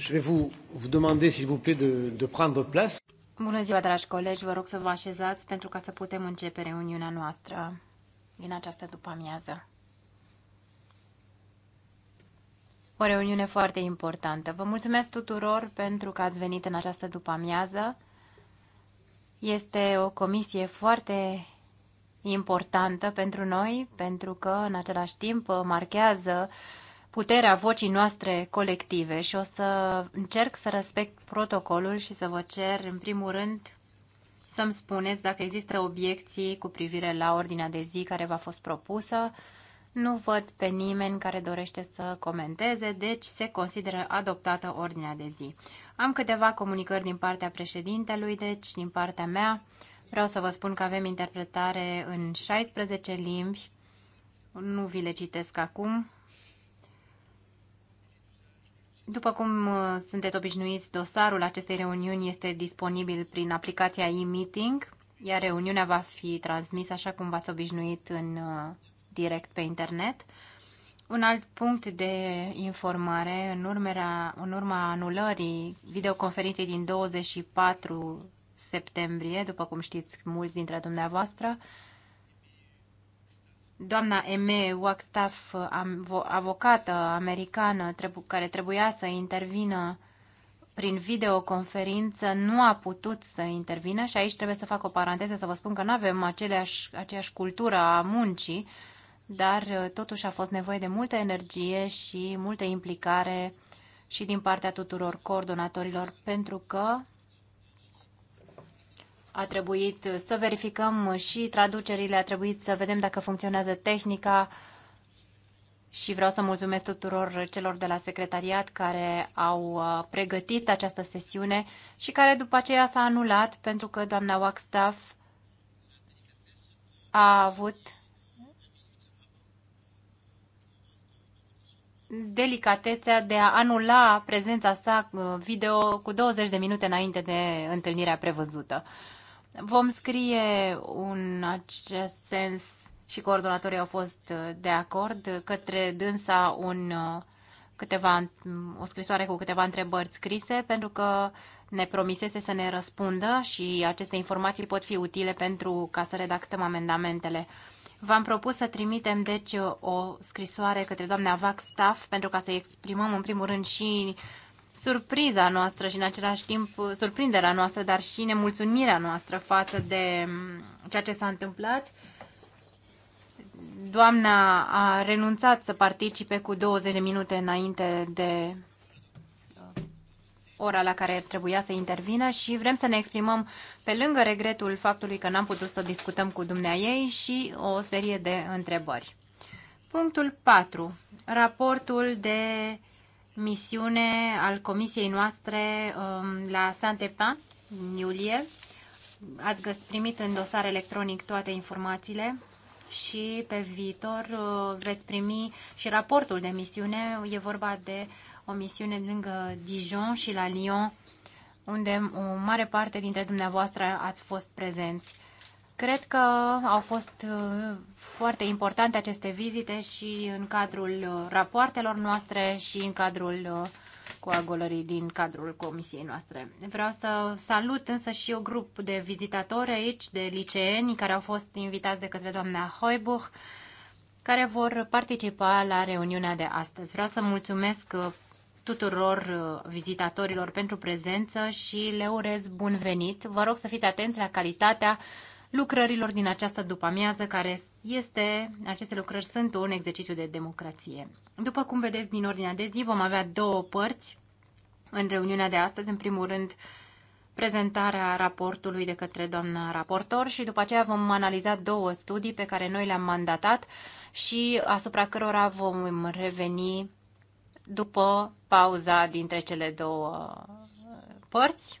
Je vais vous, vous demander, s'il vous plaît, de, de prendre place. Bună ziua, dragi colegi, vă rog să vă așezați pentru ca să putem începe reuniunea noastră din această după-amiază. O reuniune foarte importantă. Vă mulțumesc tuturor pentru că ați venit în această după-amiază. Este o comisie foarte importantă pentru noi, pentru că în același timp marchează uh, puterea vocii noastre colective și o să încerc să respect protocolul și să vă cer, în primul rând, să-mi spuneți dacă există obiecții cu privire la ordinea de zi care v-a fost propusă. Nu văd pe nimeni care dorește să comenteze, deci se consideră adoptată ordinea de zi. Am câteva comunicări din partea președintelui, deci din partea mea. Vreau să vă spun că avem interpretare în 16 limbi. Nu vi le citesc acum, după cum uh, sunteți obișnuiți, dosarul acestei reuniuni este disponibil prin aplicația e-meeting, iar reuniunea va fi transmisă așa cum v-ați obișnuit în uh, direct pe internet. Un alt punct de informare, în, urmerea, în urma anulării videoconferinței din 24 septembrie, după cum știți mulți dintre dumneavoastră, doamna Eme Wagstaff, avocată americană care trebuia să intervină prin videoconferință, nu a putut să intervină și aici trebuie să fac o paranteză să vă spun că nu avem aceleași, aceeași cultură a muncii, dar uh, totuși a fost nevoie de multă energie și multă implicare și din partea tuturor coordonatorilor, pentru că a trebuit să verificăm și traducerile, a trebuit să vedem dacă funcționează tehnica și vreau să mulțumesc tuturor celor de la secretariat care au uh, pregătit această sesiune și care după aceea s-a anulat pentru că doamna Wackstaff a avut delicatețea de a anula prezența sa uh, video cu 20 de minute înainte de întâlnirea prevăzută. Vom scrie în acest sens și coordonatorii au fost uh, de acord uh, către dânsa un, uh, câteva, o scrisoare cu câteva întrebări scrise pentru că ne promisese să ne răspundă și aceste informații pot fi utile pentru ca să redactăm amendamentele. V-am propus să trimitem, deci, o scrisoare către doamna Vacstaff pentru ca să exprimăm, în primul rând, și surpriza noastră și în același timp uh, surprinderea noastră, dar și nemulțumirea noastră față de mm, ceea ce s-a întâmplat. Doamna a renunțat să participe cu 20 de minute înainte de uh, ora la care trebuia să intervină și vrem să ne exprimăm pe lângă regretul faptului că n-am putut să discutăm cu dumnea ei și o serie de întrebări. Punctul 4. Raportul de misiune al comisiei noastre um, la Saint-Epin, în iulie. Ați primit în dosar electronic toate informațiile și pe viitor uh, veți primi și raportul de misiune. E vorba de o misiune lângă Dijon și la Lyon, unde o mare parte dintre dumneavoastră ați fost prezenți. Cred că au fost uh, foarte importante aceste vizite și în cadrul uh, rapoartelor noastre și în cadrul uh, coagulării din cadrul comisiei noastre. Vreau să salut însă și un grup de vizitatori aici, de liceeni, care au fost invitați de către doamna Hoibuch, care vor participa la reuniunea de astăzi. Vreau să mulțumesc tuturor vizitatorilor pentru prezență și le urez bun venit. Vă rog să fiți atenți la calitatea lucrărilor din această după-amiază, care este, aceste lucrări sunt un exercițiu de democrație. După cum vedeți din ordinea de zi, vom avea două părți în reuniunea de astăzi. În primul rând, prezentarea raportului de către doamna raportor și după aceea vom analiza două studii pe care noi le-am mandatat și asupra cărora vom reveni după pauza dintre cele două părți.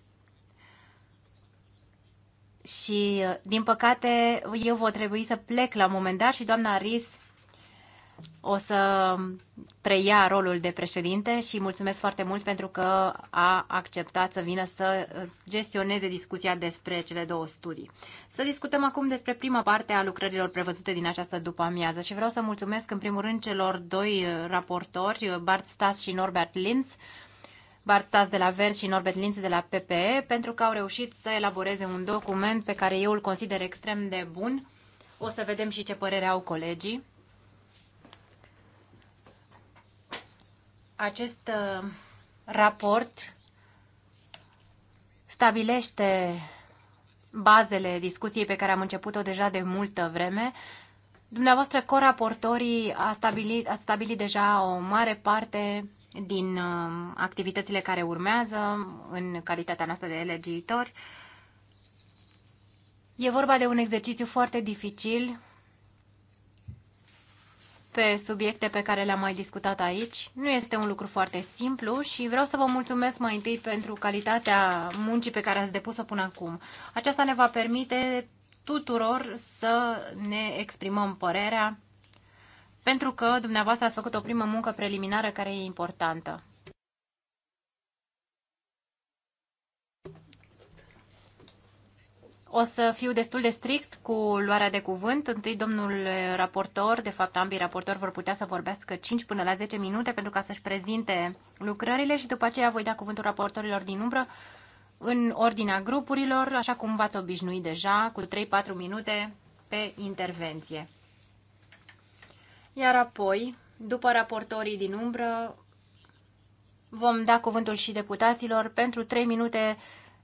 Și, uh, din păcate, eu vă trebui să plec la un moment dat și doamna Aris o să preia rolul de președinte și mulțumesc foarte mult pentru că a acceptat să vină să uh, gestioneze discuția despre cele două studii. Să discutăm acum despre prima parte a lucrărilor prevăzute din această după-amiază și vreau să mulțumesc în primul rând celor doi uh, raportori, Bart Stas și Norbert Linz, Bart Stas de la Vers și Norbert Linz de la PPE, pentru că au reușit să elaboreze un document pe care eu îl consider extrem de bun. O să vedem și ce părere au colegii. Acest uh, raport stabilește bazele discuției pe care am început-o deja de multă vreme. Dumneavoastră, coraportorii, a stabilit, a stabilit deja o mare parte din uh, activitățile care urmează în calitatea noastră de legiuitori. E vorba de un exercițiu foarte dificil pe subiecte pe care le-am mai discutat aici. Nu este un lucru foarte simplu și vreau să vă mulțumesc mai întâi pentru calitatea muncii pe care ați depus-o până acum. Aceasta ne va permite tuturor să ne exprimăm părerea pentru că dumneavoastră ați făcut o primă muncă preliminară care e importantă. O să fiu destul de strict cu luarea de cuvânt. Întâi domnul raportor, de fapt ambii raportori vor putea să vorbească 5 până la 10 minute pentru ca să-și prezinte lucrările și după aceea voi da cuvântul raportorilor din umbră în ordinea grupurilor, așa cum v-ați obișnuit deja, cu 3-4 minute pe intervenție. Iar apoi, după raportorii din umbră, vom da cuvântul și deputaților pentru 3 minute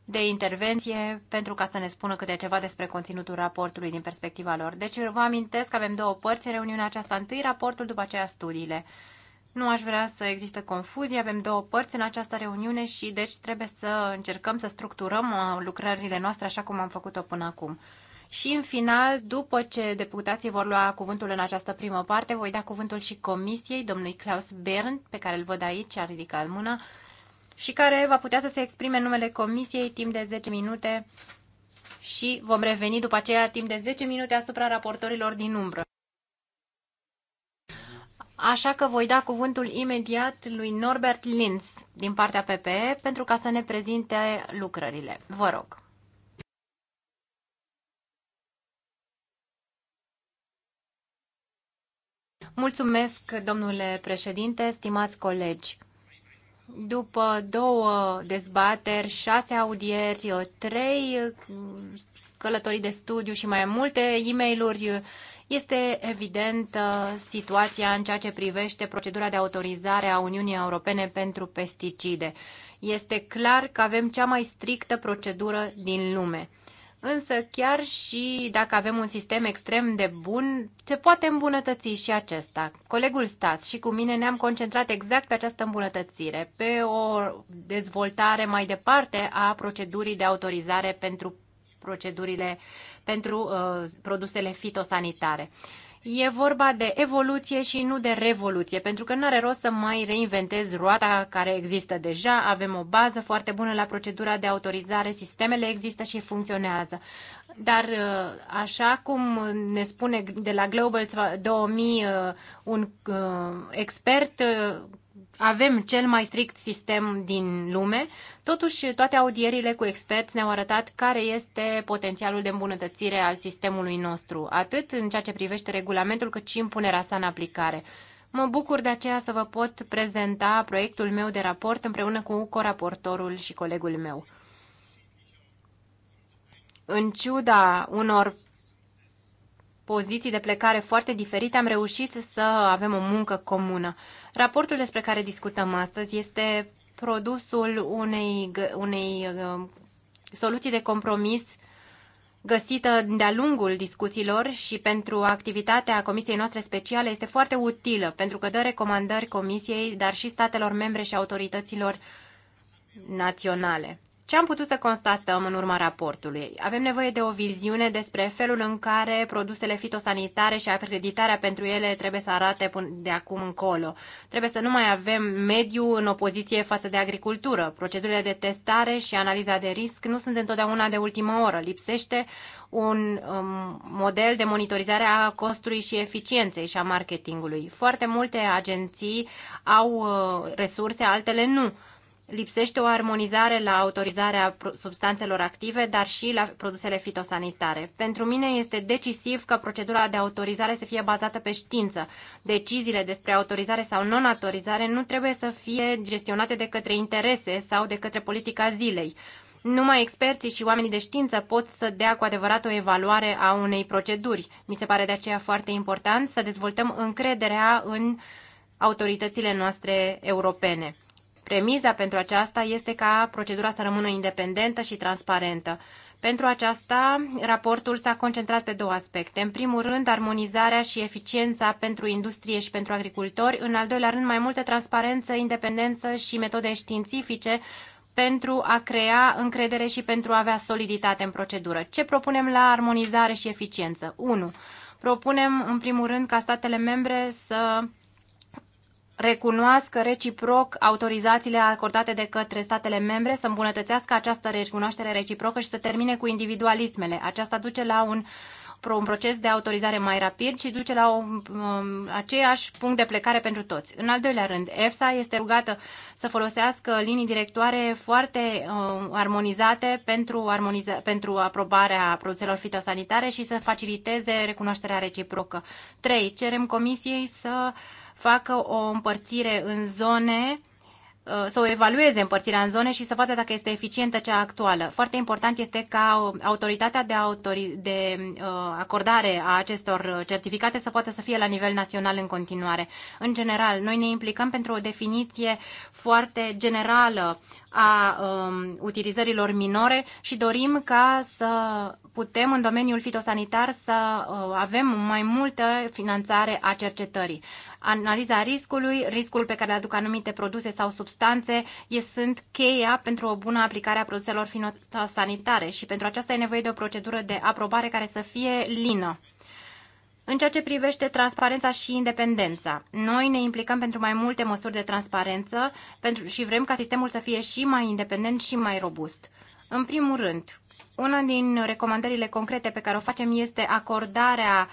de intervenție pentru ca să ne spună câte ceva despre conținutul raportului din perspectiva lor. Deci vă amintesc că avem două părți în reuniunea aceasta. Întâi raportul, după aceea studiile. Nu aș vrea să există confuzie, avem două părți în această reuniune și deci trebuie să încercăm să structurăm uh, lucrările noastre așa cum am făcut-o până acum. Și în final, după ce deputații vor lua cuvântul în această primă parte, voi da cuvântul și comisiei domnului Klaus Bern, pe care îl văd aici, a ridicat mâna, și care va putea să se exprime numele comisiei timp de 10 minute și vom reveni după aceea timp de 10 minute asupra raportorilor din umbră. Așa că voi da cuvântul imediat lui Norbert Linz din partea PPE pentru ca să ne prezinte lucrările. Vă rog. Mulțumesc, domnule președinte, stimați colegi. După două dezbateri, șase audieri, trei călătorii de studiu și mai multe e mail este evident situația în ceea ce privește procedura de autorizare a Uniunii Europene pentru pesticide. Este clar că avem cea mai strictă procedură din lume. Însă chiar și dacă avem un sistem extrem de bun, se poate îmbunătăți și acesta. Colegul Stas și cu mine ne-am concentrat exact pe această îmbunătățire, pe o dezvoltare mai departe a procedurii de autorizare pentru procedurile pentru uh, produsele fitosanitare. Uh, E vorba de evoluție și nu de revoluție, pentru că nu are rost să mai reinventez roata care există deja, avem o bază foarte bună la procedura de autorizare, sistemele există și funcționează. Dar uh, așa cum ne spune de la Global 2000 uh, un uh, expert avem cel mai strict sistem din lume, totuși toate audierile cu experți ne-au arătat care este potențialul de îmbunătățire al sistemului nostru, atât în ceea ce privește regulamentul, cât și impunerea sa în aplicare. Mă bucur de aceea să vă pot prezenta proiectul meu de raport împreună cu coraportorul și colegul meu. În ciuda unor poziții de plecare foarte diferite, am reușit să avem o muncă comună. Raportul despre care discutăm astăzi este produsul unei, unei uh, soluții de compromis găsită de-a lungul discuțiilor și pentru activitatea Comisiei noastre speciale este foarte utilă, pentru că dă recomandări Comisiei, dar și statelor membre și autorităților naționale. Ce am putut să constatăm în urma raportului? Avem nevoie de o viziune despre felul în care produsele fitosanitare și acreditarea pentru ele trebuie să arate de acum încolo. Trebuie să nu mai avem mediu în opoziție față de agricultură. Procedurile de testare și analiza de risc nu sunt întotdeauna de ultimă oră. Lipsește un um, model de monitorizare a costului și eficienței și a marketingului. Foarte multe agenții au uh, resurse, altele nu lipsește o armonizare la autorizarea substanțelor active, dar și la produsele fitosanitare. Pentru mine este decisiv ca procedura de autorizare să fie bazată pe știință. Deciziile despre autorizare sau non-autorizare nu trebuie să fie gestionate de către interese sau de către politica zilei. Numai experții și oamenii de știință pot să dea cu adevărat o evaluare a unei proceduri. Mi se pare de aceea foarte important să dezvoltăm încrederea în autoritățile noastre europene. Premiza pentru aceasta este ca procedura să rămână independentă și transparentă. Pentru aceasta, raportul s-a concentrat pe două aspecte. În primul rând, armonizarea și eficiența pentru industrie și pentru agricultori. În al doilea rând, mai multă transparență, independență și metode științifice pentru a crea încredere și pentru a avea soliditate în procedură. Ce propunem la armonizare și eficiență? 1. Propunem, în primul rând, ca statele membre să recunoască reciproc autorizațiile acordate de către statele membre, să îmbunătățească această recunoaștere reciprocă și să termine cu individualismele. Aceasta duce la un un proces de autorizare mai rapid și duce la o, um, aceeași punct de plecare pentru toți. În al doilea rând, EFSA este rugată să folosească linii directoare foarte um, armonizate pentru, armoniza- pentru aprobarea produselor fitosanitare și să faciliteze recunoașterea reciprocă. 3. Cerem Comisiei să uh, facă o împărțire în zone uh, să o evalueze împărțirea în zone și să vadă dacă este eficientă cea actuală. Foarte important este ca autoritatea de, autori, de uh, acordare a acestor certificate să poată să fie la nivel național în continuare. În general, noi ne implicăm pentru o definiție foarte generală a um, utilizărilor minore și dorim ca să putem în domeniul fitosanitar să uh, avem mai multă finanțare a cercetării. Analiza riscului, riscul pe care le aduc anumite produse sau substanțe, e, sunt cheia pentru o bună aplicare a produselor fitosanitare și pentru aceasta e nevoie de o procedură de aprobare care să fie lină. În ceea ce privește transparența și independența, noi ne implicăm pentru mai multe măsuri de transparență pentru, și vrem ca sistemul să fie și mai independent și mai robust. În primul rând, una din recomandările concrete pe care o facem este acordarea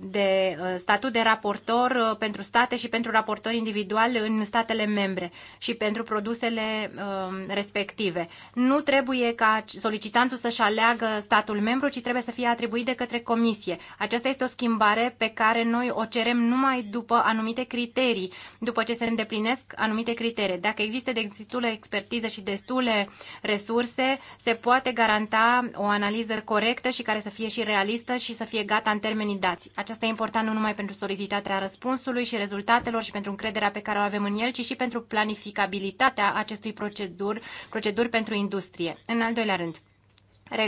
de uh, statut de raportor uh, pentru state și pentru raportori individuali în statele membre și pentru produsele um, respective. Nu trebuie ca solicitantul să-și aleagă statul membru, ci trebuie să fie atribuit de către comisie. Aceasta este o schimbare pe care noi o cerem numai după anumite criterii, după ce se îndeplinesc anumite criterii. Dacă există destulă expertiză și destule resurse, se poate garanta o analiză corectă și care să fie și realistă și să fie gata în termenii dați. Aceasta e important nu numai pentru soliditatea răspunsului și rezultatelor și pentru încrederea pe care o avem în el, ci și pentru planificabilitatea acestui proceduri, proceduri pentru industrie. În al doilea rând,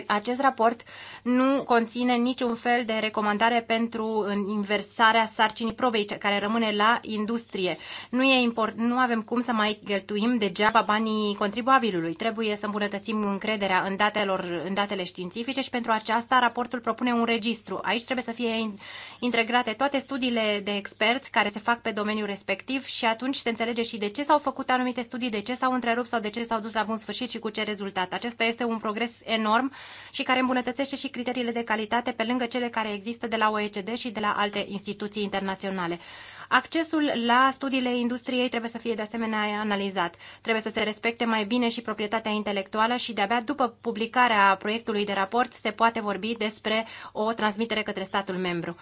acest raport nu conține niciun fel de recomandare pentru inversarea sarcinii probei care rămâne la industrie. Nu, e import, nu avem cum să mai cheltuim degeaba banii contribuabilului. Trebuie să îmbunătățim încrederea în, datelor, în datele științifice și pentru aceasta raportul propune un registru. Aici trebuie să fie integrate toate studiile de experți care se fac pe domeniul respectiv și atunci se înțelege și de ce s-au făcut anumite studii, de ce s-au întrerupt sau de ce s-au dus la bun sfârșit și cu ce rezultat. Acesta este un progres enorm și care îmbunătățește și criteriile de calitate pe lângă cele care există de la OECD și de la alte instituții internaționale. Accesul la studiile industriei trebuie să fie de asemenea analizat. Trebuie să se respecte mai bine și proprietatea intelectuală și de-abia după publicarea proiectului de raport se poate vorbi despre o transmitere către statul membru.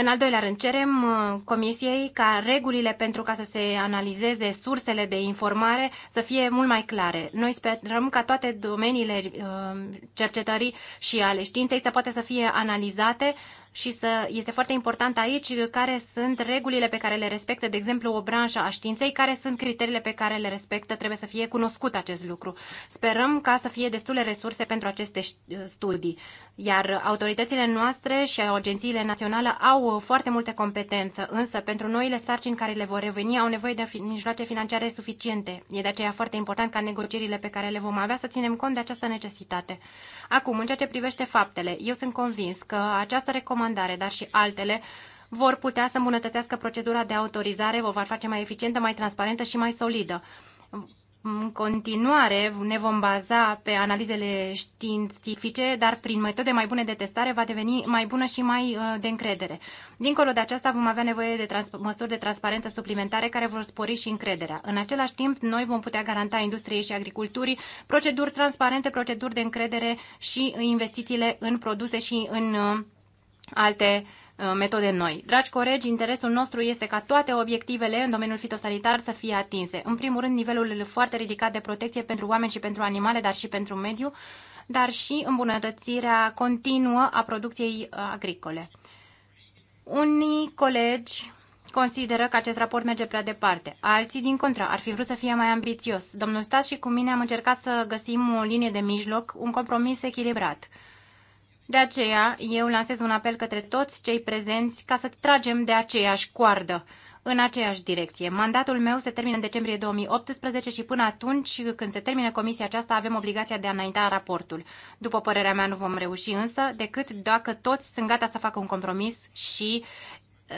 În al doilea rând, cerem uh, Comisiei ca regulile pentru ca să se analizeze sursele de informare să fie mult mai clare. Noi sperăm ca toate domeniile uh, cercetării și ale științei să poată să fie analizate și să, este foarte important aici care sunt regulile pe care le respectă, de exemplu, o branșă a științei, care sunt criteriile pe care le respectă, trebuie să fie cunoscut acest lucru. Sperăm ca să fie destule resurse pentru aceste uh, studii. Iar autoritățile noastre și agențiile naționale au foarte multe competență, însă pentru noile sarcini care le vor reveni au nevoie de mijloace financiare suficiente. E de aceea foarte important ca negocierile pe care le vom avea să ținem cont de această necesitate. Acum, în ceea ce privește faptele, eu sunt convins că această recomandare, dar și altele, vor putea să îmbunătățească procedura de autorizare, o vor face mai eficientă, mai transparentă și mai solidă în continuare ne vom baza pe analizele științifice, dar prin metode mai bune de testare va deveni mai bună și mai uh, de încredere. Dincolo de aceasta vom avea nevoie de trans- măsuri de transparență suplimentare care vor spori și încrederea. În același timp, noi vom putea garanta industriei și agriculturii proceduri transparente, proceduri de încredere și investițiile în produse și în uh, alte Uh, metode noi. Dragi colegi, interesul nostru este ca toate obiectivele în domeniul fitosanitar să fie atinse. În primul rând, nivelul foarte ridicat de protecție pentru oameni și pentru animale, dar și pentru mediu, dar și îmbunătățirea continuă a producției uh, agricole. Unii colegi consideră că acest raport merge prea departe. Alții, din contra, ar fi vrut să fie mai ambițios. Domnul Stas și cu mine am încercat să găsim o linie de mijloc, un compromis echilibrat. De aceea, eu lansez un apel către toți cei prezenți ca să tragem de aceeași coardă, în aceeași direcție. Mandatul meu se termină în decembrie 2018 și până atunci, când se termină comisia aceasta, avem obligația de a înainta raportul. După părerea mea, nu vom reuși însă, decât dacă toți sunt gata să facă un compromis și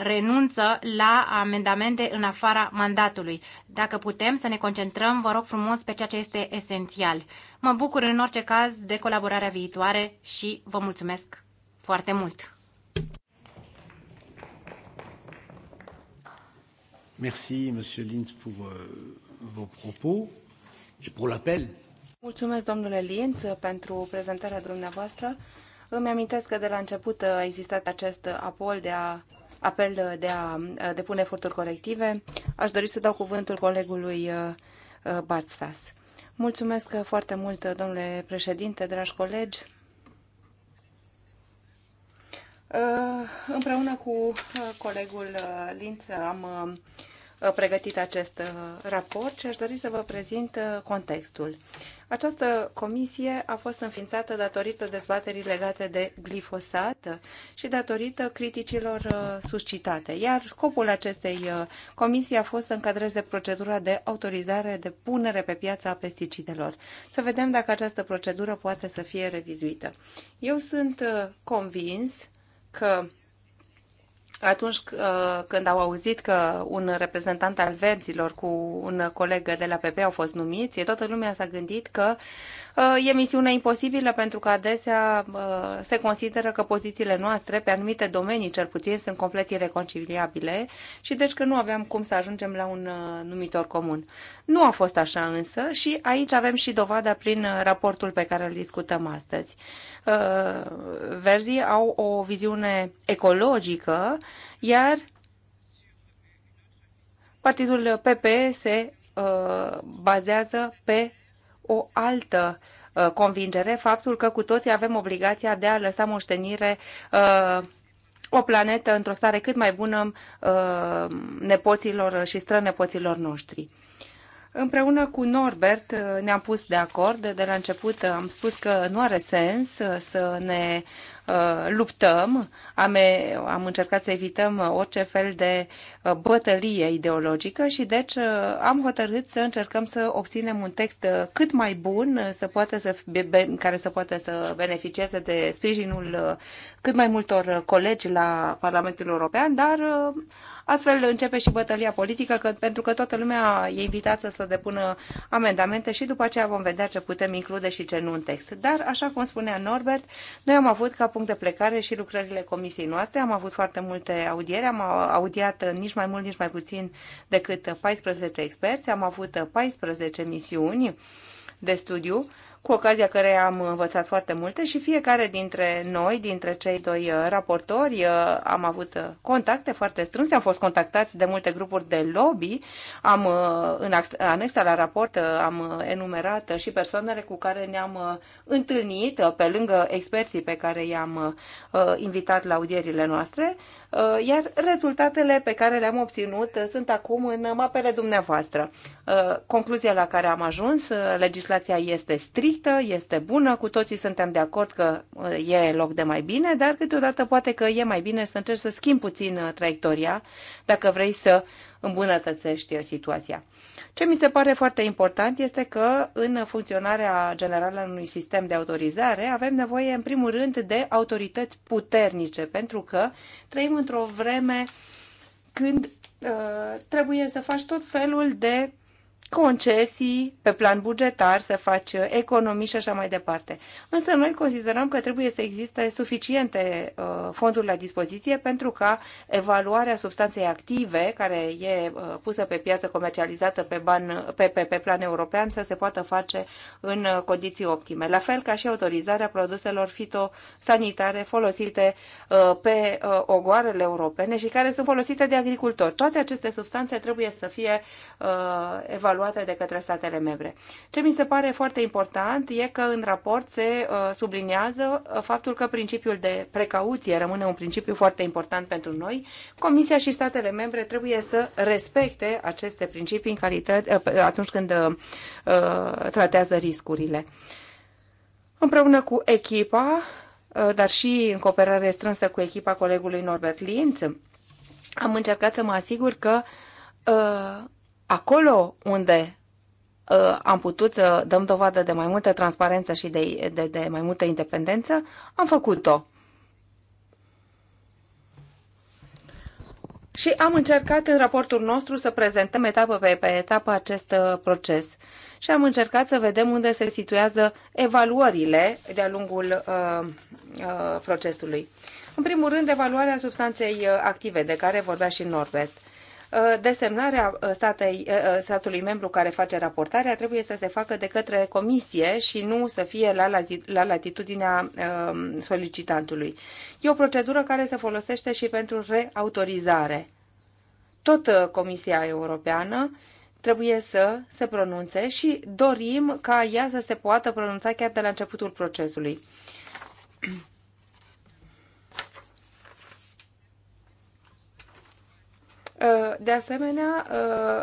renunță la amendamente în afara mandatului. Dacă putem să ne concentrăm, vă rog frumos, pe ceea ce este esențial. Mă bucur în orice caz de colaborarea viitoare și vă mulțumesc foarte mult! Merci, Monsieur Linz, pour euh, vos propos et pour l'appel. Mulțumesc, domnule Linz, pentru prezentarea dumneavoastră. Îmi amintesc că de la început a existat acest apel de a apel de a depune eforturi colective. Aș dori să dau cuvântul colegului Bart Stas. Mulțumesc foarte mult, domnule președinte, dragi colegi. Împreună cu colegul Linț am Uh, pregătit acest uh, raport și aș dori să vă prezint uh, contextul. Această comisie a fost înființată datorită dezbaterii legate de glifosat și datorită criticilor suscitate, iar scopul acestei comisii a fost să încadreze procedura de autorizare de punere pe piață a pesticidelor. Să vedem dacă această procedură poate să fie revizuită. Eu sunt convins că atunci uh, când au auzit că un reprezentant al verzilor cu un coleg de la PP au fost numiți, toată lumea s-a gândit că Uh, e misiune imposibilă pentru că adesea uh, se consideră că pozițiile noastre, pe anumite domenii cel puțin, sunt complet ireconciliabile și deci că nu aveam cum să ajungem la un uh, numitor comun. Nu a fost așa însă și aici avem și dovada prin raportul pe care îl discutăm astăzi. Verzii au o viziune ecologică, iar partidul PP se bazează pe o altă uh, convingere, faptul că cu toții avem obligația de a lăsa moștenire uh, o planetă într-o stare cât mai bună uh, nepoților și strănepoților noștri. Împreună cu Norbert ne-am pus de acord. De la început am spus că nu are sens să ne Uh, luptăm, am, am încercat să evităm uh, orice fel de uh, bătălie ideologică și deci am hotărât să încercăm să obținem un text cât mai bun, să poată să, care să poată să beneficieze de sprijinul cât mai multor colegi la Parlamentul European, dar Astfel începe și bătălia politică, că, pentru că toată lumea e invitată să depună amendamente și după aceea vom vedea ce putem include și ce nu în text. Dar, așa cum spunea Norbert, noi am avut ca punct de plecare și lucrările comisiei noastre, am avut foarte multe audiere, am audiat nici mai mult, nici mai puțin decât 14 experți, am avut 14 misiuni de studiu, cu ocazia care am învățat foarte multe și fiecare dintre noi, dintre cei doi uh, raportori, uh, am avut uh, contacte foarte strânse, am fost contactați de multe grupuri de lobby, am, în anexa la raport am enumerat și persoanele cu care ne-am întâlnit, pe lângă experții pe care i-am invitat la audierile noastre, Uh, iar rezultatele pe care le-am obținut uh, sunt acum în mapele dumneavoastră. Uh, concluzia la care am ajuns, legislația este strictă, este bună, cu toții suntem de acord că e loc de mai bine, dar câteodată poate că e mai bine să încerci să schimbi puțin traiectoria dacă vrei să îmbunătățește situația. Ce mi se pare foarte important este că în funcționarea generală a unui sistem de autorizare avem nevoie în primul rând de autorități puternice, pentru că trăim într-o vreme când uh, trebuie să faci tot felul de concesii pe plan bugetar, să faci economii și așa mai departe. Însă noi considerăm că trebuie să existe suficiente uh, fonduri la dispoziție pentru ca evaluarea substanței active care e uh, pusă pe piață comercializată pe, ban, pe, pe, pe plan european să se poată face în uh, condiții optime. La fel ca și autorizarea produselor fitosanitare folosite pe ogoarele europene și care sunt folosite de agricultori. Toate aceste substanțe trebuie să fie evaluate luate de către statele membre. Ce mi se pare foarte important e că în raport se uh, subliniază uh, faptul că principiul de precauție rămâne un principiu foarte important pentru noi. Comisia și statele membre trebuie să respecte aceste principii în calitate, uh, atunci când tratează riscurile. Împreună cu echipa, dar și în cooperare strânsă cu echipa colegului Norbert Linț, am încercat să mă asigur că uh, acolo unde uh, am putut să dăm dovadă de mai multă transparență și de, de, de mai multă independență, am făcut-o. Și am încercat în raportul nostru să prezentăm etapă pe, pe etapă acest uh, proces. Și am încercat să vedem unde se situează evaluările de-a lungul uh, uh, procesului. În primul rând, evaluarea substanței uh, active, de care vorbea și Norbert. Uh, Uh, desemnarea uh, statei, uh, statului membru care face raportarea trebuie să se facă de către comisie și nu să fie la, lati, la latitudinea um, solicitantului. E o procedură care se folosește și pentru reautorizare. Tot Comisia Europeană trebuie să se pronunțe și dorim ca ea să se poată pronunța chiar de la începutul procesului. De asemenea, uh,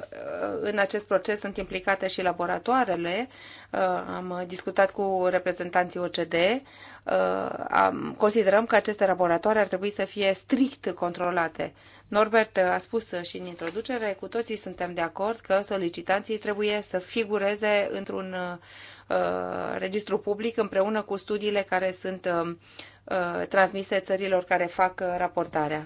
în acest proces sunt implicate și laboratoarele. Uh, am discutat cu reprezentanții OCD. Uh, considerăm că aceste laboratoare ar trebui să fie strict controlate. Norbert a spus și în introducere, cu toții suntem de acord că solicitanții trebuie să figureze într-un registru public împreună cu studiile care sunt transmise țărilor care fac raportarea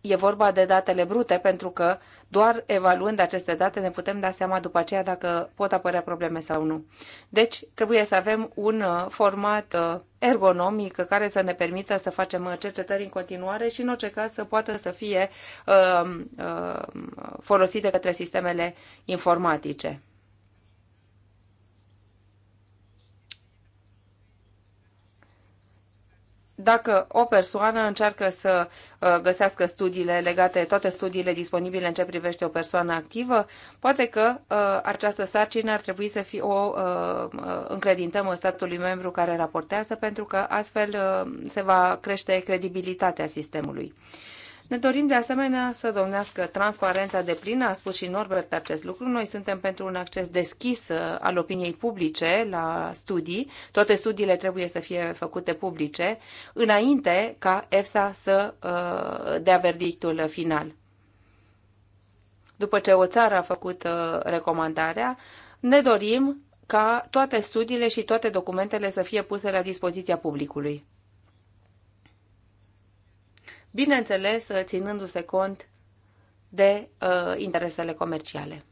e vorba de datele brute, pentru că doar evaluând aceste date ne putem da seama după aceea dacă pot apărea probleme sau nu. Deci trebuie să avem un uh, format uh, ergonomic care să ne permită să facem uh, cercetări în continuare și în orice caz să poată să fie uh, uh, folosite către sistemele informatice. dacă o persoană încearcă să uh, găsească studiile legate, toate studiile disponibile în ce privește o persoană activă, poate că uh, această sarcină ar trebui să fie o uh, încredintăm în statului membru care raportează, pentru că astfel se va crește credibilitatea sistemului. Ne dorim de asemenea să domnească transparența de plină, a spus și Norbert acest lucru. Noi suntem pentru un acces deschis uh, al opiniei publice la studii. Toate studiile trebuie să fie făcute publice înainte ca EFSA să uh, dea verdictul final. După ce o țară a făcut uh, recomandarea, ne dorim ca toate studiile și toate documentele să fie puse la dispoziția publicului bineînțeles uh, ținându-se cont de uh, interesele comerciale.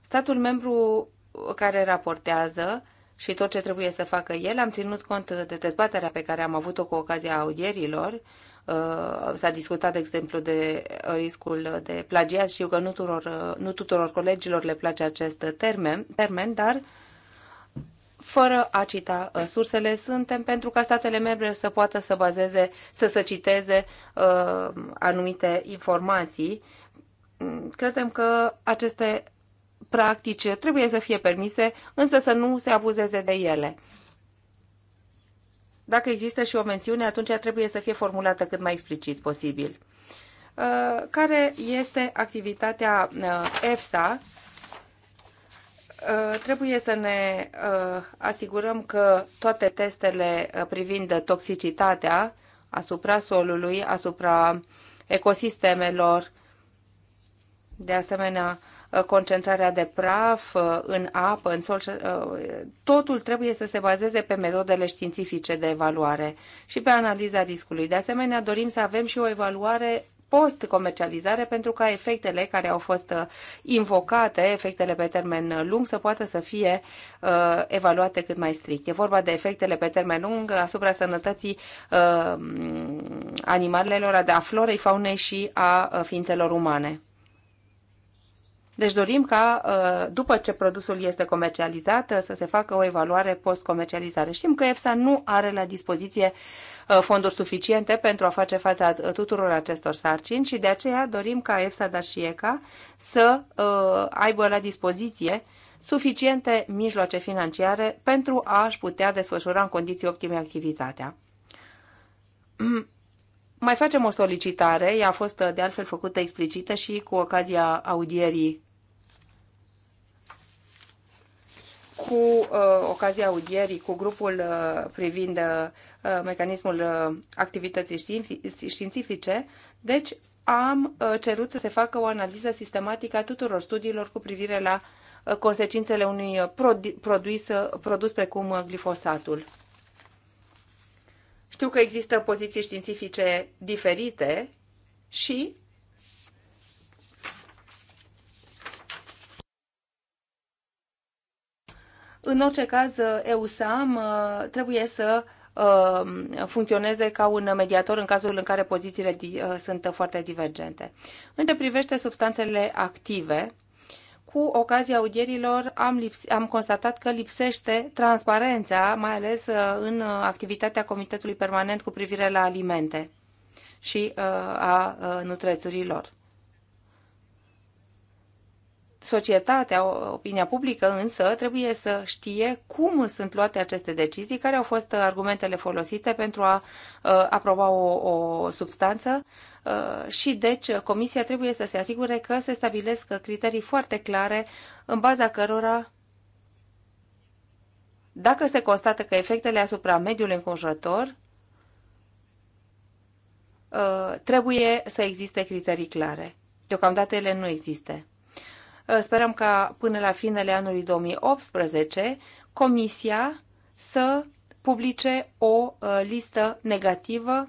Statul membru care raportează și tot ce trebuie să facă el, am ținut cont de dezbaterea pe care am avut-o cu ocazia audierilor. Uh, s-a discutat, de exemplu, de riscul de plagiat. și că nu tuturor, uh, nu tuturor colegilor le place acest termen, termen dar uh, fără a cita uh, sursele, suntem pentru ca statele membre să poată să bazeze, să se citeze uh, anumite informații. Mm, credem că aceste practici trebuie să fie permise, însă să nu se abuzeze de ele. Dacă există și o mențiune, atunci trebuie să fie formulată cât mai explicit posibil. Uh, care este activitatea uh, EFSA Uh, trebuie să ne uh, asigurăm că toate testele uh, privind toxicitatea asupra solului, asupra ecosistemelor, de asemenea concentrarea de praf în apă, în sol, totul trebuie să se bazeze pe metodele științifice de evaluare și pe analiza riscului. De asemenea, dorim să avem și o evaluare post-comercializare pentru ca efectele care au fost uh, invocate, efectele pe termen lung, să poată să fie uh, evaluate cât mai strict. E vorba de efectele pe termen lung asupra sănătății uh, animalelor, a florei, faunei și a uh, ființelor umane. Deci dorim ca, uh, după ce produsul este comercializat, să se facă o evaluare post-comercializare. Știm că EFSA nu are la dispoziție uh, Uh, fonduri suficiente pentru a face față tuturor acestor sarcini și de aceea dorim ca EFSA, dar și ECA să uh, aibă la dispoziție suficiente mijloace financiare pentru a-și putea desfășura în condiții optime activitatea. Mai facem o solicitare, ea a fost uh, de altfel făcută explicită și cu ocazia audierii cu uh, ocazia audierii cu grupul uh, privind uh, mecanismul uh, activității științifice. Deci am uh, cerut să se facă o analiză sistematică a tuturor studiilor cu privire la uh, consecințele unui produ- produs, produs precum uh, glifosatul. Știu că există poziții științifice diferite și În orice caz, EUSAM uh, trebuie să uh, funcționeze ca un mediator în cazul în care pozițiile uh, sunt foarte divergente. În ce privește substanțele active, cu ocazia audierilor am, lips- am constatat că lipsește transparența, mai ales în activitatea Comitetului Permanent cu privire la alimente și a nutrețurilor. Societatea, opinia publică însă trebuie să știe cum sunt luate aceste decizii, care au fost argumentele folosite pentru a ă, aproba o, o substanță ă, și deci Comisia trebuie să se asigure că se stabilesc criterii foarte clare în baza cărora dacă se constată că efectele asupra mediului înconjurător ă, trebuie să existe criterii clare. Deocamdată ele nu există. Uh, sperăm ca până la finele anului 2018 Comisia să publice o uh, listă negativă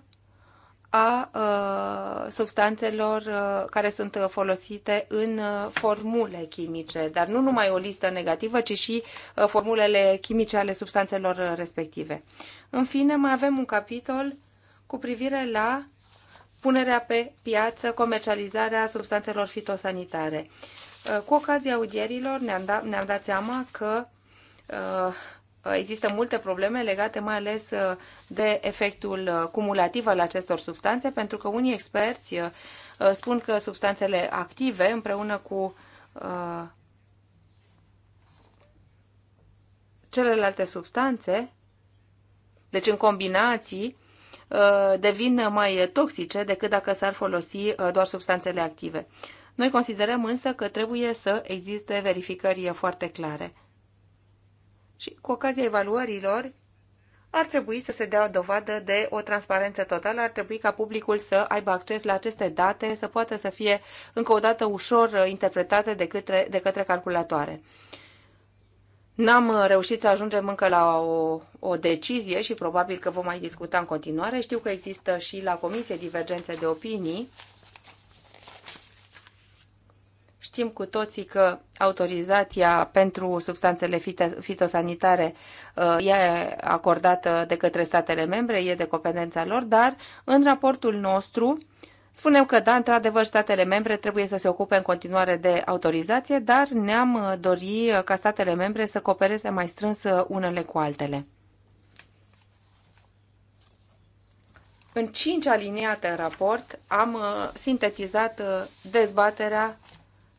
a uh, substanțelor care sunt folosite în formule chimice, dar nu numai o listă negativă, ci și formulele chimice ale substanțelor respective. În fine, mai avem un capitol cu privire la punerea pe piață, comercializarea substanțelor fitosanitare. Uh, cu ocazia audierilor ne-am dat, ne dat seama că uh, există multe probleme legate mai ales uh, de efectul cumulativ al acestor substanțe, pentru că unii experți spun că substanțele active împreună cu celelalte substanțe, deci în combinații, devin mai toxice decât dacă s-ar folosi doar substanțele active. Noi considerăm însă că trebuie să existe verificări foarte clare. Și cu ocazia evaluărilor, ar trebui să se dea o dovadă de o transparență totală, ar trebui ca publicul să aibă acces la aceste date, să poată să fie încă o dată ușor interpretate de către, de către calculatoare. N-am reușit să ajungem încă la o, o decizie și probabil că vom mai discuta în continuare. Știu că există și la comisie divergențe de opinii Știm cu toții că autorizația pentru substanțele fitosanitare uh, e acordată de către statele membre, e de competența lor, dar în raportul nostru spunem că, da, într-adevăr, statele membre trebuie să se ocupe în continuare de autorizație, dar ne-am uh, dori uh, ca statele membre să coopereze mai strâns unele cu altele. În cinci aliniate în raport am sintetizat dezbaterea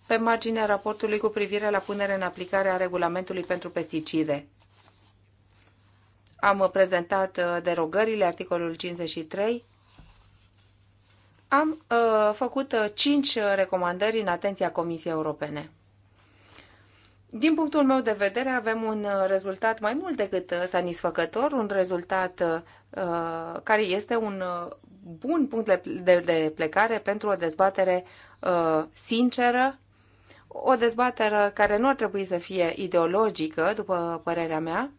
pe marginea raportului cu privire la punerea în aplicare a regulamentului pentru pesticide. Am prezentat uh, derogările, articolul 53. Am uh, făcut uh, cinci recomandări în atenția Comisiei Europene. Din punctul meu de vedere, avem un uh, rezultat mai mult decât satisfăcător, un rezultat uh, care este un bun punct de, de plecare pentru o dezbatere uh, sinceră o dezbatere care nu ar trebui să fie ideologică, după părerea mea.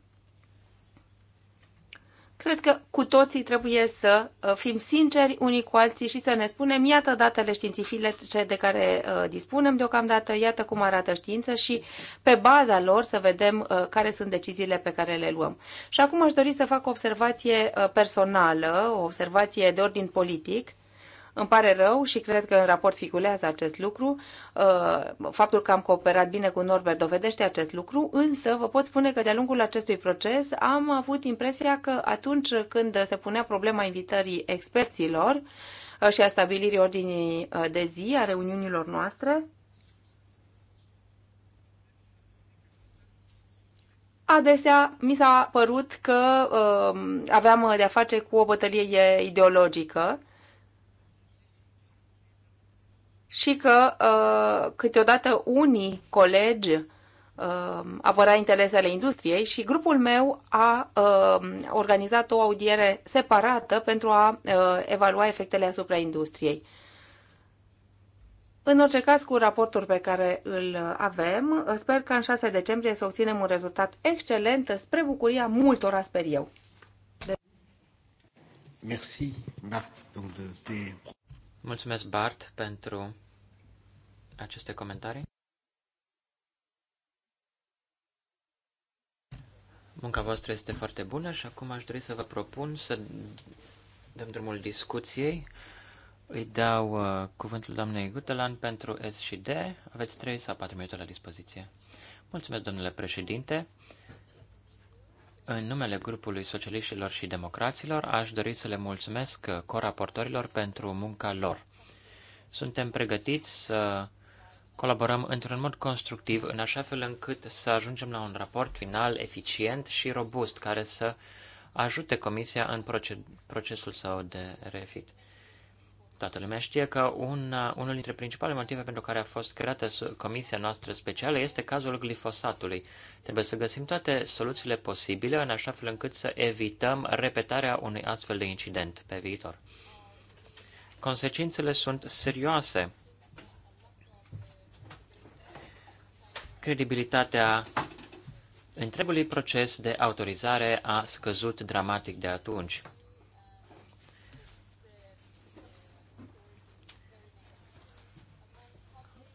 Cred că cu toții trebuie să uh, fim sinceri unii cu alții și să ne spunem, iată datele științifice de care uh, dispunem deocamdată, iată cum arată știință și pe baza lor să vedem uh, care sunt deciziile pe care le luăm. Și acum aș dori să fac o observație personală, o observație de ordin politic îmi pare rău și cred că în raport figulează acest lucru. Uh, faptul că am cooperat bine cu Norbert dovedește acest lucru, însă vă pot spune că de-a lungul acestui proces am avut impresia că atunci când se punea problema invitării experților uh, și a stabilirii ordinii uh, de zi a reuniunilor noastre, adesea mi s-a părut că uh, aveam de-a face cu o bătălie ideologică și că uh, câteodată unii colegi uh, apăra interesele industriei și grupul meu a uh, organizat o audiere separată pentru a uh, evalua efectele asupra industriei. În orice caz, cu raportul pe care îl avem, sper că în 6 decembrie să obținem un rezultat excelent spre bucuria multora, sper eu. De Merci, Marc. Mulțumesc, Bart, pentru aceste comentarii. Munca voastră este foarte bună și acum aș dori să vă propun să dăm drumul discuției. Îi dau uh, cuvântul doamnei Gutelan pentru S și D. Aveți 3 sau 4 minute la dispoziție. Mulțumesc, domnule președinte. În numele grupului socialiștilor și democraților, aș dori să le mulțumesc coraportorilor pentru munca lor. Suntem pregătiți să colaborăm într-un mod constructiv, în așa fel încât să ajungem la un raport final eficient și robust, care să ajute Comisia în procesul său de refit. Toată lumea știe că una, unul dintre principalele motive pentru care a fost creată comisia noastră specială este cazul glifosatului. Trebuie să găsim toate soluțiile posibile în așa fel încât să evităm repetarea unui astfel de incident pe viitor. Consecințele sunt serioase. Credibilitatea întregului proces de autorizare a scăzut dramatic de atunci.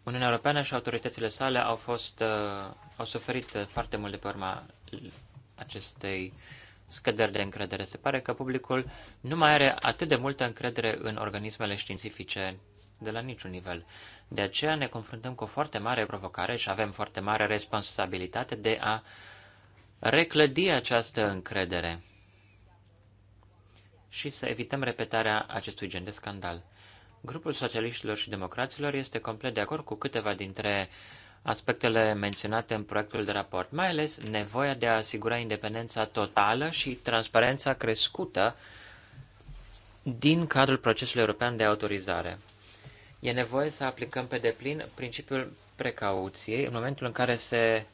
Uniunea Europeană și autoritățile sale au, fost, uh, au suferit uh, foarte mult de pe urma acestei scăderi de încredere. Se pare că publicul nu mai are atât de multă încredere în organismele științifice de la niciun nivel. De aceea ne confruntăm cu o foarte mare provocare și avem foarte mare responsabilitate de a reclădi această încredere și să evităm repetarea acestui gen de scandal. Grupul Socialiștilor și Democraților este complet de acord cu câteva dintre aspectele menționate în proiectul de raport, mai ales nevoia de a asigura independența totală și transparența crescută din cadrul procesului european de autorizare. E nevoie să aplicăm pe deplin principiul precauției în momentul în care se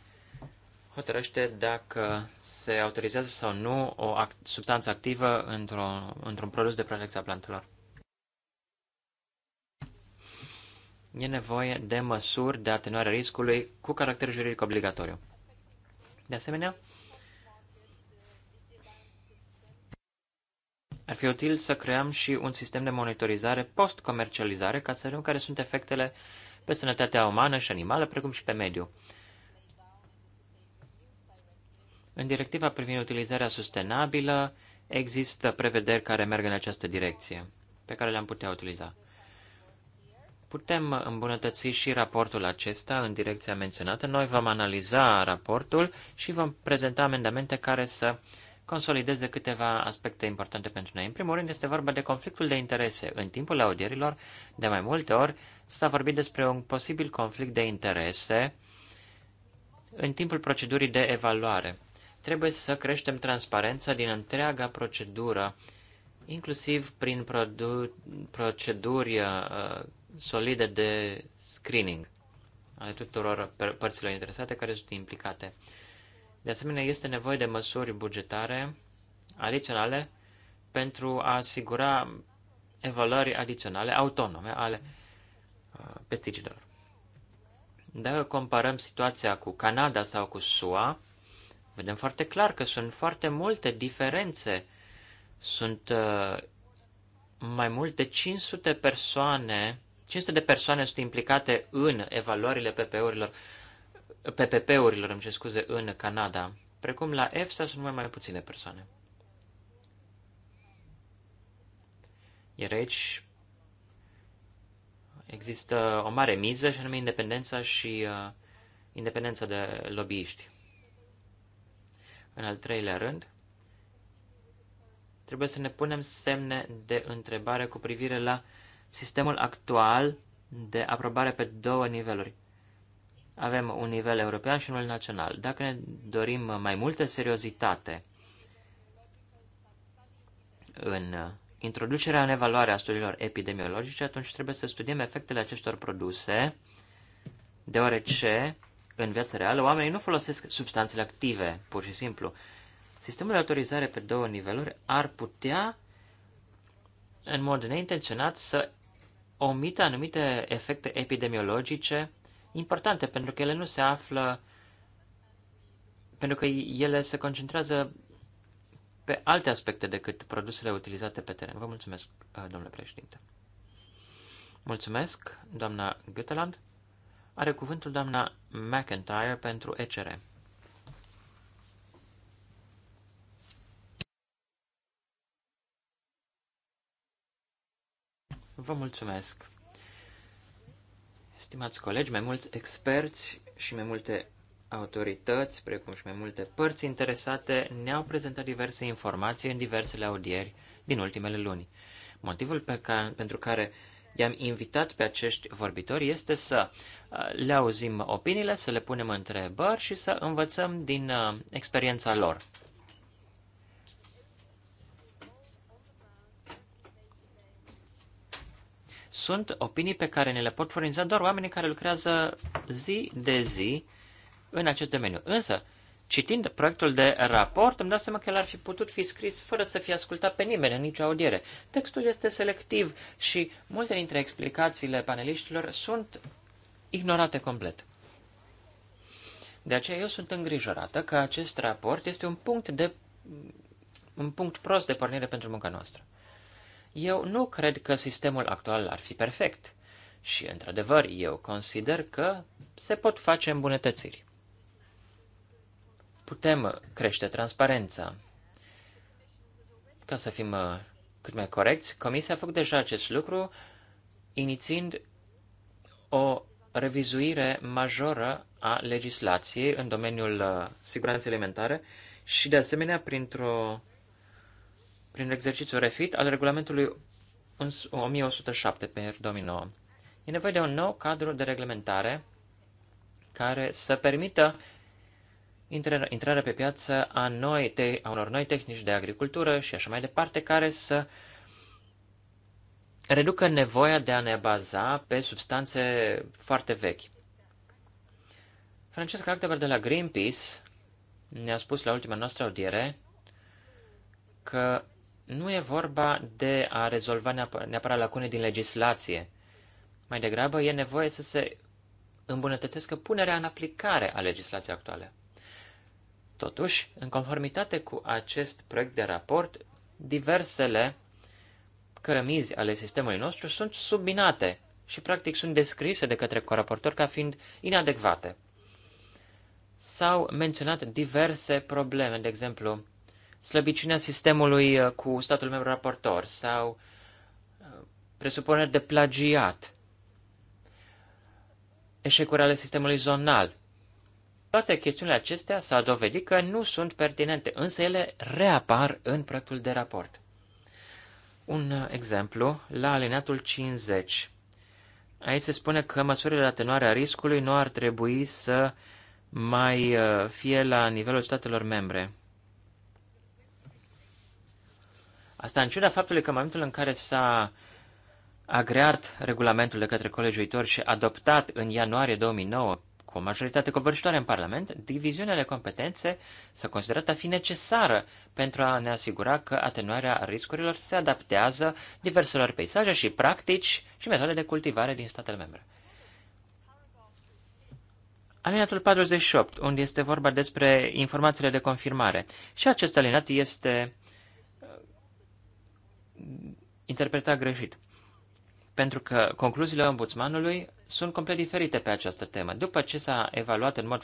hotărăște dacă se autorizează sau nu o act- substanță activă într-un într, produs de protecție a plantelor. e nevoie de măsuri de atenuare riscului cu caracter juridic obligatoriu. De asemenea, ar fi util să creăm și un sistem de monitorizare post-comercializare ca să vedem care sunt efectele pe sănătatea umană și animală, precum și pe mediu. În directiva privind utilizarea sustenabilă există prevederi care merg în această direcție, pe care le-am putea utiliza. Putem îmbunătăți și raportul acesta în direcția menționată. Noi vom analiza raportul și vom prezenta amendamente care să consolideze câteva aspecte importante pentru noi. În primul rând, este vorba de conflictul de interese. În timpul audierilor, de mai multe ori, s-a vorbit despre un posibil conflict de interese în timpul procedurii de evaluare. Trebuie să creștem transparența din întreaga procedură, inclusiv prin proceduri uh, solide de screening ale tuturor părților interesate care sunt implicate. De asemenea, este nevoie de măsuri bugetare adiționale pentru a asigura evaluări adiționale, autonome, ale uh, pesticidelor. Dacă comparăm situația cu Canada sau cu SUA, vedem foarte clar că sunt foarte multe diferențe. Sunt uh, mai mult de 500 persoane 500 de persoane sunt implicate în evaluările PPP-urilor, PPP-urilor, îmi scuze, în Canada, precum la EFSA sunt mai mai puține persoane. Iar aici există o mare miză și anume independența și uh, independența de lobbyiști. În al treilea rând, trebuie să ne punem semne de întrebare cu privire la uh, sistemul actual de aprobare pe două niveluri. Avem un nivel european și unul național. Dacă ne dorim mai multă seriozitate în introducerea în a studiilor epidemiologice, atunci trebuie să studiem efectele acestor produse, deoarece în viața reală oamenii nu folosesc substanțele active, pur și simplu. Sistemul de autorizare pe două niveluri ar putea, în mod neintenționat, să omite anumite efecte epidemiologice importante, pentru că ele nu se află, pentru că ele se concentrează pe alte aspecte decât produsele utilizate pe teren. Vă mulțumesc, uh, domnule președinte. Mulțumesc, doamna Guteland. Are cuvântul doamna McIntyre pentru ECR. Vă mulțumesc! Stimați colegi, mai mulți experți și mai multe autorități, precum și mai multe părți interesate, ne-au prezentat diverse informații în diversele audieri din ultimele luni. Motivul pe ca, pentru care i-am invitat pe acești vorbitori este să uh, le auzim opiniile, să le punem întrebări și să învățăm din uh, experiența lor. Sunt opinii pe care ne le pot furniza doar oamenii care lucrează zi de zi în acest domeniu. Însă, citind proiectul de raport, îmi dau seama că el ar fi putut fi scris fără să fie ascultat pe nimeni în nicio audiere. Textul este selectiv și multe dintre explicațiile paneliștilor sunt ignorate complet. De aceea eu sunt îngrijorată că acest raport este un punct, de, un punct prost de pornire pentru munca noastră. Eu nu cred că sistemul actual ar fi perfect și, într-adevăr, eu consider că se pot face îmbunătățiri. Putem crește transparența. Ca să fim uh, cât mai corecți, Comisia a făcut deja acest lucru inițiind o revizuire majoră a legislației în domeniul uh, siguranței alimentare și, de asemenea, printr-o prin exercițiul refit al regulamentului 1107 per 2009. E nevoie de un nou cadru de reglementare care să permită intrarea pe piață a, noi te- a unor noi tehnici de agricultură și așa mai departe, care să reducă nevoia de a ne baza pe substanțe foarte vechi. Francesca Acteber de la Greenpeace ne-a spus la ultima noastră audiere că nu e vorba de a rezolva neapărat lacune din legislație. Mai degrabă, e nevoie să se îmbunătățească punerea în aplicare a legislației actuale. Totuși, în conformitate cu acest proiect de raport, diversele cărămizi ale sistemului nostru sunt subminate și practic sunt descrise de către coraportor ca fiind inadecvate. S-au menționat diverse probleme, de exemplu, slăbiciunea sistemului uh, cu statul membru raportor sau uh, presupuneri de plagiat, eșecuri ale sistemului zonal. Toate chestiunile acestea s-au dovedit că nu sunt pertinente, însă ele reapar în proiectul de raport. Un uh, exemplu, la alineatul 50. Aici se spune că măsurile de atenuare a riscului nu ar trebui să mai fie la nivelul statelor membre. Asta în ciuda faptului că în momentul în care s-a agreat regulamentul de către colegiuitori și adoptat în ianuarie 2009 cu o majoritate covârșitoare în Parlament, diviziunea de competențe s-a considerat a fi necesară pentru a ne asigura că atenuarea riscurilor se adaptează diverselor peisaje și practici și metode de cultivare din statele membre. Alineatul 48, unde este vorba despre informațiile de confirmare. Și acest alineat este interpreta greșit. Pentru că concluziile ombudsmanului sunt complet diferite pe această temă. După ce s-a evaluat în mod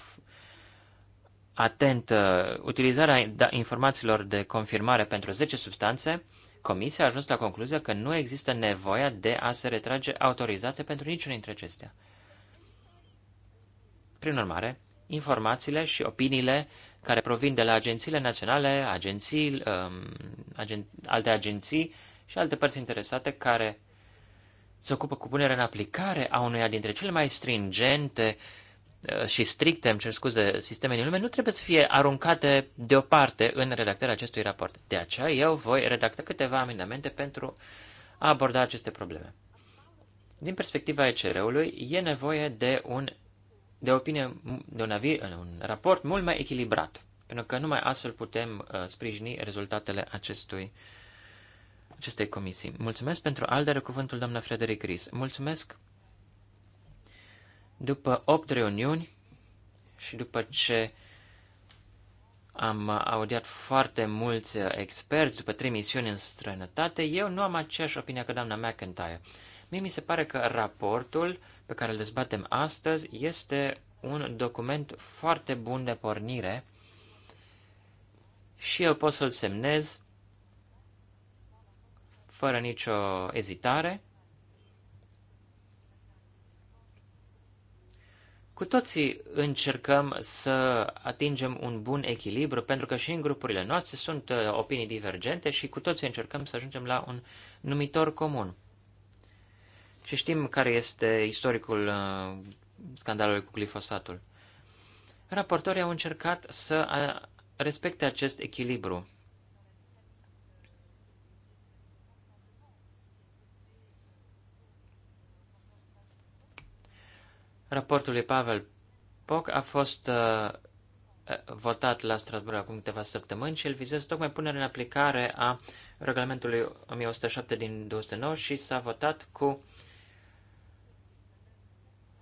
atent uh, utilizarea da- informațiilor de confirmare pentru 10 substanțe, comisia a ajuns la concluzia că nu există nevoia de a se retrage autorizația pentru niciunul dintre acestea. Prin urmare, informațiile și opiniile care provin de la agențiile naționale, agenții, um, agen, alte agenții și alte părți interesate care se ocupă cu punerea în aplicare a unuia dintre cele mai stringente uh, și stricte, îmi cer scuze, sisteme din lume, nu trebuie să fie aruncate deoparte în redactarea acestui raport. De aceea eu voi redacta câteva amendamente pentru a aborda aceste probleme. Din perspectiva ECR-ului, e nevoie de un de opinie, de un, avi, un raport mult mai echilibrat, pentru că numai astfel putem uh, sprijini rezultatele acestui, acestei comisii. Mulțumesc pentru al doilea cuvântul, doamna Frederic Ries. Mulțumesc. După opt reuniuni și după ce am audiat foarte mulți experți după trei misiuni în străinătate, eu nu am aceeași opinie ca doamna McIntyre. Mie mi se pare că raportul uh, pe care îl dezbatem astăzi este un document foarte bun de pornire și eu pot să-l semnez fără nicio ezitare. Cu toții încercăm să atingem un bun echilibru, pentru că și în grupurile noastre sunt uh, opinii divergente și cu toții încercăm să ajungem la un numitor comun. Și știm care este istoricul uh, scandalului cu glifosatul. Raportorii au încercat să uh, respecte acest echilibru. Raportul lui Pavel Poc a fost uh, votat la Strasbourg acum câteva săptămâni și el vizează tocmai punerea în aplicare a regulamentului 1107 din 209 și s-a votat cu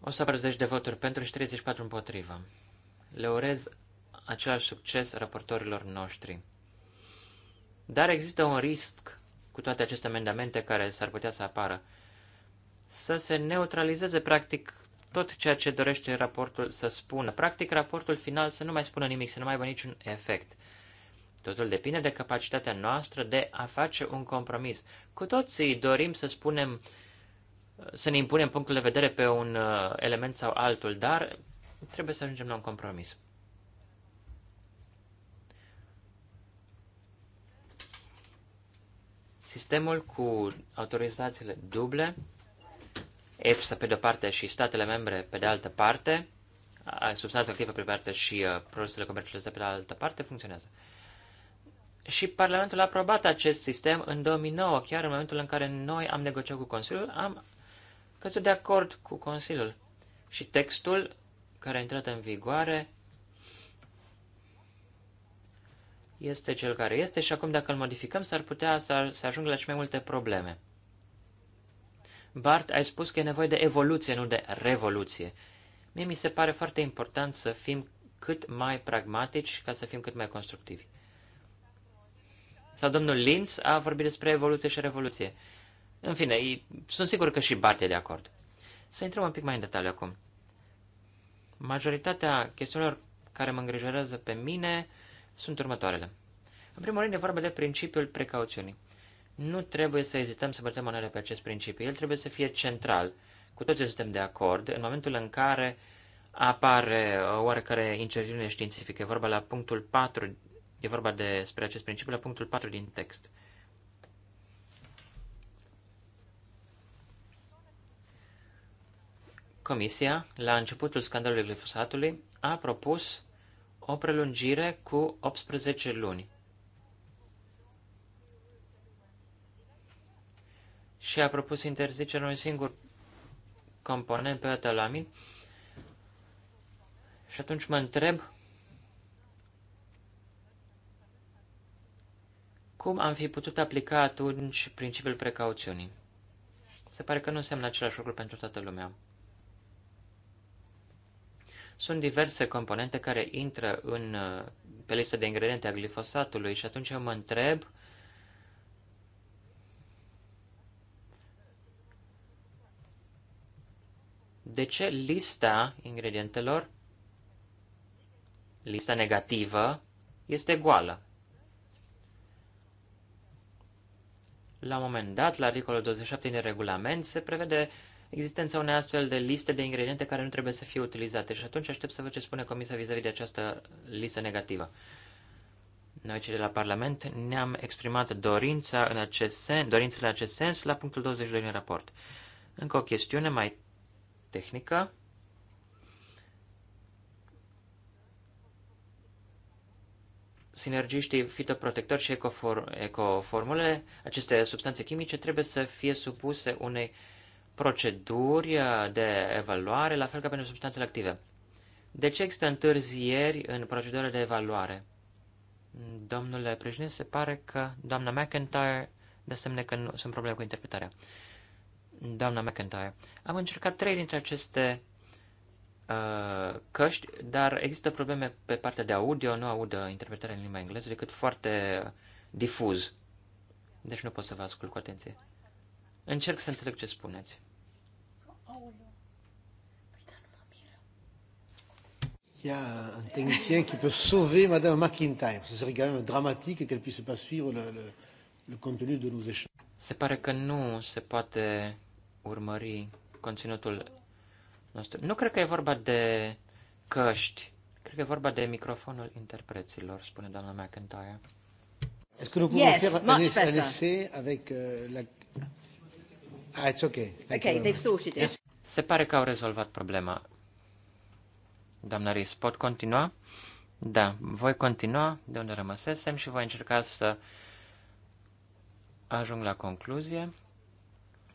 140 de voturi pentru și 34 împotrivă. Le urez același succes raportorilor noștri. Dar există un risc cu toate aceste amendamente care s-ar putea să apară. Să se neutralizeze, practic, tot ceea ce dorește raportul să spună. Practic, raportul final să nu mai spună nimic, să nu mai aibă niciun efect. Totul depinde de capacitatea noastră de a face un compromis. Cu toții dorim să spunem uh, să ne impunem punctul de vedere pe un uh, element sau altul, dar trebuie să ajungem la un compromis. Sistemul cu autorizațiile duble, EFSA pe de-o parte și statele membre pe de altă parte, substanța activă pe parte și uh, produsele comercializate pe altă parte funcționează. Și Parlamentul a aprobat acest sistem în 2009, chiar în momentul în care noi am negociat cu Consiliul, am că sunt de acord cu Consiliul. Și textul care a intrat în vigoare este cel care este și acum dacă îl modificăm s-ar putea să, să ajungă la și mai multe probleme. Bart, ai spus că e nevoie de evoluție, nu de revoluție. Mie mi se pare foarte important să fim cât mai pragmatici ca să fim cât mai constructivi. Sau domnul Linz a vorbit despre evoluție și revoluție. În fine, sunt sigur că și Bart e de acord. Să intrăm un pic mai în detaliu acum. Majoritatea chestiunilor care mă îngrijorează pe mine sunt următoarele. În primul rând e vorba de principiul precauțiunii. Nu trebuie să ezităm să bătem manele pe acest principiu. El trebuie să fie central. Cu toții suntem de acord în momentul în care apare oarecare incertitudine științifică. E vorba la punctul 4, e vorba despre acest principiu la punctul 4 din text. Comisia, la începutul scandalului glifosatului, a propus o prelungire cu 18 luni. Și a propus interzicerea unui singur component pe atalamin. Și atunci mă întreb cum am fi putut aplica atunci principiul precauțiunii. Se pare că nu înseamnă același lucru pentru toată lumea. Sunt diverse componente care intră în, uh, pe lista de ingrediente a glifosatului și atunci eu mă întreb de ce lista ingredientelor, lista negativă, este goală. La un moment dat, la articolul 27 din regulament, se prevede uh, existența unei astfel de liste de ingrediente care nu trebuie să fie utilizate și atunci aștept să vă ce spune Comisia vis-a-vis -vis de această listă negativă. Noi, cei de la Parlament, ne-am exprimat dorința în acest sens, dorințele în acest sens la punctul 22 din raport. Încă o chestiune mai tehnică. sinergiștii fitoprotectori și ecoformule, aceste substanțe chimice trebuie să fie supuse unei uh, proceduri uh, de evaluare, la fel ca pentru substanțele active. De ce există întârzieri în procedura de evaluare? Domnule președinte, se pare că doamna McIntyre, de asemenea că nu sunt probleme cu interpretarea. Doamna McIntyre, am încercat trei dintre aceste uh, căști, dar există probleme pe partea de audio, nu aud uh, interpretarea în limba engleză decât foarte uh, difuz. Deci nu pot să vă ascult cu atenție. Încerc să înțeleg ce spuneți. Il y a un technicien qui peut sauver Madame McIntyre. Ce serait quand même dramatique qu'elle puisse pas suivre le, le, le contenu de nos échanges. Se pare că nu se poate urmări conținutul nostru. Nu cred că e vorba de căști. Cred că e vorba de microfonul interpreților, spune doamna McIntyre. Est-ce que nous pouvons yes, faire un, un essai avec uh, la Ah, it's okay. Thank okay, they've sorted it. Se pare că au rezolvat problema. Doamna Ries, pot continua? Da, voi continua de unde rămăsesem și voi încerca să ajung la concluzie.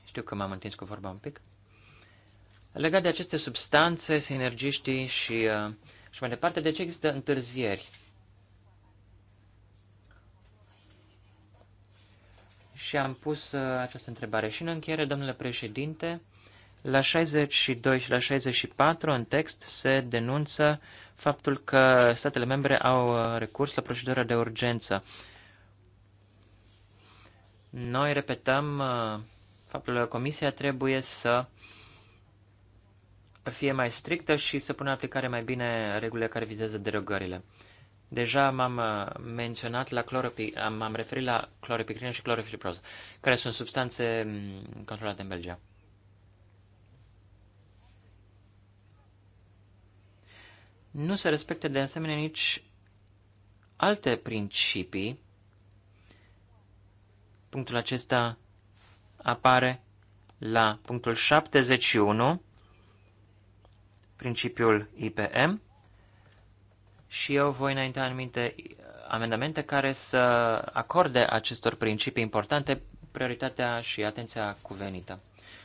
Știu că m-am întins cu vorba un pic. Legat de aceste substanțe, sinergiștii și, uh, și mai departe, de ce există întârzieri? și am pus uh, această întrebare. Și în încheiere, domnule președinte, la 62 și la 64 în text se denunță faptul că statele membre au uh, recurs la procedura de urgență. Noi repetăm uh, faptul că Comisia trebuie să fie mai strictă și să pună în aplicare mai bine regulile care vizează derogările. Deja m-am uh, menționat la cloropic, m-am referit la cloripicrină și clorofiliproz, care sunt substanțe mm, controlate în Belgia. Nu se respectă de asemenea nici alte principii. Punctul acesta apare la punctul 71, principiul IPM, și eu voi înainte anumite uh, amendamente care să acorde acestor principii importante prioritatea și atenția cuvenită.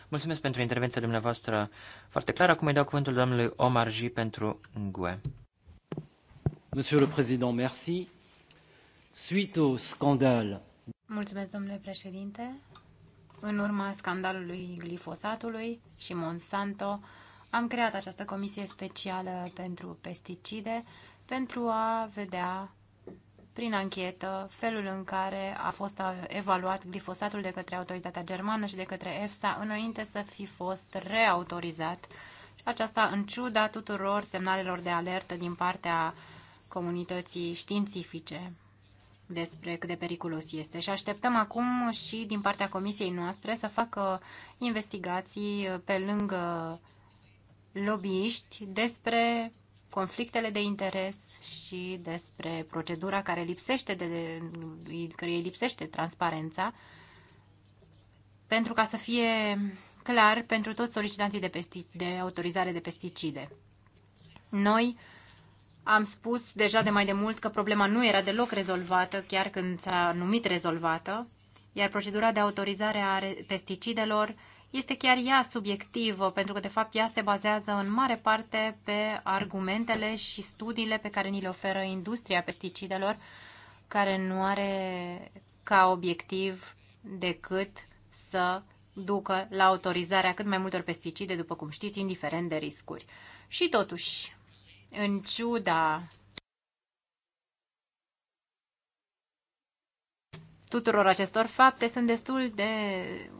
Mulțumesc pentru intervenția dumneavoastră foarte clară. Acum îi dau cuvântul domnului Omar G. pentru GUE. Monsieur le Président, merci. Suite au scandal. Mulțumesc, domnule președinte. În urma scandalului glifosatului și Monsanto, am creat această comisie specială pentru pesticide pentru a vedea prin anchetă felul în care a fost evaluat glifosatul de către autoritatea germană și de către EFSA înainte să fi fost reautorizat. Și aceasta în ciuda tuturor semnalelor de alertă din partea comunității științifice despre cât de periculos este. Și așteptăm acum și din partea comisiei noastre să facă investigații pe lângă lobbyiști despre conflictele de interes și despre procedura care lipsește de, care îi lipsește transparența pentru ca să fie clar pentru toți solicitanții de, pesti, de autorizare de pesticide. Noi am spus deja de mai de mult că problema nu era deloc rezolvată, chiar când s-a numit rezolvată, iar procedura de autorizare a pesticidelor este chiar ea subiectivă, pentru că de fapt ea se bazează în mare parte pe argumentele și studiile pe care ni le oferă industria pesticidelor, care nu are ca obiectiv decât să ducă la autorizarea cât mai multor pesticide, după cum știți, indiferent de riscuri. Și totuși, în ciuda tuturor acestor fapte, sunt destul de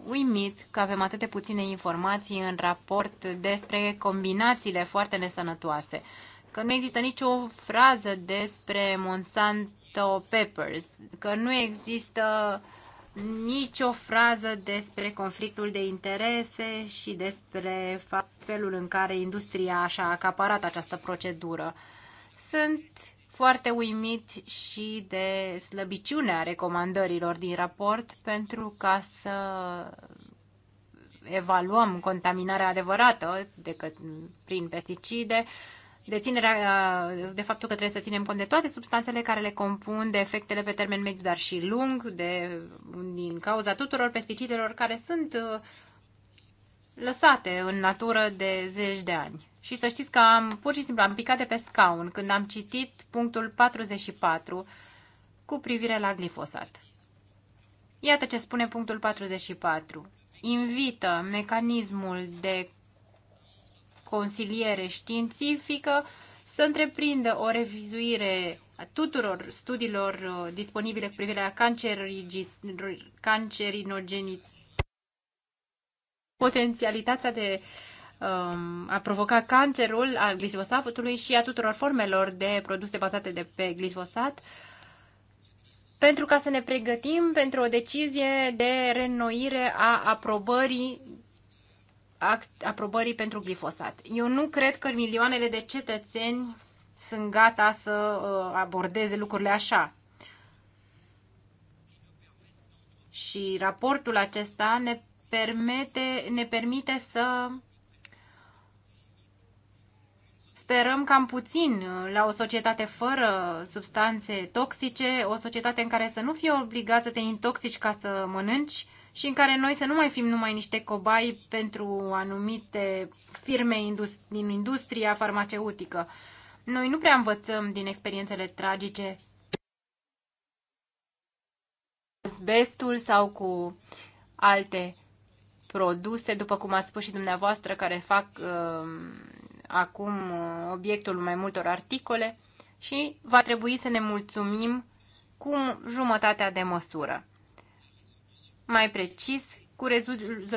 uimit că avem atâte puține informații în raport despre combinațiile foarte nesănătoase. Că nu există nicio frază despre Monsanto Peppers, că nu există nicio frază despre conflictul de interese și despre felul în care industria și-a acaparat această procedură. Sunt foarte uimit și de slăbiciunea recomandărilor din raport pentru ca să evaluăm contaminarea adevărată decât prin pesticide, de, ținerea, de faptul că trebuie să ținem cont de toate substanțele care le compun, de efectele pe termen mediu, dar și lung, de, din cauza tuturor pesticidelor care sunt uh, lăsate în natură de zeci de ani. Și să știți că am pur și simplu am picat de pe scaun când am citit punctul 44 cu privire la glifosat. Iată ce spune punctul 44. Invită mecanismul de consiliere științifică să întreprindă o revizuire a tuturor studiilor uh, disponibile cu privire la cancerinogenit, potențialitatea de Um, a provoca cancerul al glisfosatului și a tuturor formelor de produse bazate de pe glisfosat. pentru ca să ne pregătim pentru o decizie de reînnoire a aprobării act, aprobării pentru glifosat. Eu nu cred că milioanele de cetățeni sunt gata să uh, abordeze lucrurile așa. Și raportul acesta ne permite, ne permite să sperăm cam puțin uh, la o societate fără substanțe toxice, o societate în care să nu fie obligat să te intoxici ca să mănânci și în care noi să nu mai fim numai niște cobai pentru anumite firme din industria farmaceutică. Noi nu prea învățăm din experiențele tragice bestul sau cu alte produse, după cum ați spus și dumneavoastră, care fac uh, acum uh, obiectul mai multor articole și va trebui să ne mulțumim cu jumătatea de măsură. Mai precis, cu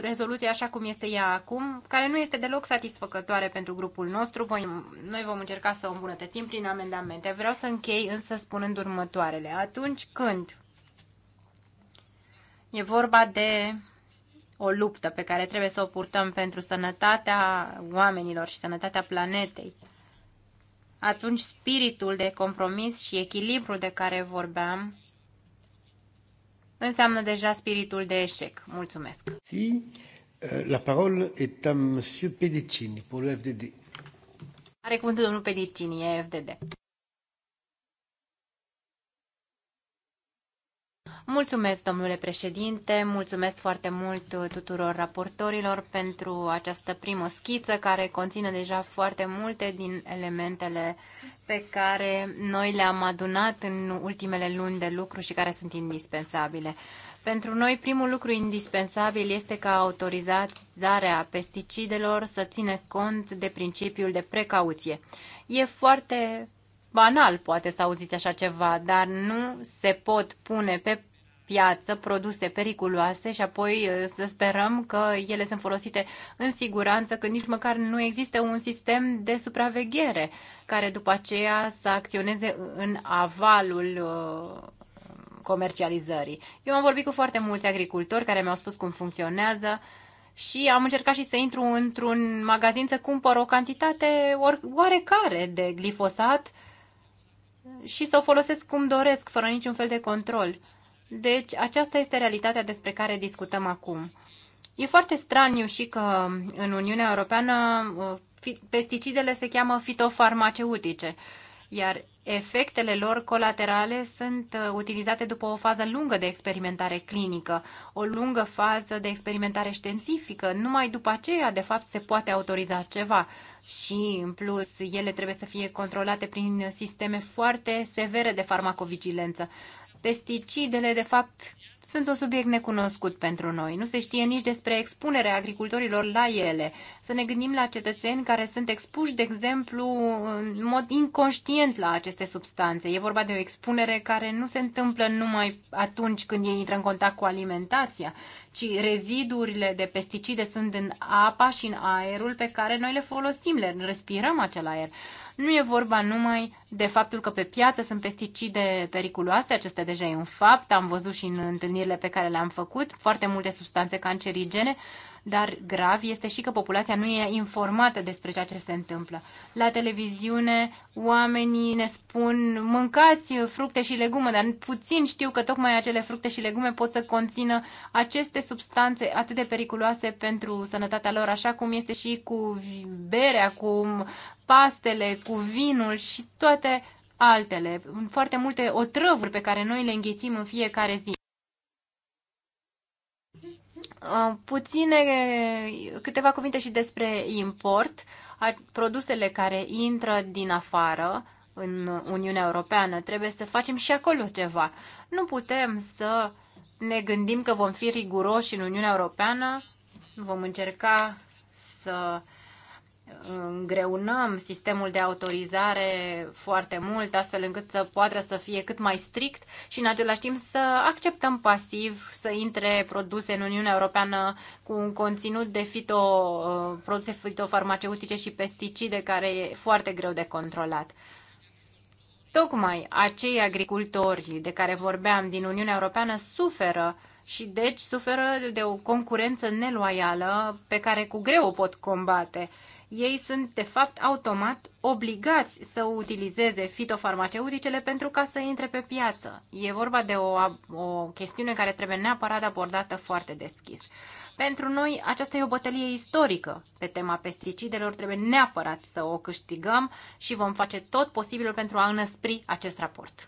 rezoluția așa cum este ea acum, care nu este deloc satisfăcătoare pentru grupul nostru. noi vom încerca să o îmbunătățim prin amendamente. Vreau să închei însă spunând următoarele. Atunci când e vorba de o luptă pe care trebuie să o purtăm pentru sănătatea oamenilor și sănătatea planetei, atunci spiritul de compromis și echilibrul de care vorbeam înseamnă deja spiritul de eșec. Mulțumesc! Si, eh, la parole est à monsieur Pedicini pour le FDD. Are cuvântul domnul Pedicini, e FDD. Mulțumesc, domnule președinte, mulțumesc foarte mult tuturor raportorilor pentru această primă schiță care conține deja foarte multe din elementele pe care noi le-am adunat în ultimele luni de lucru și care sunt indispensabile. Pentru noi, primul lucru indispensabil este ca autorizarea pesticidelor să ține cont de principiul de precauție. E foarte banal, poate să auziți așa ceva, dar nu se pot pune pe piață produse periculoase și apoi uh, să sperăm că ele sunt folosite în siguranță, când nici măcar nu există un sistem de supraveghere care după aceea să acționeze în avalul uh, comercializării. Eu am vorbit cu foarte mulți agricultori care mi-au spus cum funcționează și am încercat și să intru într-un magazin să cumpăr o cantitate oarecare de glifosat și să o folosesc cum doresc, fără niciun fel de control. Deci, aceasta este realitatea despre care discutăm acum. E foarte straniu și că în Uniunea Europeană uh, pesticidele se cheamă fitofarmaceutice, iar efectele lor colaterale sunt uh, utilizate după o fază lungă de experimentare clinică, o lungă fază de experimentare științifică. Numai după aceea, de fapt, se poate autoriza ceva. Și, în plus, ele trebuie să fie controlate prin sisteme foarte severe de farmacovigilență. Pesticidele, de fapt, sunt un subiect necunoscut pentru noi. Nu se știe nici despre expunerea agricultorilor la ele să ne gândim la cetățeni care sunt expuși, de exemplu, în mod inconștient la aceste substanțe. E vorba de o expunere care nu se întâmplă numai atunci când ei intră în contact cu alimentația, ci rezidurile de pesticide sunt în apa și în aerul pe care noi le folosim, le respirăm acel aer. Nu e vorba numai de faptul că pe piață sunt pesticide periculoase, acesta deja e un fapt, am văzut și în întâlnirile pe care le-am făcut, foarte multe substanțe cancerigene, dar grav este și că populația nu e informată despre ceea ce se întâmplă. La televiziune oamenii ne spun mâncați fructe și legume, dar puțin știu că tocmai acele fructe și legume pot să conțină aceste substanțe atât de periculoase pentru sănătatea lor, așa cum este și cu berea, cu pastele, cu vinul și toate altele, foarte multe otrăvuri pe care noi le înghețim în fiecare zi. Uh, puține, câteva cuvinte și despre import. Produsele care intră din afară în Uniunea Europeană, trebuie să facem și acolo ceva. Nu putem să ne gândim că vom fi riguroși în Uniunea Europeană, vom încerca să îngreunăm sistemul de autorizare foarte mult, astfel încât să poată să fie cât mai strict și în același timp să acceptăm pasiv să intre produse în Uniunea Europeană cu un conținut de fito, uh, produse fitofarmaceutice și pesticide care e foarte greu de controlat. Tocmai acei agricultori de care vorbeam din Uniunea Europeană suferă și deci suferă de o concurență neloială pe care cu greu o pot combate ei sunt de fapt automat obligați să utilizeze fitofarmaceuticele pentru ca să intre pe piață. E vorba de o, o chestiune care trebuie neapărat abordată foarte deschis. Pentru noi aceasta e o bătălie istorică pe tema pesticidelor, trebuie neapărat să o câștigăm și vom face tot posibilul pentru a înăspri acest raport.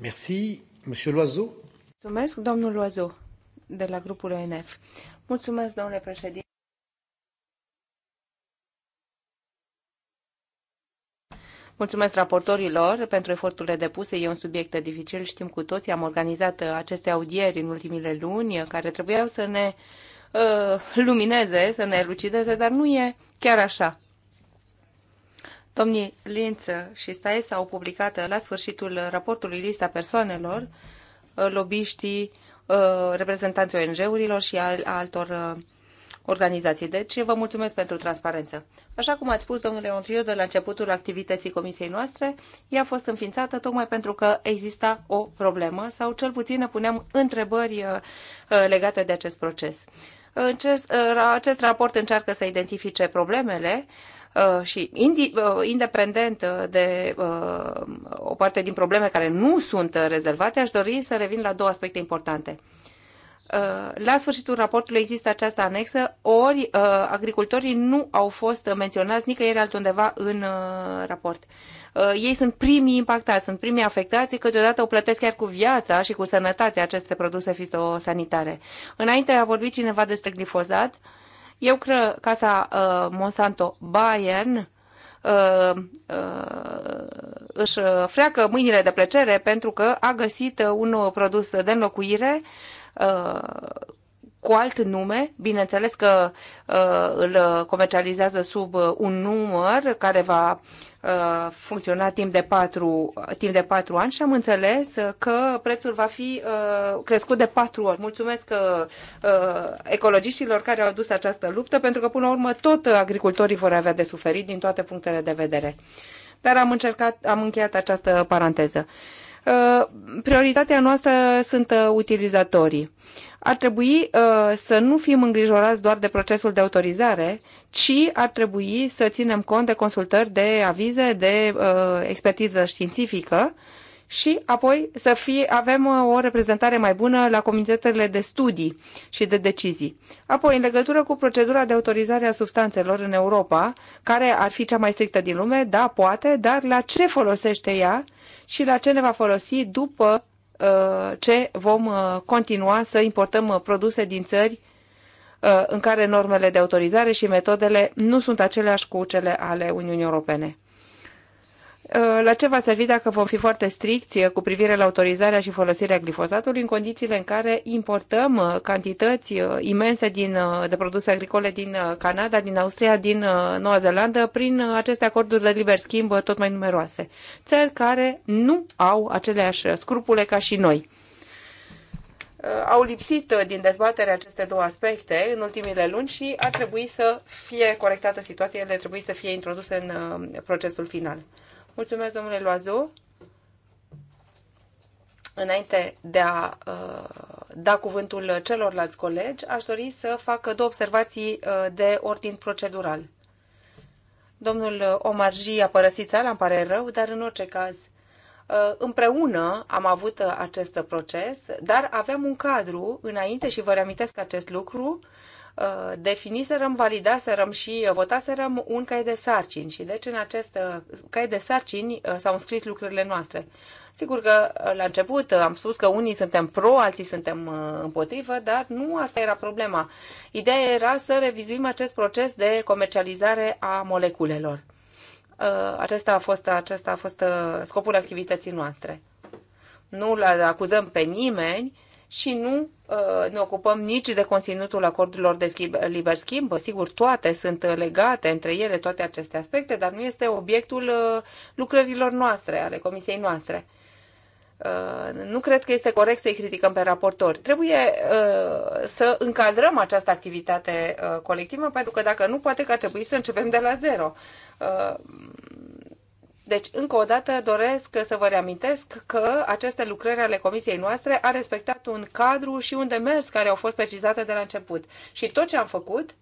Merci, Monsieur Loiseau. Mulțumesc, domnul Loiseau, de la grupul ONF. Mulțumesc, domnule președinte. Mulțumesc raportorilor pentru eforturile depuse. E un subiect dificil, știm cu toții. Am organizat uh, aceste audieri în ultimile luni uh, care trebuiau să ne uh, lumineze, să ne elucideze, dar nu e chiar așa. Domnii Lință și Staes au publicat uh, la sfârșitul raportului lista persoanelor, lobiștii, reprezentanții ONG-urilor și al, altor organizației. Deci vă mulțumesc pentru transparență. Așa cum ați spus, domnule Ontriu, de la începutul activității comisiei noastre, ea a fost înființată tocmai pentru că exista o problemă sau cel puțin ne puneam întrebări uh, uh, legate de acest proces. Acest, uh, acest raport încearcă să identifice problemele, și independent de o parte din probleme care nu sunt rezolvate, aș dori să revin la două aspecte importante. Uh, la sfârșitul raportului există această anexă, ori uh, agricultorii nu au fost menționați nicăieri altundeva în uh, raport. Ei sunt primii impactați, sunt primii afectați, câteodată o plătesc chiar cu viața și cu sănătatea aceste produse fitosanitare. Înainte a vorbit cineva despre glifozat, eu cred că casa Monsanto Bayern uh, uh, își freacă mâinile de plăcere pentru că a găsit un nou produs de înlocuire uh, Uh, cu alt nume, bineînțeles că uh, îl comercializează sub uh, un număr care va uh, funcționa timp de, patru, timp de patru ani și am înțeles că prețul va fi uh, crescut de patru ori. Mulțumesc uh, uh, ecologiștilor care au dus această luptă, pentru că până la urmă tot agricultorii vor avea de suferit din toate punctele de vedere. Dar am, încercat, am încheiat această paranteză. Uh, Uh, prioritatea noastră sunt uh, utilizatorii. Ar trebui uh, să nu fim îngrijorați doar de procesul de autorizare, ci ar trebui să ținem cont de consultări, de avize, de expertiză științifică, și apoi să fie, avem uh, o reprezentare mai bună la comitetele de studii și de decizii. Apoi, în legătură cu procedura de autorizare a substanțelor în Europa, care ar fi cea mai strictă din lume, da, poate, dar la ce folosește ea și la ce ne va folosi după uh, ce vom uh, continua să importăm produse din țări în care normele de autorizare și metodele nu sunt aceleași cu cele ale Uniunii Europene. Eh, la ce va servi dacă vom fi foarte stricți eh, cu privire la autorizarea și folosirea glifosatului în condițiile în care importăm eh, cantități imense din, de produse agricole din Canada, din Austria, din Noua Zeelandă, prin aceste acorduri de liber schimb tot mai numeroase. Țări care nu au aceleași scrupule ca și noi au lipsit din dezbatere aceste două aspecte în ultimile luni și ar trebui să fie corectată situația, ele trebuie să fie introduse în procesul final. Mulțumesc, domnule Loazu. Înainte de a uh, da cuvântul celorlalți colegi, aș dori să fac două observații uh, de ordin procedural. Domnul Omarji a părăsit țara, îmi pare rău, dar în orice caz uh, împreună am avut uh, acest proces, dar aveam un cadru înainte și vă reamintesc acest lucru Uh, definiserăm, validaserăm și uh, votaserăm un cai de sarcini și deci în acest uh, cai de sarcini s-au înscris lucrurile noastre. Sigur că la început am spus că unii suntem pro, alții suntem împotrivă, dar nu asta era problema. Ideea era să revizuim acest proces de comercializare a moleculelor. Acesta a fost, acesta a fost scopul activității noastre. Nu acuzăm pe nimeni și nu Uh, ne ocupăm nici de conținutul acordurilor de schimb, liber schimb. Sigur, toate sunt legate între ele, toate aceste aspecte, dar nu este obiectul uh, lucrărilor noastre, ale comisiei noastre. Uh, nu cred că este corect să-i criticăm pe raportori. Trebuie să încadrăm această activitate colectivă, pentru că dacă nu, poate că ar trebui să începem de la zero deci, încă o dată, doresc să vă reamintesc că aceste lucrări ale comisiei noastre a respectat un cadru și un demers care au fost precizate de la început. Și tot ce am făcut,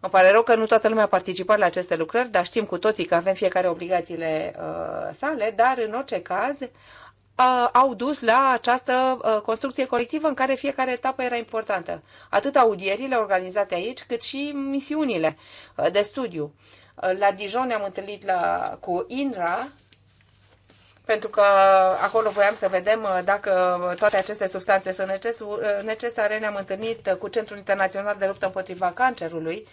îmi pare rău că nu toată lumea a participat la aceste lucrări, dar știm cu toții că avem fiecare obligațiile uh, sale, dar în orice caz uh, au dus la această uh, construcție colectivă în care fiecare etapă era importantă. Atât audierile organizate aici, cât și misiunile uh, de studiu. Uh, la Dijon ne-am întâlnit la, cu INRA, pentru că acolo voiam să vedem uh, dacă toate aceste substanțe sunt uh, necesare. Ne-am întâlnit uh, cu Centrul Internațional de Luptă împotriva Cancerului,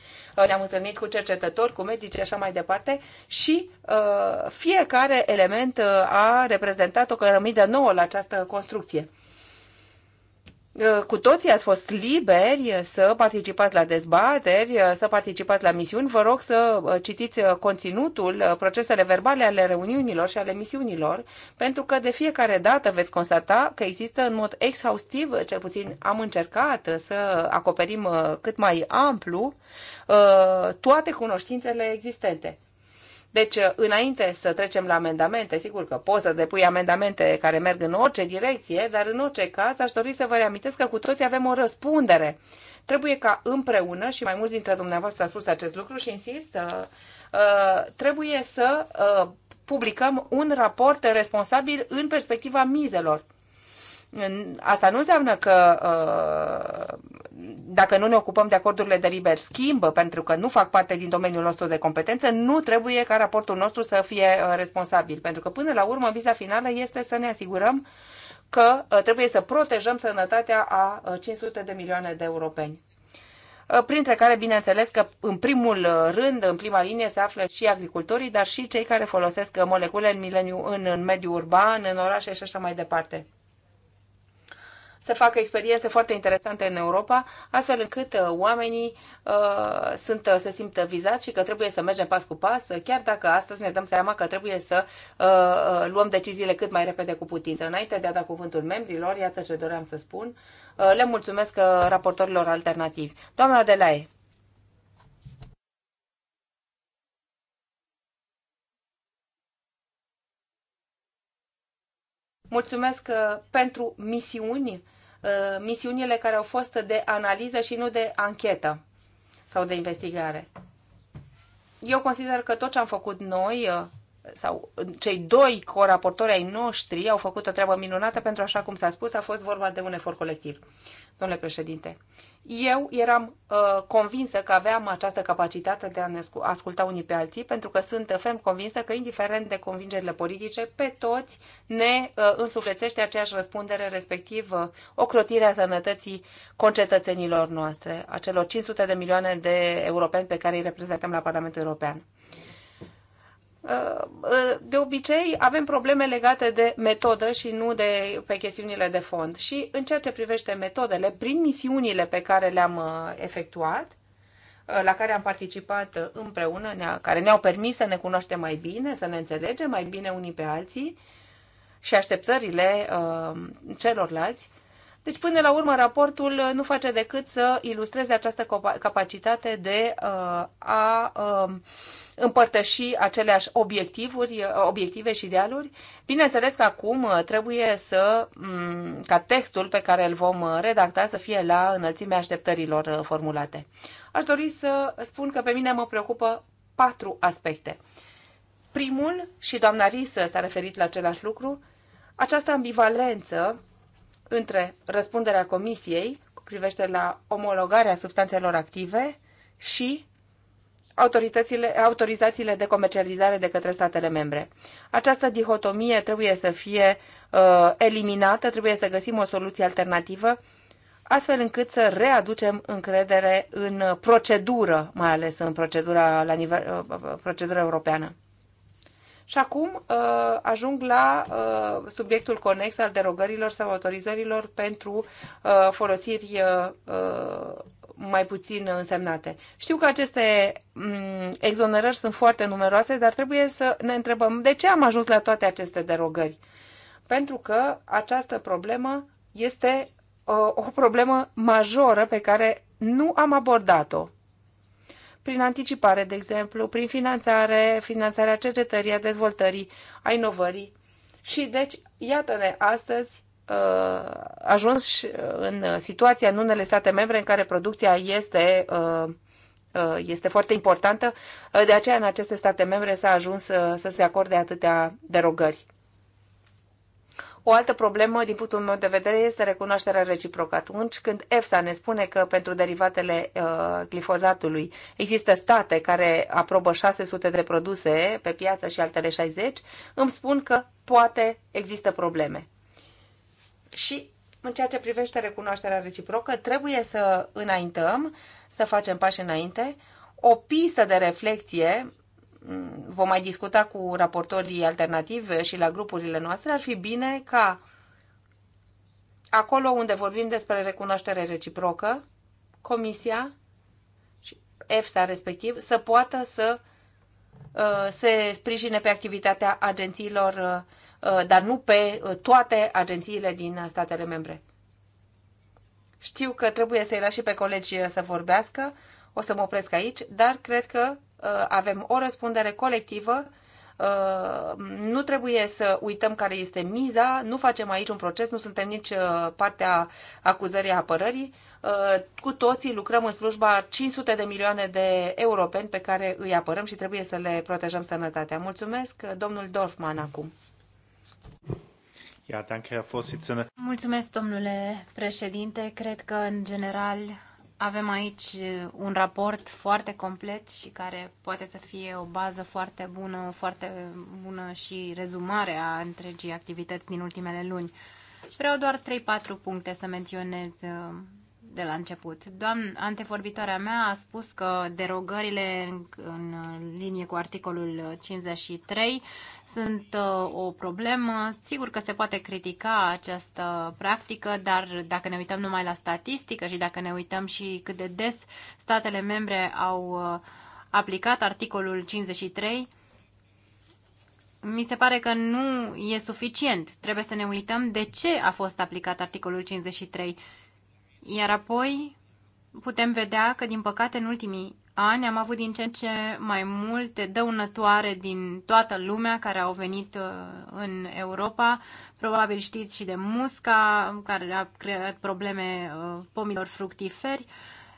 ne-am întâlnit cu cercetători, cu medici și așa mai departe și fiecare element a reprezentat o cărămidă nouă la această construcție. Uh, cu toții ați fost liberi să participați la dezbateri, uh, să participați la misiuni. Vă rog să uh, citiți conținutul, procesele verbale ale reuniunilor și ale misiunilor, pentru că de fiecare dată veți constata că există în mod exhaustiv, cel puțin am încercat să acoperim cât mai amplu toate cunoștințele existente. Deci, uh, înainte să trecem la amendamente, sigur că poți să depui amendamente care merg în orice direcție, dar în orice caz aș dori să vă reamintesc că cu toții avem o răspundere. Trebuie ca împreună, și mai mulți dintre dumneavoastră a spus acest lucru și insist, uh, uh, trebuie să publicăm un raport responsabil în perspectiva mizelor. Asta nu înseamnă că uh, dacă nu ne ocupăm de acordurile de liber schimb, pentru că nu fac parte din domeniul nostru de competență, nu trebuie ca raportul nostru să fie uh, responsabil. Pentru că până la urmă viza finală este să ne asigurăm că uh, trebuie să protejăm sănătatea a 500 de milioane de europeni printre care, bineînțeles, că în primul rând, în prima linie, se află și agricultorii, dar și cei care folosesc molecule în, mileniu, în, în mediul urban, în orașe și așa mai departe să facă experiențe foarte interesante în Europa, astfel încât uh, oamenii uh, sunt, uh, se simtă vizați și că trebuie să mergem pas cu pas, uh, chiar dacă astăzi ne dăm seama că trebuie să uh, luăm deciziile cât mai repede cu putință. Înainte de a da cuvântul membrilor, iată ce doream să spun, uh, le mulțumesc raportorilor alternativi. Doamna Adelaie, Mulțumesc pentru misiuni Uh, misiunile care au fost de analiză și nu de anchetă sau de investigare. Eu consider că tot ce am făcut noi uh, sau cei doi coraportori ai noștri au făcut o treabă minunată pentru, așa cum s-a spus, a fost vorba de un efort colectiv. Domnule președinte, eu eram uh, convinsă că aveam această capacitate de a ne asculta unii pe alții, pentru că sunt ferm convinsă că, indiferent de convingerile politice, pe toți ne uh, însuflețește aceeași răspundere, respectiv uh, ocrotirea sănătății concetățenilor noastre, acelor 500 de milioane de europeni pe care îi reprezentăm la Parlamentul European. Uh, de obicei avem probleme legate de metodă și nu de pe chestiunile de fond. Și în ceea ce privește metodele, prin misiunile pe care le-am uh, efectuat, uh, la care am participat uh, împreună, care ne-au permis să ne cunoaștem mai bine, să ne înțelegem mai bine unii pe alții și așteptările celorlalți, deci, până la urmă, raportul uh, nu face decât să ilustreze această capacitate de uh, a um, împărtăși aceleași obiectivuri, uh, obiective și idealuri. Bineînțeles că acum trebuie să, mm, ca textul pe care îl vom redacta să fie la înălțimea așteptărilor formulate. Aș dori să spun că pe mine mă preocupă patru aspecte. Primul, și doamna Risă s-a referit la același lucru, această ambivalență între răspunderea Comisiei cu privește la omologarea substanțelor active și autoritățile, autorizațiile de comercializare de către statele membre. Această dihotomie trebuie să fie uh, eliminată, trebuie să găsim o soluție alternativă, astfel încât să readucem încredere în procedură, mai ales în procedura, la nivel, uh, uh procedura europeană. Și acum uh, ajung la uh, subiectul conex al derogărilor sau autorizărilor pentru uh, folosiri uh, uh mai puțin însemnate. Știu că aceste um, exonerări sunt foarte numeroase, dar trebuie să ne întrebăm de ce am ajuns la toate aceste derogări. Pentru că această problemă este uh, o problemă majoră pe care nu am abordat-o prin anticipare, de exemplu, prin finanțare, finanțarea cercetării, a dezvoltării, a inovării. Și deci, iată-ne astăzi uh, ajuns uh, în situația în unele state membre în care producția este, uh, este foarte importantă, de aceea în aceste state membre s-a ajuns să se acorde atâtea derogări. O altă problemă, din punctul meu de vedere, este recunoașterea reciprocă. Atunci când EFSA ne spune că pentru derivatele uh, glifozatului există state care aprobă 600 de produse pe piață și altele 60, îmi spun că poate există probleme. Și în ceea ce privește recunoașterea reciprocă, trebuie să înaintăm, să facem pași înainte, o pistă de reflexie vom mai discuta cu raportorii alternative și la grupurile noastre, ar fi bine ca acolo unde vorbim despre recunoaștere reciprocă, Comisia și EFSA respectiv să poată să uh, se sprijine pe activitatea agențiilor, uh, uh, dar nu pe toate agențiile din statele membre. Știu că trebuie să-i las și pe colegi să vorbească, o să mă opresc aici, dar cred că Uh, avem o răspundere colectivă, uh, nu trebuie să uităm care este miza, nu facem aici un proces, nu suntem nici uh, partea acuzării apărării. Cu toții lucrăm în slujba 500 de milioane de europeni pe care îi apărăm și trebuie să le protejăm sănătatea. Mulțumesc, domnul Dorfman, acum. Mulțumesc, domnule președinte. Cred că, în general, avem aici uh, un raport foarte complet și care poate să fie o bază foarte bună, foarte bună și rezumare a întregii activități din ultimele luni. Vreau doar 3-4 puncte să menționez uh, de la început. Doamna, antevorbitoarea mea a spus că derogările în, în linie cu articolul 53 sunt uh, o problemă. Sigur că se poate critica această practică, dar dacă ne uităm numai la statistică și dacă ne uităm și cât de des statele membre au uh, aplicat articolul 53, mi se pare că nu e suficient. Trebuie să ne uităm de ce a fost aplicat articolul 53 iar apoi putem vedea că, din păcate, în ultimii ani am avut din ce în ce mai multe dăunătoare din toată lumea care au venit uh, în Europa. Probabil știți și de musca, care a creat probleme uh, pomilor fructiferi.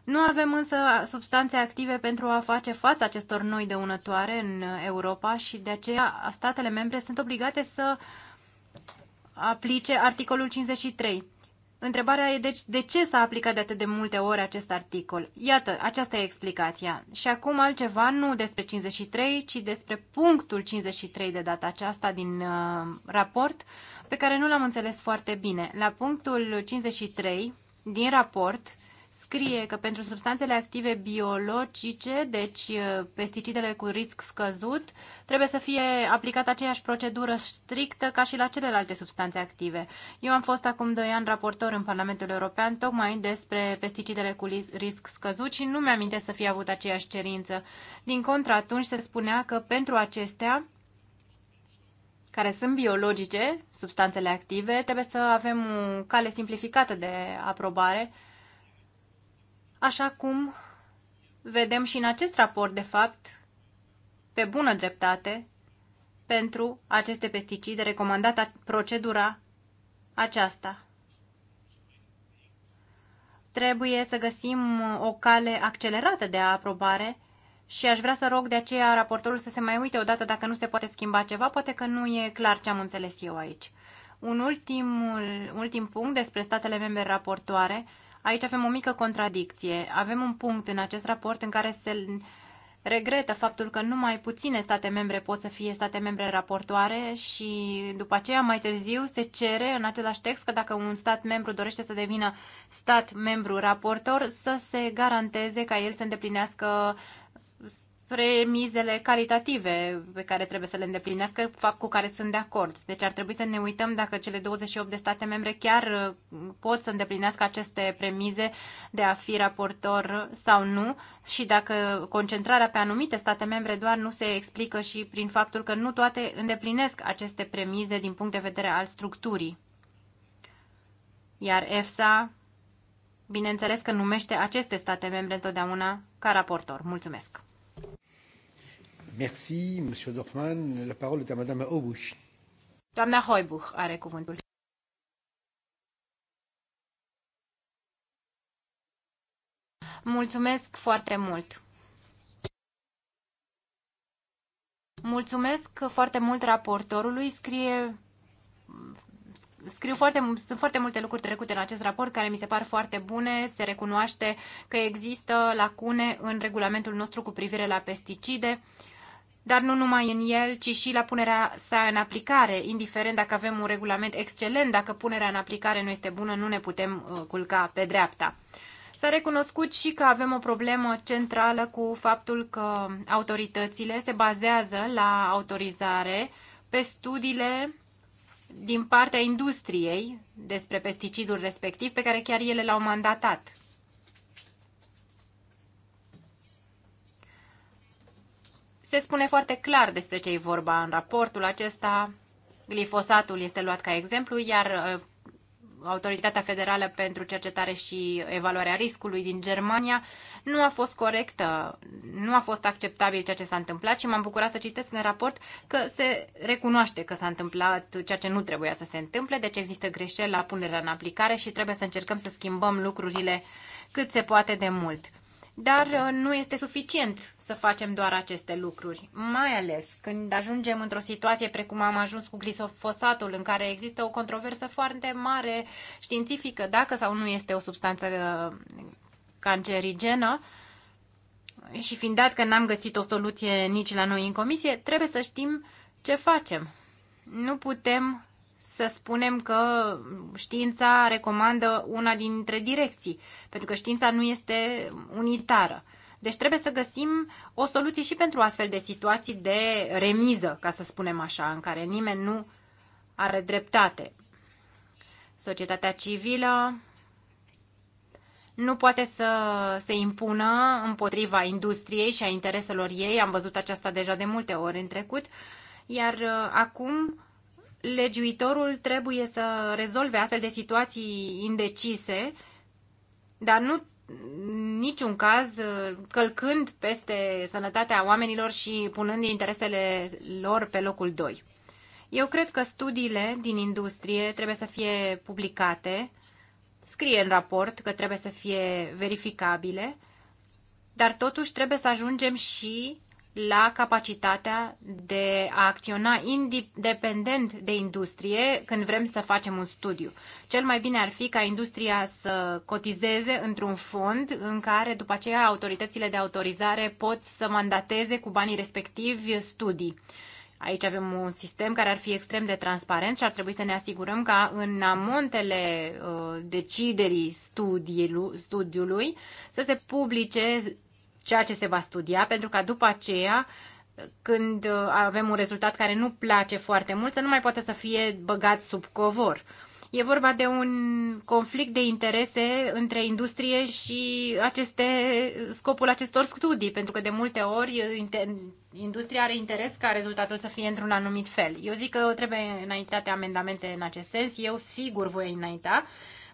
Nu avem însă substanțe active pentru a face față acestor noi dăunătoare în Europa și de aceea statele membre sunt obligate să aplice articolul 53 Întrebarea e deci de ce s-a aplicat de atât de multe ori acest articol. Iată, aceasta e explicația. Și acum altceva, nu despre 53, ci despre punctul 53 de data aceasta din uh, raport, pe care nu l-am înțeles foarte bine. La punctul 53 din raport, uh, scrie că pentru substanțele active biologice, deci uh, pesticidele cu risc scăzut, trebuie să fie aplicată aceeași procedură strictă ca și la celelalte substanțe active. Eu am fost acum 2 ani raportor în Parlamentul European tocmai despre pesticidele cu risc scăzut și nu mi-am să fi avut aceeași cerință. Din contră, atunci se spunea că pentru acestea care sunt biologice, substanțele active, trebuie să avem o cale simplificată de aprobare Așa cum vedem și în acest raport, de fapt, pe bună dreptate, pentru aceste pesticide recomandată procedura aceasta. Trebuie să găsim o cale accelerată de aprobare și aș vrea să rog de aceea raportorul să se mai uite odată dacă nu se poate schimba ceva, poate că nu e clar ce am înțeles eu aici. Un ultim, ultim punct despre statele membre raportoare. Aici avem o mică contradicție. Avem un punct în acest raport în care se regretă faptul că numai puține state membre pot să fie state membre raportoare și după aceea mai târziu se cere în același text că dacă un stat membru dorește să devină stat membru raportor să se garanteze ca el să îndeplinească premizele calitative pe care trebuie să le îndeplinească, fapt cu care sunt de acord. Deci ar trebui să ne uităm dacă cele 28 de state membre chiar uh, pot să îndeplinească aceste premize de a fi raportor sau nu și dacă concentrarea pe anumite state membre doar nu se explică și prin faptul că nu toate îndeplinesc aceste premize din punct de vedere al structurii. Iar EFSA, bineînțeles că numește aceste state membre întotdeauna ca raportor. Mulțumesc! Merci, Monsieur Dorfman. La parole est à Madame Doamna Hoibuch are cuvântul. Mulțumesc foarte mult! Mulțumesc foarte mult raportorului. Scrie scriu foarte, sunt foarte multe lucruri trecute în acest raport care mi se par foarte bune. Se recunoaște că există lacune în regulamentul nostru cu privire la pesticide dar nu numai în el, ci și la punerea sa în aplicare. Indiferent dacă avem un regulament excelent, dacă punerea în aplicare nu este bună, nu ne putem uh, culca pe dreapta. S-a recunoscut și că avem o problemă centrală cu faptul că autoritățile se bazează la autorizare pe studiile din partea industriei despre pesticidul respectiv, pe care chiar ele l-au mandatat. Se spune foarte clar despre ce e vorba în raportul acesta. Glifosatul este luat ca exemplu, iar uh, Autoritatea Federală pentru Cercetare și Evaluarea Riscului din Germania nu a fost corectă, nu a fost acceptabil ceea ce s-a întâmplat și m-am bucurat să citesc în raport că se recunoaște că s-a întâmplat ceea ce nu trebuia să se întâmple, deci există greșeli la punerea în aplicare și trebuie să încercăm să schimbăm lucrurile cât se poate de mult. Dar uh, nu este suficient să facem doar aceste lucruri, mai ales când ajungem într-o situație precum am ajuns cu glisofosatul, în care există o controversă foarte mare științifică dacă sau nu este o substanță uh, cancerigenă și fiind dat că n-am găsit o soluție nici la noi în comisie, trebuie să știm ce facem. Nu putem să spunem că știința recomandă una dintre direcții, pentru că știința nu este unitară. Deci trebuie să găsim o soluție și pentru astfel de situații de remiză, ca să spunem așa, în care nimeni nu are dreptate. Societatea civilă nu poate să se impună împotriva industriei și a intereselor ei, am văzut aceasta deja de multe ori în trecut, iar uh, acum legiuitorul trebuie să rezolve astfel de situații indecise, dar nu niciun caz uh, călcând peste sănătatea oamenilor și punând interesele lor pe locul 2. Eu cred că studiile din industrie trebuie să fie publicate, scrie în raport că trebuie să fie verificabile, dar totuși trebuie să ajungem și la capacitatea de a acționa independent de industrie când vrem să facem un studiu. Cel mai bine ar fi ca industria să cotizeze într-un fond în care după aceea autoritățile de autorizare pot să mandateze cu banii respectivi studii. Aici avem un sistem care ar fi extrem de transparent și ar trebui să ne asigurăm ca în amontele uh, deciderii studiului, studiului să se publice ceea ce se va studia, pentru ca după aceea, când uh, avem un rezultat care nu place foarte mult, să nu mai poată să fie băgat sub covor. E vorba de un conflict de interese între industrie și aceste, scopul acestor studii, pentru că de multe ori uh, industria are interes ca rezultatul să fie într-un anumit fel. Eu zic că trebuie înaintate amendamente în acest sens, eu sigur voi înainta,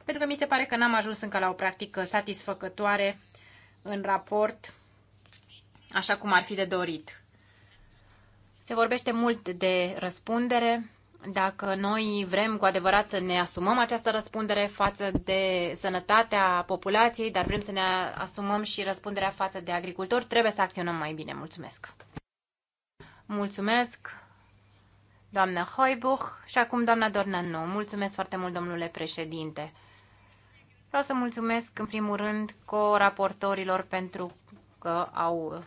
pentru că mi se pare că n-am ajuns încă la o practică satisfăcătoare în raport așa cum ar fi de dorit. Se vorbește mult de răspundere. Dacă noi vrem cu adevărat să ne asumăm această răspundere față de sănătatea populației, dar vrem să ne asumăm și răspunderea față de agricultori, trebuie să acționăm mai bine. Mulțumesc! Mulțumesc, doamna Hoibuch și acum doamna Dornanu. Mulțumesc foarte mult, domnule președinte! Vreau să mulțumesc în primul rând co-raportorilor pentru că au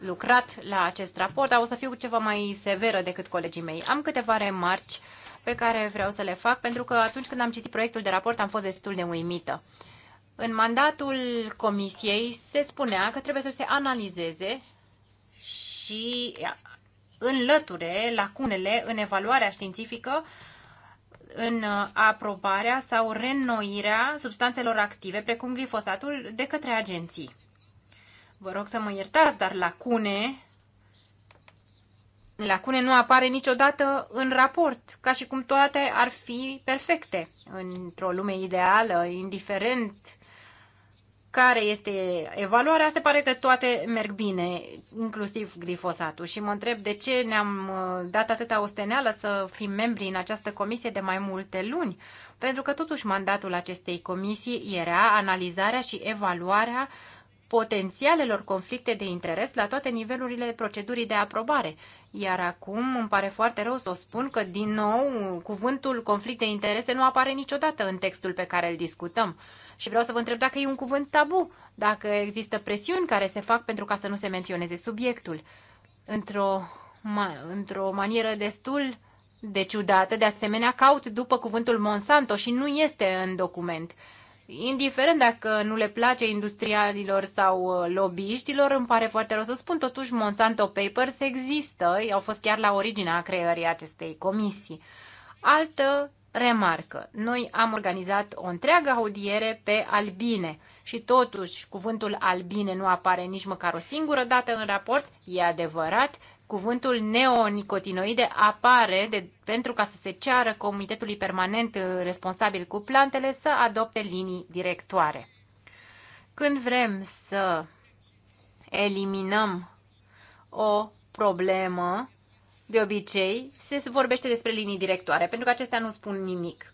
lucrat la acest raport, dar o să fiu ceva mai severă decât colegii mei. Am câteva remarci pe care vreau să le fac, pentru că atunci când am citit proiectul de raport am fost destul de uimită. În mandatul comisiei se spunea că trebuie să se analizeze și înlăture lacunele în evaluarea științifică în uh, aprobarea sau reînnoirea substanțelor active, precum glifosatul, de către agenții. Vă rog să mă iertați, dar lacune lacune nu apare niciodată în raport, ca și cum toate ar fi perfecte. Într-o lume ideală, indiferent care este evaluarea, se pare că toate merg bine, inclusiv glifosatul. Și mă întreb de ce ne-am uh, dat atâta osteneală să fim membri în această comisie de mai multe luni, pentru că totuși mandatul acestei comisii era analizarea și evaluarea potențialelor conflicte de interes la toate nivelurile procedurii de aprobare. Iar acum îmi pare foarte rău să o spun că, din nou, cuvântul conflict de interese nu apare niciodată în textul pe care îl discutăm. Și vreau să vă întreb dacă e un cuvânt tabu, dacă există presiuni care se fac pentru ca să nu se menționeze subiectul. Într-o, ma, într-o manieră destul de ciudată, de asemenea, caut după cuvântul Monsanto și nu este în document. Indiferent dacă nu le place industrialilor sau uh, lobbyiștilor, îmi pare foarte rău să spun, totuși Monsanto Papers există, au fost chiar la originea creării acestei comisii. Altă remarcă. Noi am organizat o întreagă audiere pe albine și totuși cuvântul albine nu apare nici măcar o singură dată în raport, e adevărat, cuvântul neonicotinoide apare de, pentru ca să se ceară comitetului permanent uh, responsabil cu plantele să adopte linii directoare. Când vrem să eliminăm o problemă de obicei, se vorbește despre linii directoare, pentru că acestea nu spun nimic.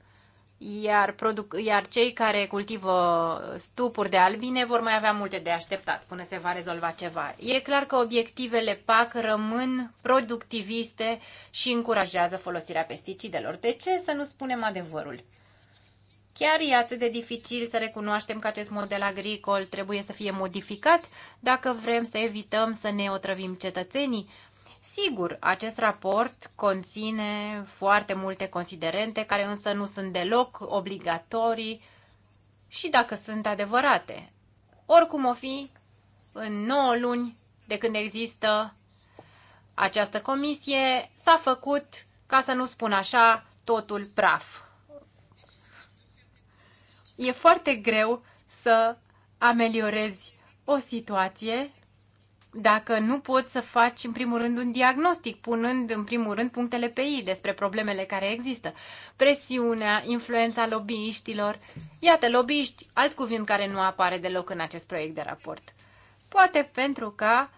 Iar, produc, iar cei care cultivă stupuri de albine vor mai avea multe de așteptat până se va rezolva ceva. E clar că obiectivele PAC rămân productiviste și încurajează folosirea pesticidelor. De ce să nu spunem adevărul? Chiar e atât de dificil să recunoaștem că acest model agricol trebuie să fie modificat dacă vrem să evităm să ne otrăvim cetățenii? Sigur, acest raport conține foarte multe considerente care însă nu sunt deloc obligatorii și dacă sunt adevărate. Oricum o fi, în 9 luni de când există această comisie, s-a făcut, ca să nu spun așa, totul praf. E foarte greu să ameliorezi o situație dacă nu poți să faci în primul rând un diagnostic, punând în primul rând punctele pe ei despre problemele care există. Presiunea, influența lobbyiștilor. Iată, lobbyiști, alt cuvânt care nu apare deloc în acest proiect de raport. Poate pentru că,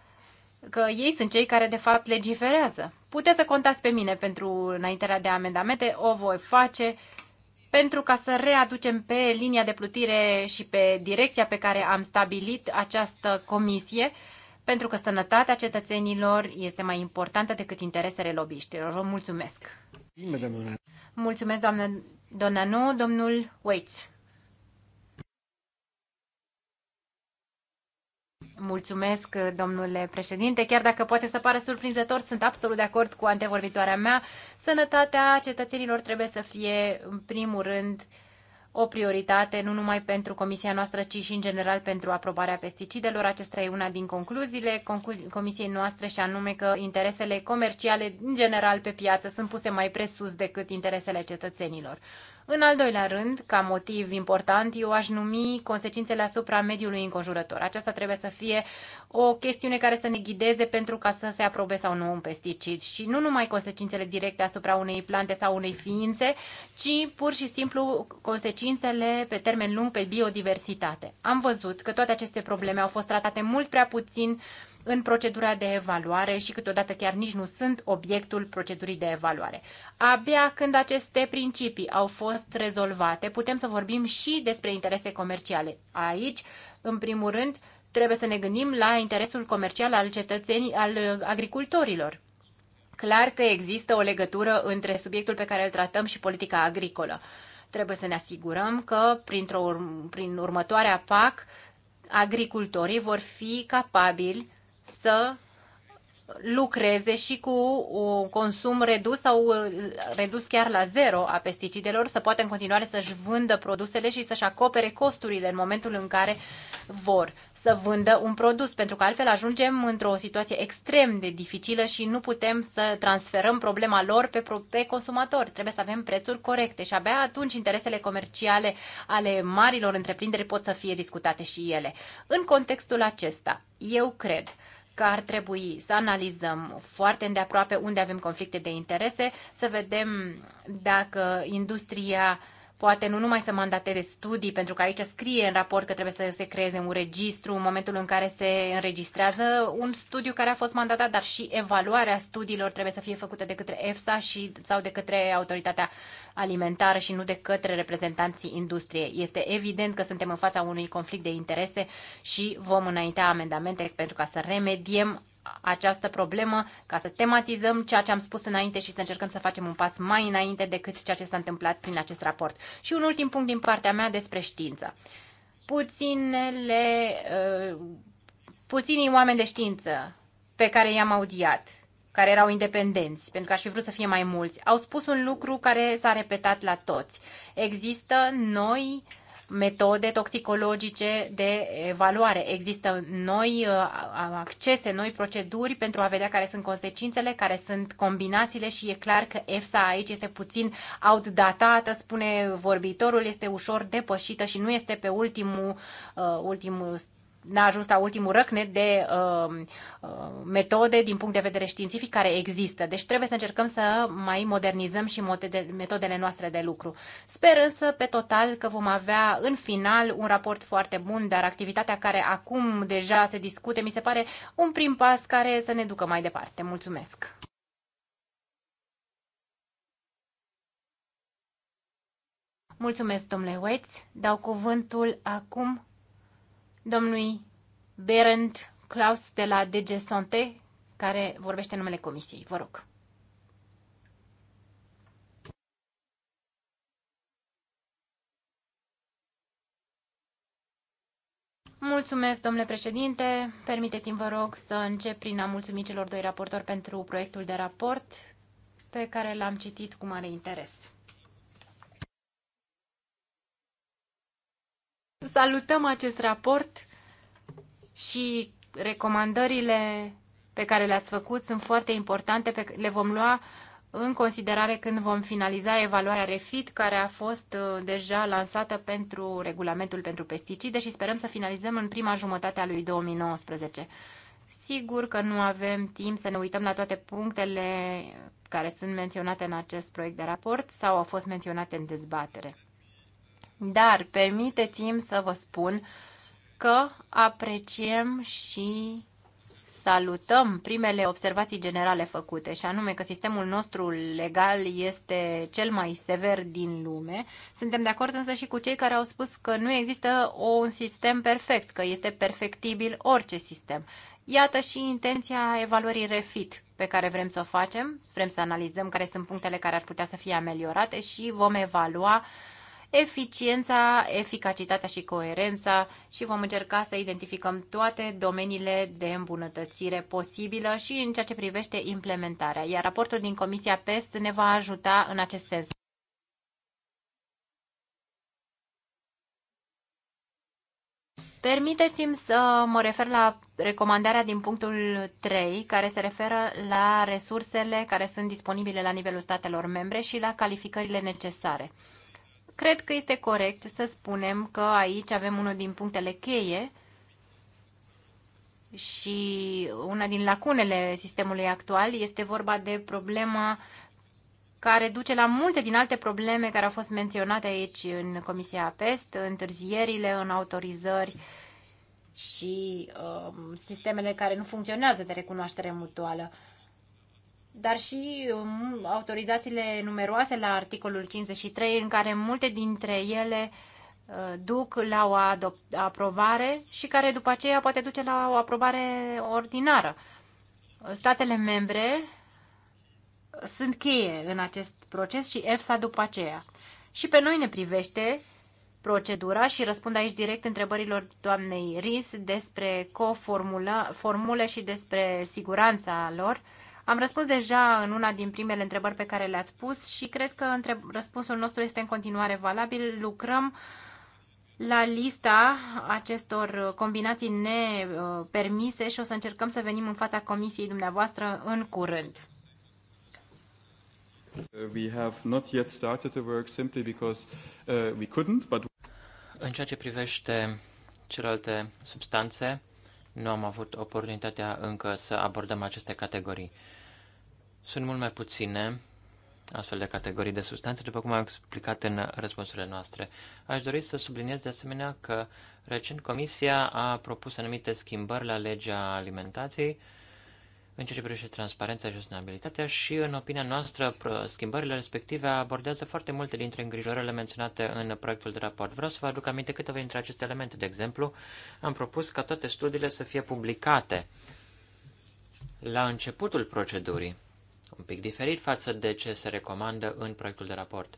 că ei sunt cei care de fapt legiferează. Puteți să contați pe mine pentru înaintarea de amendamente, o voi face pentru ca să readucem pe linia de plutire și pe direcția pe care am stabilit această comisie pentru că sănătatea cetățenilor este mai importantă decât interesele lobiștilor. Vă mulțumesc! Mulțumesc, doamnă Donanu, domnul Waits. Mulțumesc, domnule președinte. Chiar dacă poate să pară surprinzător, sunt absolut de acord cu antevorbitoarea mea. Sănătatea cetățenilor trebuie să fie, în primul rând, uh, o prioritate nu numai pentru comisia noastră, ci și în general pentru aprobarea pesticidelor. Acesta e una din concluziile comisiei noastre și anume că interesele comerciale în general pe piață sunt puse mai presus decât interesele cetățenilor. În al doilea rând, ca motiv important, eu aș numi consecințele asupra mediului înconjurător. Aceasta trebuie să fie o chestiune care să ne ghideze pentru ca să se aprobe sau nu un pesticid și nu numai consecințele directe asupra unei plante sau unei ființe, ci pur și simplu consecințele pe termen lung pe biodiversitate. Am văzut că toate aceste probleme au fost tratate mult prea puțin uh, în procedura de evaluare și câteodată chiar nici nu sunt obiectul procedurii de evaluare. Abia când aceste principii au fost rezolvate, putem să vorbim și despre interese comerciale. Aici, în primul rând, trebuie să ne gândim la interesul comercial al cetățenii, al uh, agricultorilor. Clar că există o legătură între subiectul pe care îl tratăm și politica agricolă. Trebuie să ne asigurăm că, printr-o, prin următoarea PAC, agricultorii vor fi capabili să lucreze și cu un consum redus sau uh, redus chiar la zero a pesticidelor, să poată în continuare să-și vândă produsele și să-și acopere costurile în momentul în care vor să vândă un produs, pentru că altfel ajungem într-o situație extrem de dificilă și nu putem să transferăm problema lor pe, pe consumatori. Trebuie să avem prețuri corecte și abia atunci interesele comerciale ale marilor întreprinderi pot să fie discutate și ele. În contextul acesta, eu cred că ar trebui să analizăm foarte îndeaproape unde avem conflicte de interese, să vedem dacă industria poate nu numai să mandateze studii, pentru că aici scrie în raport că trebuie să se creeze un registru în momentul în care se înregistrează un studiu care a fost mandatat, dar și evaluarea studiilor trebuie să fie făcută de către EFSA și, sau de către autoritatea alimentară și nu de către reprezentanții industriei. Este evident că suntem în fața unui conflict de interese și vom înainta amendamente pentru ca să remediem această problemă ca să tematizăm ceea ce am spus înainte și să încercăm să facem un pas mai înainte decât ceea ce s-a întâmplat prin acest raport. Și un ultim punct din partea mea despre știință. Puținele, uh, puținii oameni de știință pe care i-am audiat, care erau independenți, pentru că aș fi vrut să fie mai mulți, au spus un lucru care s-a repetat la toți. Există noi uh, metode toxicologice de evaluare. Există noi uh, accese, noi proceduri pentru a vedea care sunt consecințele, care sunt combinațiile și e clar că EFSA aici este puțin outdatată, spune vorbitorul, este ușor depășită și nu este pe ultimul, uh, ultimul n-a ajuns la ultimul răcnet de uh, uh, metode din punct de vedere științific care există. Deci trebuie să încercăm să mai modernizăm și metodele noastre de lucru. Sper însă, pe total, că vom avea în final un raport foarte bun, dar activitatea care acum deja se discute mi se pare un prim pas care să ne ducă mai departe. Mulțumesc! Mulțumesc, domnule Weitz. Dau cuvântul acum domnului Berend Klaus de la DG Sante, care vorbește numele Comisiei. Vă rog. Mulțumesc, domnule președinte. Permiteți-mi, vă rog, să încep prin a mulțumi celor doi raportori pentru proiectul de raport pe care l-am citit cu mare interes. Salutăm acest raport și recomandările pe care le-ați făcut sunt foarte importante, pe, le vom lua în considerare când vom finaliza evaluarea REFIT, care a fost uh, deja lansată pentru regulamentul pentru pesticide și sperăm să finalizăm în prima jumătate a lui 2019. Sigur că nu avem timp să ne uităm la toate punctele care sunt menționate în acest proiect de raport sau au fost menționate în dezbatere. Dar permiteți-mi să vă spun că apreciem și salutăm primele observații generale făcute, și anume că sistemul nostru legal este cel mai sever din lume. Suntem de acord însă și cu cei care au spus că nu există un sistem perfect, că este perfectibil orice sistem. Iată și intenția evaluării refit pe care vrem să o facem, vrem să analizăm care sunt punctele care ar putea să fie ameliorate și vom evalua uh, eficiența, eficacitatea și coerența și vom încerca să identificăm toate domeniile de îmbunătățire posibilă și în ceea ce privește implementarea. Iar raportul din Comisia PEST ne va ajuta în acest sens. Permiteți-mi să mă refer la recomandarea din punctul 3, care se referă la resursele care sunt disponibile la nivelul statelor membre și la calificările necesare. Cred că este corect să spunem că aici avem unul din punctele cheie și una din lacunele sistemului actual este vorba de problema care duce la multe din alte probleme care au fost menționate aici în Comisia PEST, întârzierile în autorizări și uh, sistemele care nu funcționează de recunoaștere mutuală. Uh, dar și um, autorizațiile numeroase la articolul 53, în care multe dintre ele uh, duc la o aprobare și care după aceea poate duce la o aprobare ordinară. Statele membre uh, sunt cheie în acest proces și EFSA după aceea. Și pe noi ne privește procedura și răspund aici direct întrebărilor doamnei Ris despre coformule și despre siguranța lor am răspuns deja în una din primele întrebări pe care le-ați pus și cred că răspunsul nostru este în continuare valabil. Lucrăm la lista acestor combinații nepermise și o să încercăm să venim în fața comisiei dumneavoastră în curând. Uh, în ceea ce privește celelalte substanțe, nu am avut oportunitatea încă să abordăm aceste categorii. Sunt mult mai puține astfel de categorii de substanțe, după cum am explicat în răspunsurile noastre. Aș dori să subliniez de asemenea că recent Comisia a propus anumite schimbări la legea alimentației, în ceea ce privește transparența și sustenabilitatea și, în opinia noastră, schimbările respective abordează foarte multe dintre îngrijorările menționate în proiectul de raport. Vreau să vă aduc aminte câteva dintre aceste elemente. De exemplu, am propus ca toate studiile să fie publicate la începutul procedurii, un pic diferit față de ce se recomandă în proiectul de raport.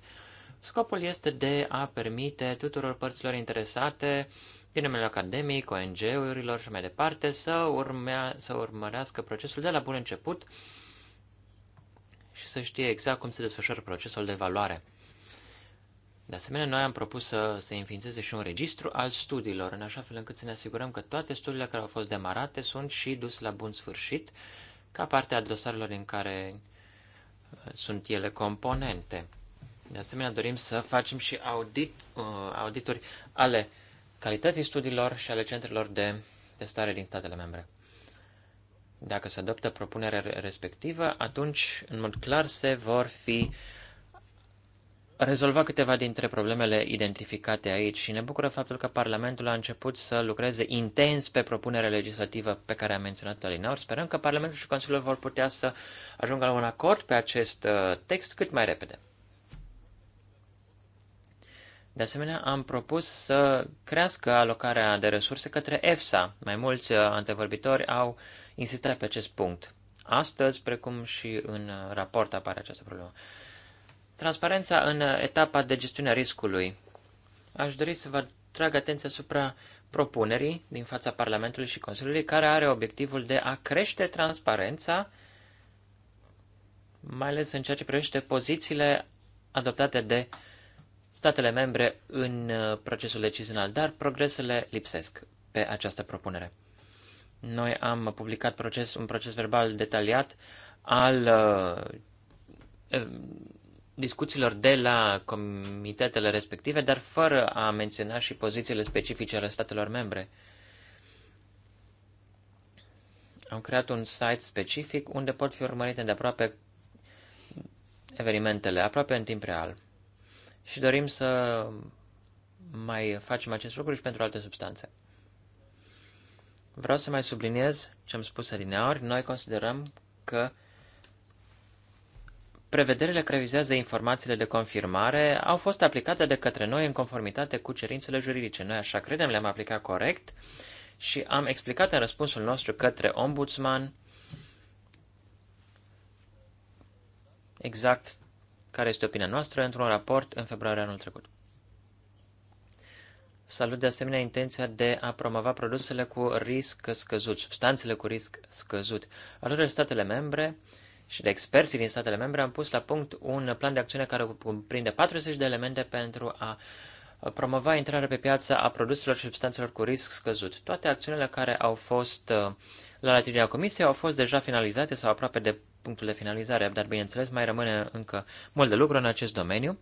Scopul este de a permite tuturor părților interesate numele academic, ONG-urilor și mai departe, să, urmea, să urmărească procesul de la bun început și să știe exact cum se desfășoară procesul de evaluare. De asemenea, noi am propus să se înființeze și un registru al studiilor, în așa fel încât să ne asigurăm că toate studiile care au fost demarate sunt și duse la bun sfârșit, ca parte a dosarelor în care uh, sunt ele componente. De asemenea, dorim să facem și audit, uh, audituri ale uh, calității studiilor și ale centrelor de testare din statele membre. Dacă se adoptă propunerea respectivă, atunci, în mod clar, se vor fi rezolva câteva dintre problemele identificate aici și ne bucură faptul că Parlamentul a început să lucreze intens pe propunerea legislativă pe care am menționat-o alineaur. Sperăm că Parlamentul și Consiliul vor putea să ajungă la un acord pe acest uh, text cât mai repede. De asemenea, am propus să crească alocarea de resurse către EFSA. Mai mulți uh, antevorbitori au insistat pe acest punct. Astăzi, precum și în raport, apare această problemă. Transparența în etapa de gestiune a riscului. Aș dori să vă trag atenția asupra propunerii din fața Parlamentului și Consiliului, care are obiectivul de a crește transparența, mai ales în ceea ce privește pozițiile adoptate de uh, statele membre în uh, procesul decizional, dar progresele lipsesc pe această propunere. Noi am publicat proces, un proces verbal detaliat al uh, uh, discuțiilor de la comitetele respective, dar fără a menționa și pozițiile specifice ale statelor membre. Am creat un site specific unde pot fi urmărite de aproape evenimentele, aproape în timp real și dorim să mai facem acest lucru și pentru alte substanțe. Vreau să mai subliniez ce am spus adineori. Noi considerăm că prevederile care vizează informațiile de confirmare au fost aplicate de către noi în conformitate cu cerințele juridice. Noi așa credem, le-am aplicat corect și am explicat în răspunsul nostru către ombudsman exact care este opinia noastră, într-un raport în februarie anul trecut. Salut de asemenea intenția de a promova produsele cu risc scăzut, substanțele cu risc scăzut. Alături de statele membre și de experții din statele membre am pus la punct un plan de acțiune care cuprinde 40 de elemente pentru a promova intrarea pe piață a produselor și substanțelor cu risc scăzut. Toate acțiunile care au fost uh, la latitudinea Comisiei au fost deja finalizate sau aproape de punctul de finalizare, dar bineînțeles mai rămâne încă mult de lucru în acest domeniu.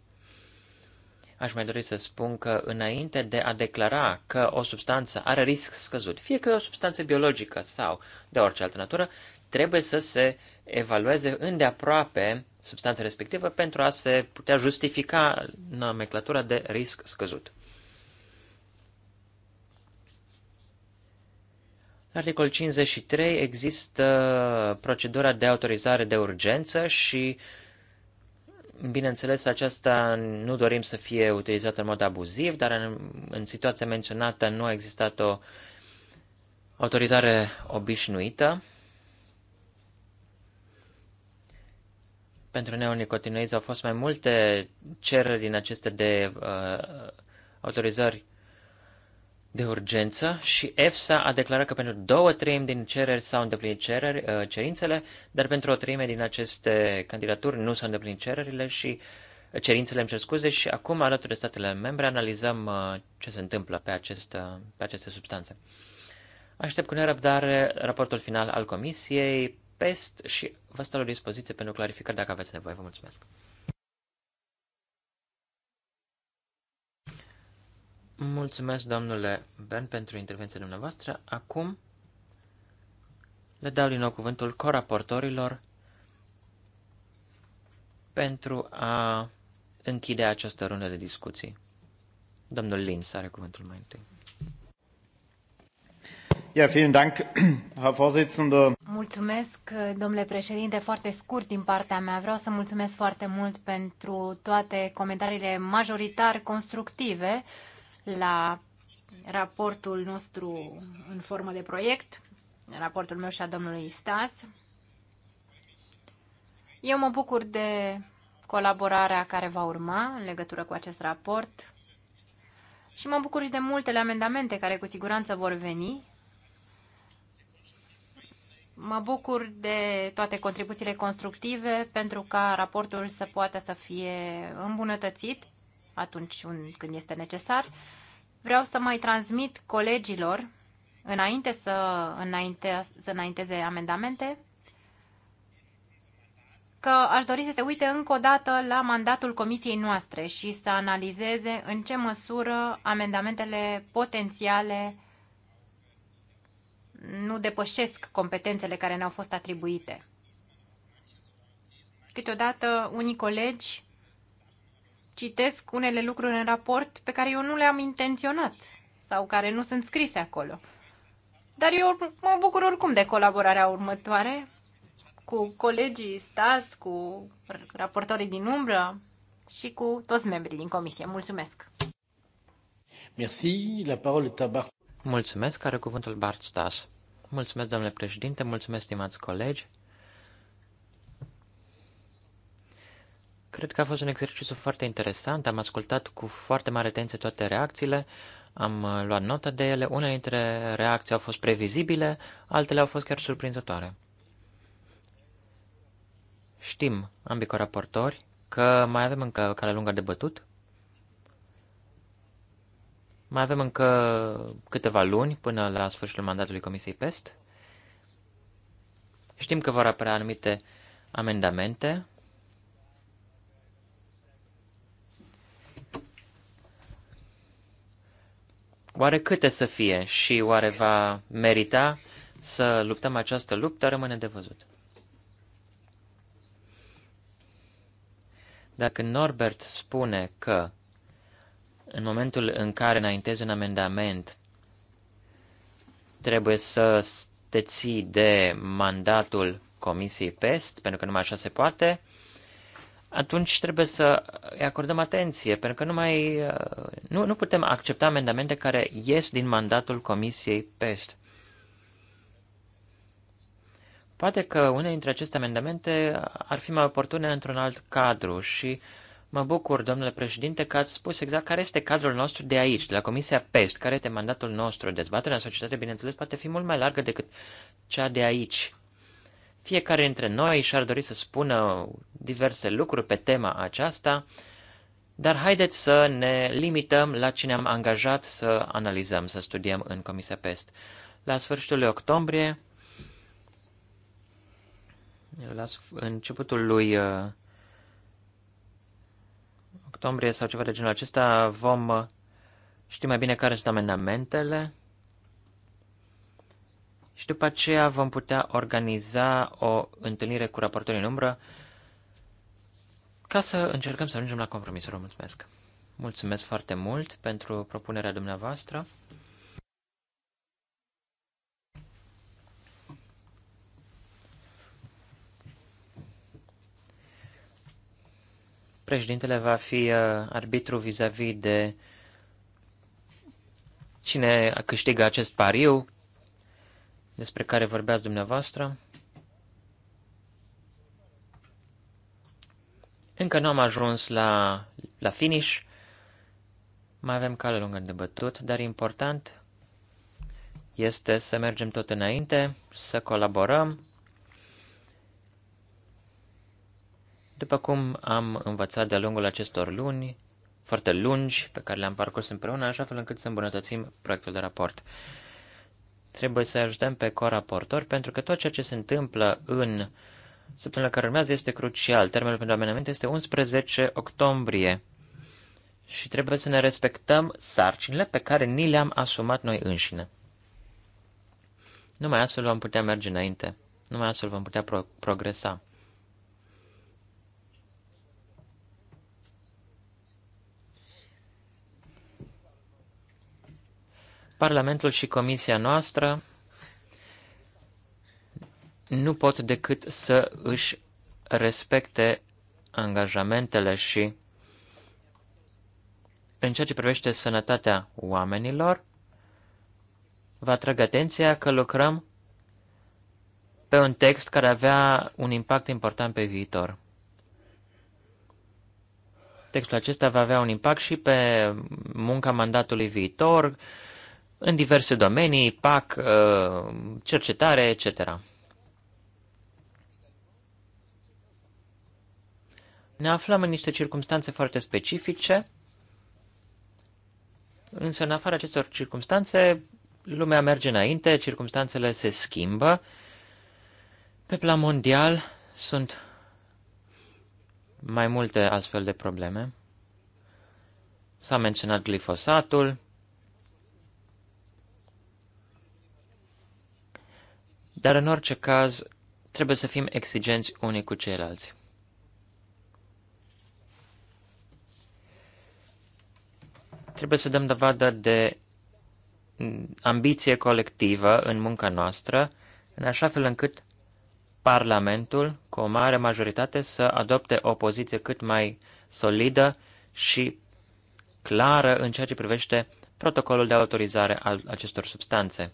Aș mai dori să spun că înainte de a declara că o substanță are risc scăzut, fie că e o substanță biologică sau de orice altă natură, trebuie să se evalueze îndeaproape substanța respectivă pentru a se putea justifica nomenclatura de risc scăzut. În articol 53 există procedura de autorizare de urgență și, bineînțeles, aceasta nu dorim să fie utilizată în mod abuziv, dar în, în situația menționată nu a existat o autorizare obișnuită. Pentru neonicotinoizi au fost mai multe cereri din aceste de uh, autorizări de urgență și EFSA a declarat că pentru două treimi din cereri s-au îndeplinit cereri, uh, cerințele, dar pentru o treime din aceste candidaturi nu s-au îndeplinit cererile și uh, cerințele, îmi cer scuze, și acum alături de statele membre analizăm uh, ce se întâmplă pe, acest, pe aceste substanțe. Aștept cu nerăbdare raportul final al Comisiei, PEST și vă stau la dispoziție pentru clarificări dacă aveți nevoie. Vă mulțumesc! Mulțumesc, domnule Ben, pentru intervenția dumneavoastră. Acum le dau din nou cuvântul coraportorilor pentru a închide această rundă de discuții. Domnul Linz are cuvântul mai întâi. Ja, vielen Dank, Herr Vorsitzender. Mulțumesc, domnule președinte, foarte scurt din partea mea. Vreau să mulțumesc foarte mult pentru toate comentariile majoritar constructive. Uh, la raportul nostru în formă de proiect, raportul meu și a domnului Stas. Eu mă bucur de colaborarea care va urma în legătură cu acest raport și mă bucur și de multele amendamente care cu siguranță vor veni. Mă bucur de toate contribuțiile constructive pentru ca raportul să poată să fie îmbunătățit atunci când este necesar. Vreau să mai transmit colegilor, înainte să, înainte, să înainteze amendamente, că aș dori să se uite încă o dată la mandatul comisiei noastre și să analizeze în ce măsură amendamentele potențiale nu depășesc competențele care ne-au fost atribuite. Câteodată unii colegi citesc unele lucruri în raport pe care eu nu le-am intenționat sau care nu sunt scrise acolo. Dar eu mă bucur oricum de colaborarea următoare cu colegii Stas, cu raportorii din umbră și cu toți membrii din comisie. Mulțumesc! Merci, la parole est à Bart. Mulțumesc, are cuvântul Bart Stas. Mulțumesc, domnule președinte, mulțumesc, stimați colegi. Cred că a fost un exercițiu foarte interesant, am ascultat cu foarte mare atenție toate reacțiile, am uh, luat notă de ele, unele dintre reacții au fost previzibile, altele au fost chiar surprinzătoare. Știm, ambii coraportori, că mai avem încă cale lungă de bătut, mai avem încă câteva luni până la sfârșitul mandatului Comisiei PEST. Știm că vor apărea anumite amendamente Oare câte să fie și oare va merita să luptăm această luptă, rămâne de văzut. Dacă Norbert spune că în momentul în care înaintezi un amendament, trebuie să te ții de mandatul Comisiei PEST, pentru că numai așa se poate, atunci trebuie să îi acordăm atenție, pentru că nu mai uh, nu, nu putem accepta amendamente care ies din mandatul Comisiei PEST. Poate că unele dintre aceste amendamente ar fi mai oportune într-un alt cadru și mă bucur, domnule președinte, că ați spus exact care este cadrul nostru de aici, de la Comisia PEST, care este mandatul nostru. Dezbaterea în societate, bineînțeles, poate fi mult mai largă decât cea de aici. Fiecare dintre noi și-ar dori să spună diverse lucruri pe tema aceasta, dar haideți să ne limităm la ce ne-am angajat să analizăm, să studiem în Comisia PEST. La sfârșitul lui octombrie, la începutul lui uh, octombrie sau ceva de genul acesta, vom uh, ști mai bine care sunt amendamentele și după aceea vom putea organiza o întâlnire cu raportorii în umbră ca să încercăm să ajungem la Vă Mulțumesc! Mulțumesc foarte mult pentru propunerea dumneavoastră. Președintele va fi uh, arbitru vis-a-vis -vis de cine câștigă acest pariu, despre care vorbeați dumneavoastră. Încă nu am ajuns la, la finish. Mai avem cale lungă de bătut, dar important este să mergem tot înainte, să colaborăm. După cum am învățat de-a lungul acestor luni, foarte lungi, pe care le-am parcurs împreună, așa fel încât să îmbunătățim proiectul de raport. Trebuie să ajutăm pe coraportori, pentru că tot ceea ce se întâmplă în săptămâna care urmează este crucial. Termenul pentru amendamente este 11 octombrie și trebuie să ne respectăm sarcinile pe care ni le-am asumat noi înșine. Numai astfel vom putea merge înainte, numai astfel vom putea pro- progresa. Parlamentul și Comisia noastră nu pot decât să își respecte angajamentele și în ceea ce privește sănătatea oamenilor, vă atrag atenția că lucrăm pe un text care avea un impact important pe viitor. Textul acesta va avea un impact și pe munca mandatului viitor, în diverse domenii, PAC, uh, cercetare, etc. Ne aflăm în niște circunstanțe foarte specifice, însă în afara acestor circunstanțe, lumea merge înainte, circunstanțele se schimbă. Pe plan mondial sunt mai multe astfel de probleme. S-a menționat glifosatul, Dar în orice caz, trebuie să fim exigenți unii cu ceilalți. Trebuie să dăm dovadă de ambiție colectivă în munca noastră, în așa fel încât Parlamentul, cu o mare majoritate, să adopte o poziție cât mai solidă și clară în ceea ce privește protocolul de autorizare al acestor substanțe.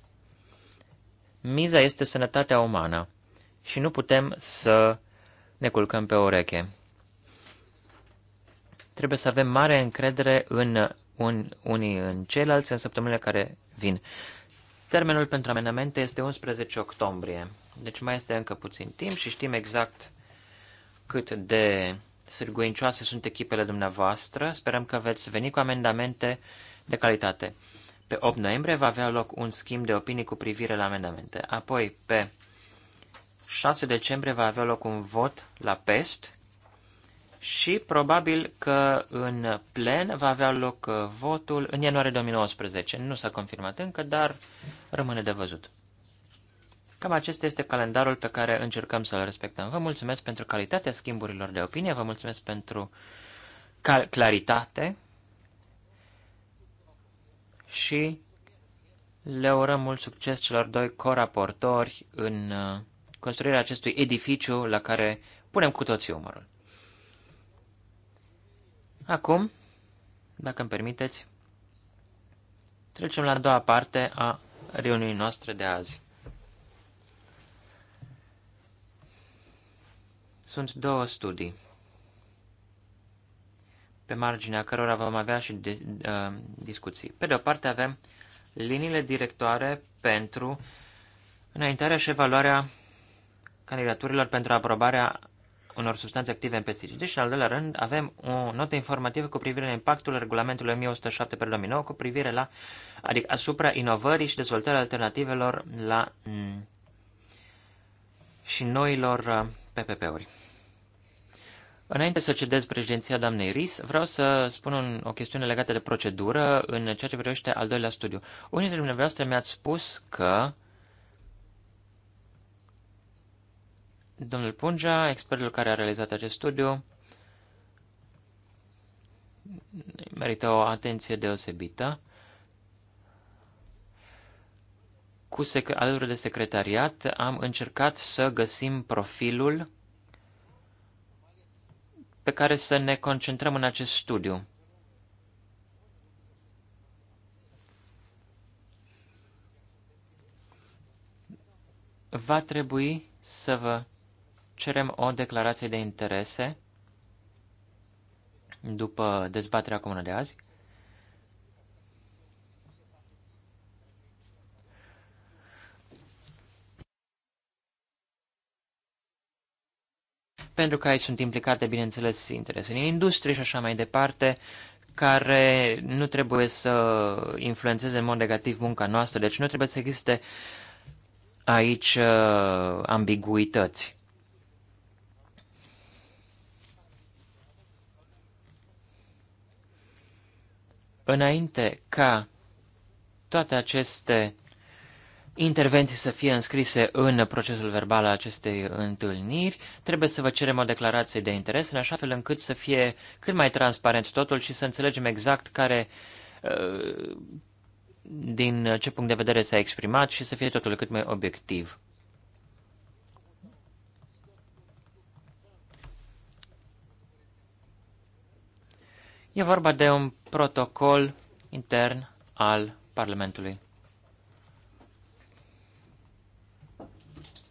Miza este sănătatea umană și nu putem să ne culcăm pe oreche. Trebuie să avem mare încredere în un, unii în ceilalți în săptămânile care vin. Termenul pentru amendamente este 11 octombrie, deci mai este încă puțin timp și știm exact cât de sârguincioase sunt echipele dumneavoastră. Sperăm că veți veni cu amendamente de calitate. Pe 8 noiembrie va avea loc un schimb de opinii cu privire la amendamente. Apoi, pe 6 decembrie va avea loc un vot la PEST și probabil că în plen va avea loc uh, votul în ianuarie 2019. Nu s-a confirmat încă, dar rămâne de văzut. Cam acesta este calendarul pe care încercăm să-l respectăm. Vă mulțumesc pentru calitatea schimburilor de opinie, vă mulțumesc pentru claritate și le urăm mult succes celor doi coraportori în uh, construirea acestui edificiu la care punem cu toții umărul. Acum, dacă îmi permiteți, trecem la a doua parte a reuniunii noastre de azi. Sunt două studii pe marginea cărora vom avea și de, uh, discuții. Pe de o parte avem liniile directoare pentru înaintarea și evaluarea candidaturilor pentru aprobarea unor substanțe active în pesticide Deci, în al doilea rând, avem o notă informativă cu privire la impactul regulamentului 1107 pe 2009 cu privire la, adică asupra inovării și dezvoltării alternativelor la m- mm, și noilor uh, PPP-uri. Înainte să cedez președinția doamnei Ris, vreau să spun un, o chestiune legată de procedură în ceea ce privește al doilea studiu. Unii dintre dumneavoastră mi-ați spus că domnul Punja, expertul care a realizat acest studiu, merită o atenție deosebită. Cu sec- alături de secretariat am încercat să găsim profilul pe care să ne concentrăm în acest studiu. Va trebui să vă cerem o declarație de interese după dezbaterea comună de azi pentru că aici sunt implicate, bineînțeles, interese în industrie și așa mai departe, care nu trebuie să influențeze în mod negativ munca noastră, deci nu trebuie să existe aici uh, ambiguități. Înainte ca toate aceste intervenții să fie înscrise în procesul verbal al acestei întâlniri. Trebuie să vă cerem o declarație de interes în așa fel încât să fie cât mai transparent totul și să înțelegem exact care uh, din ce punct de vedere s-a exprimat și să fie totul cât mai obiectiv. E vorba de un protocol intern al Parlamentului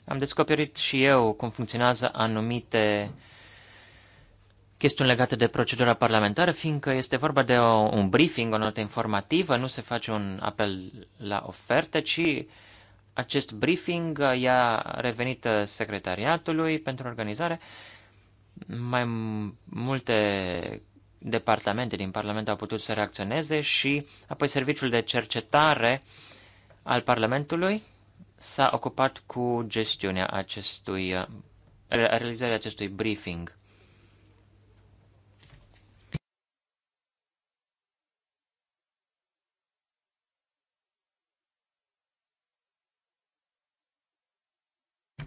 Am descoperit și eu cum funcționează anumite chestiuni legate de procedura parlamentară, fiindcă este vorba de o, un briefing, o notă informativă, nu se face un apel la oferte, ci acest briefing i-a revenit secretariatului pentru organizare. Mai multe departamente din Parlament au putut să reacționeze și apoi serviciul de cercetare al Parlamentului s-a ocupat cu gestiunea acestui, uh, realizarea acestui briefing.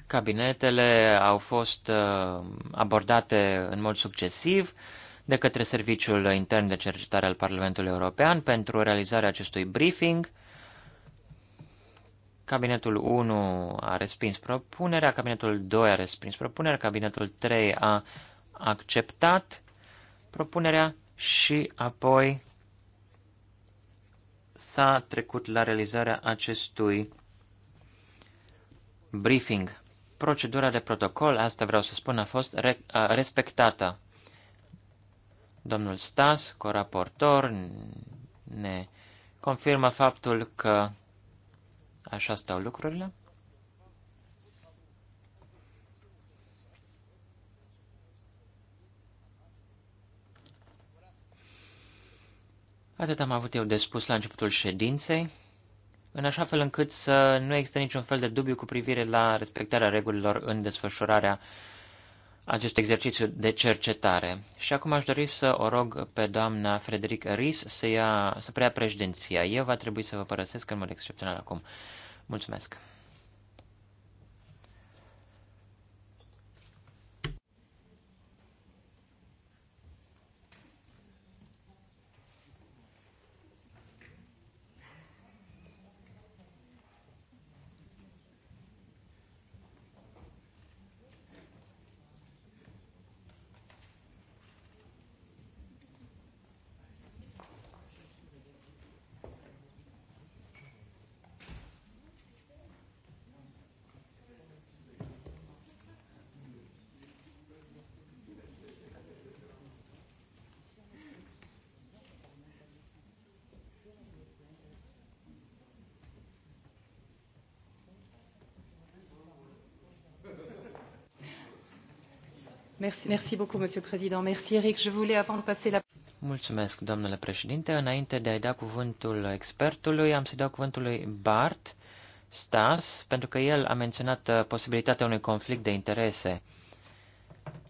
Cabinetele au fost uh, abordate în mod succesiv de către Serviciul Intern de Cercetare al Parlamentului European pentru realizarea acestui briefing – Cabinetul 1 a respins propunerea, cabinetul 2 a respins propunerea, cabinetul 3 a acceptat propunerea și apoi s-a trecut la realizarea acestui briefing. Procedura de protocol, asta vreau să spun, a fost re a, respectată. Domnul Stas, coraportor, ne confirmă faptul că Așa stau lucrurile. Atât am avut eu de spus la începutul ședinței, în așa fel încât să nu există niciun fel de dubiu cu privire la respectarea regulilor în desfășurarea acestui exercițiu de cercetare. Și acum aș dori să o rog pe doamna Frederic Ries să, ia, să preia președinția. Eu va trebui să vă părăsesc în mod excepțional acum. Mulțumesc! Merci, merci beaucoup, Monsieur le Président. Merci, Eric. Je voulais, avant de passer la... Mulțumesc, domnule președinte. Înainte de a-i da cuvântul expertului, am să-i dau cuvântul lui Bart Stas, pentru că el a menționat uh, posibilitatea unui conflict de interese.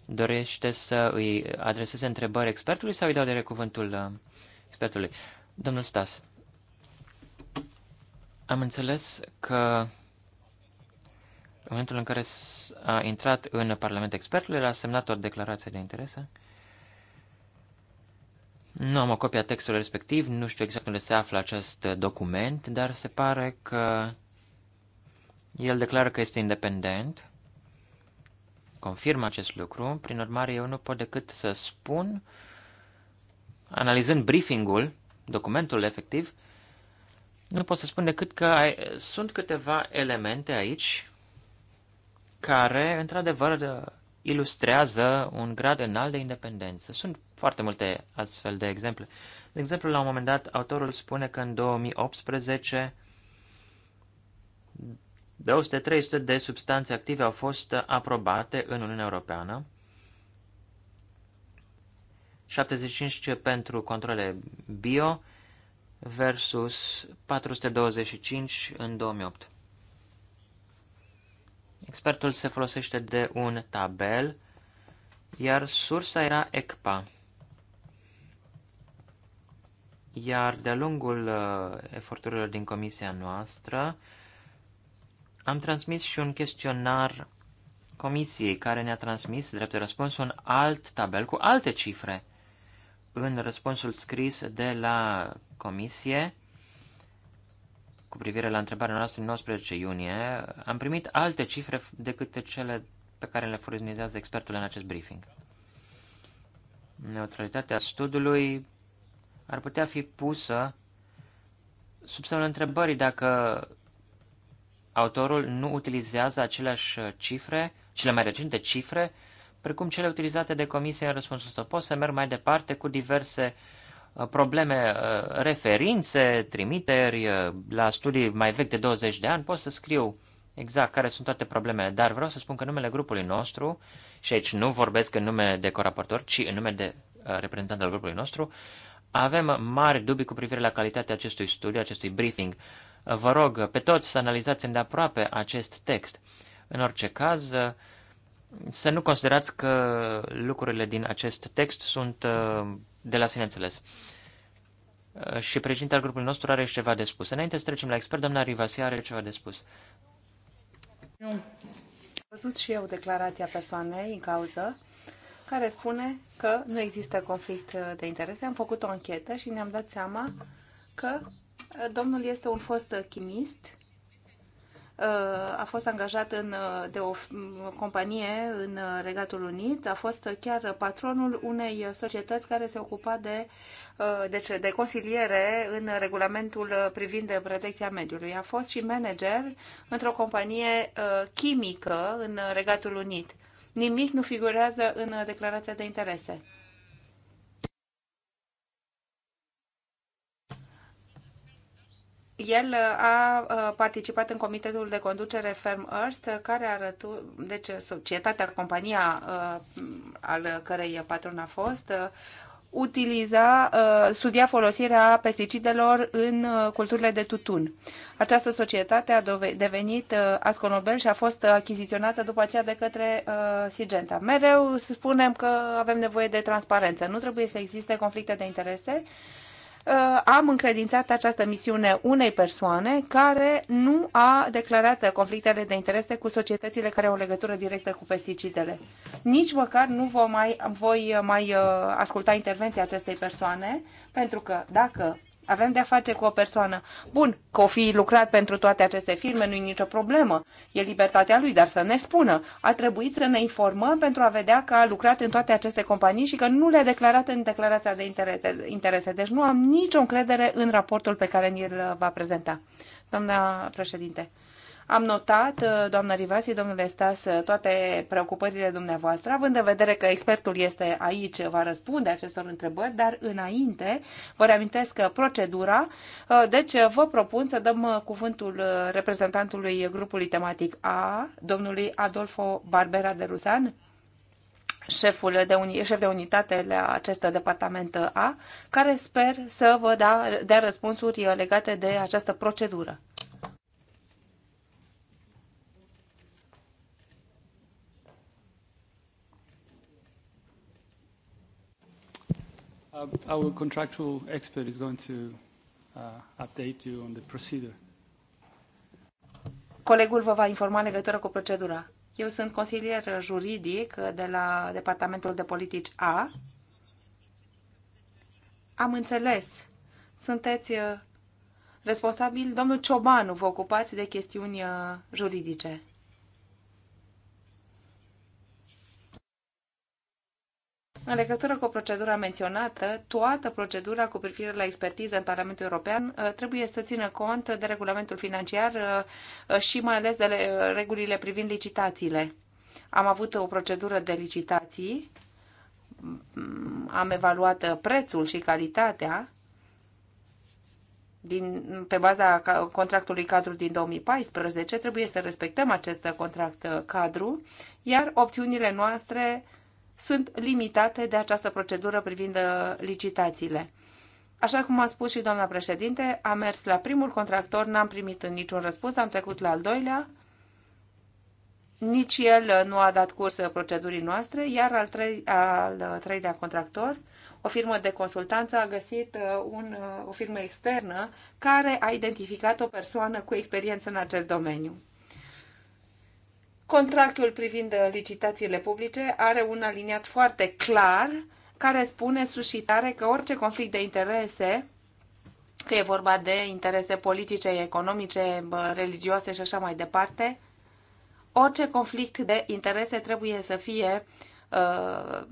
Dorește să îi adreseze întrebări expertului sau îi dau de cuvântul uh, expertului? Domnul Stas, am înțeles că momentul în care a intrat în Parlament expertul, el a semnat o declarație de interese. Nu am o copie a textului respectiv, nu știu exact unde se află acest document, dar se pare că el declară că este independent, confirmă acest lucru, prin urmare eu nu pot decât să spun, analizând briefingul, documentul efectiv, nu pot să spun decât că ai, sunt câteva elemente aici care, într-adevăr, ilustrează un grad înalt de independență. Sunt foarte multe astfel de exemple. De exemplu, la un moment dat, autorul spune că în 2018 200-300 de substanțe active au fost aprobate în Uniunea Europeană, 75 pentru controle bio versus 425 în 2008. Expertul se folosește de un tabel, iar sursa era ECPA. Iar de-a lungul uh, eforturilor din comisia noastră, am transmis și un chestionar comisiei care ne-a transmis drept răspuns un alt tabel cu alte cifre. În răspunsul scris de la comisie, cu privire la întrebarea noastră din 19 iunie, am primit alte cifre decât cele pe care le furnizează expertul în acest briefing. Neutralitatea studiului ar putea fi pusă sub semnul întrebării dacă autorul nu utilizează aceleași cifre, cele mai recente cifre, precum cele utilizate de comisie în răspunsul său. Pot să merg mai departe cu diverse Uh, probleme, uh, referințe, trimiteri uh, la studii mai vechi de 20 de ani, pot să scriu exact care sunt toate problemele, dar vreau să spun că numele grupului nostru, și aici nu vorbesc în nume de coraportor, ci în nume de reprezentant al grupului nostru, avem mari dubii cu privire la calitatea acestui studiu, acestui briefing. Vă rog pe toți să analizați îndeaproape acest text. În orice caz, să nu considerați că lucrurile din acest text sunt de la sine înțeles. Uh, și președintele grupului nostru are ceva de spus. Înainte să trecem la expert, doamna Rivasia are ceva de spus. Am văzut și eu declarația persoanei în cauză care spune că nu există conflict uh, de interese. Am făcut o anchetă și ne-am dat seama că uh, domnul este un fost chimist Uh, a fost angajat în, uh, de o companie în uh, Regatul Unit, a fost chiar patronul unei societăți care se ocupa de, ce, deci de consiliere în regulamentul privind protecția mediului. A fost și manager într-o companie chimică în Regatul Unit. Nimic nu figurează în declarația de interese. el uh, a uh, participat în comitetul de conducere Firm Earth, uh, care arătu, deci societatea, compania al cărei patron a fost, utiliza, studia folosirea pesticidelor în culturile de tutun. Această societate a devenit Asconobel și a fost achiziționată după aceea de către Sigenta. Mereu spunem că avem nevoie de transparență. Nu trebuie să existe conflicte de interese Uh, am încredințat această misiune unei persoane care nu a declarat conflictele de interese cu societățile care au legătură directă cu pesticidele. Nici măcar nu voi mai, voi mai uh, asculta intervenția acestei persoane, pentru că dacă avem de-a face cu o persoană. Bun, că o fi lucrat pentru toate aceste firme nu-i nicio problemă. E libertatea lui, dar să ne spună. A trebuit să ne informăm pentru a vedea că a lucrat în toate aceste companii și că nu le-a declarat în declarația de interese. Deci nu am nicio încredere în raportul pe care ni-l va prezenta. Doamna președinte. Am notat, uh, doamna Rivasi, domnule Stas, uh, toate preocupările dumneavoastră, având în vedere că expertul este aici, va răspunde acestor întrebări, dar înainte vă reamintesc uh, procedura. Deci vă propun să dăm cuvântul reprezentantului grupului tematic A, domnului Adolfo Barbera de Rusan, șeful de uni- șef de unitate la acest departament A, care sper să vă da, dea răspunsuri legate de această procedură. Uh, our contractual expert is going to uh, update you on the procedure. Colegul vă va informa în legătură cu procedura. Eu sunt consilier juridic de la Departamentul de Politici A. Am înțeles. Sunteți uh, responsabil. Domnul Ciobanu, vă ocupați de chestiuni uh, juridice. În legătură cu procedura menționată, toată procedura cu privire la expertiză în Parlamentul European uh, trebuie să țină cont de regulamentul financiar uh, și mai ales de uh, regulile privind licitațiile. Am avut o procedură de licitații, mm, am evaluat prețul și calitatea din, pe baza contractului cadru din 2014, trebuie să respectăm acest contract cadru, iar opțiunile noastre sunt limitate de această procedură privind uh, licitațiile. Așa cum a spus și doamna președinte, am mers la primul contractor, n-am primit niciun răspuns, am trecut la al doilea, nici el uh, nu a dat curs uh, procedurii noastre, iar al, trei, al treilea contractor, o firmă de consultanță, a găsit un, o firmă externă care a identificat o persoană cu experiență în acest domeniu. Contractul privind uh, licitațiile publice are un aliniat foarte clar care spune suscitare că orice conflict de interese, că e vorba de interese politice, economice, religioase și așa mai departe, orice conflict de interese trebuie să fie uh,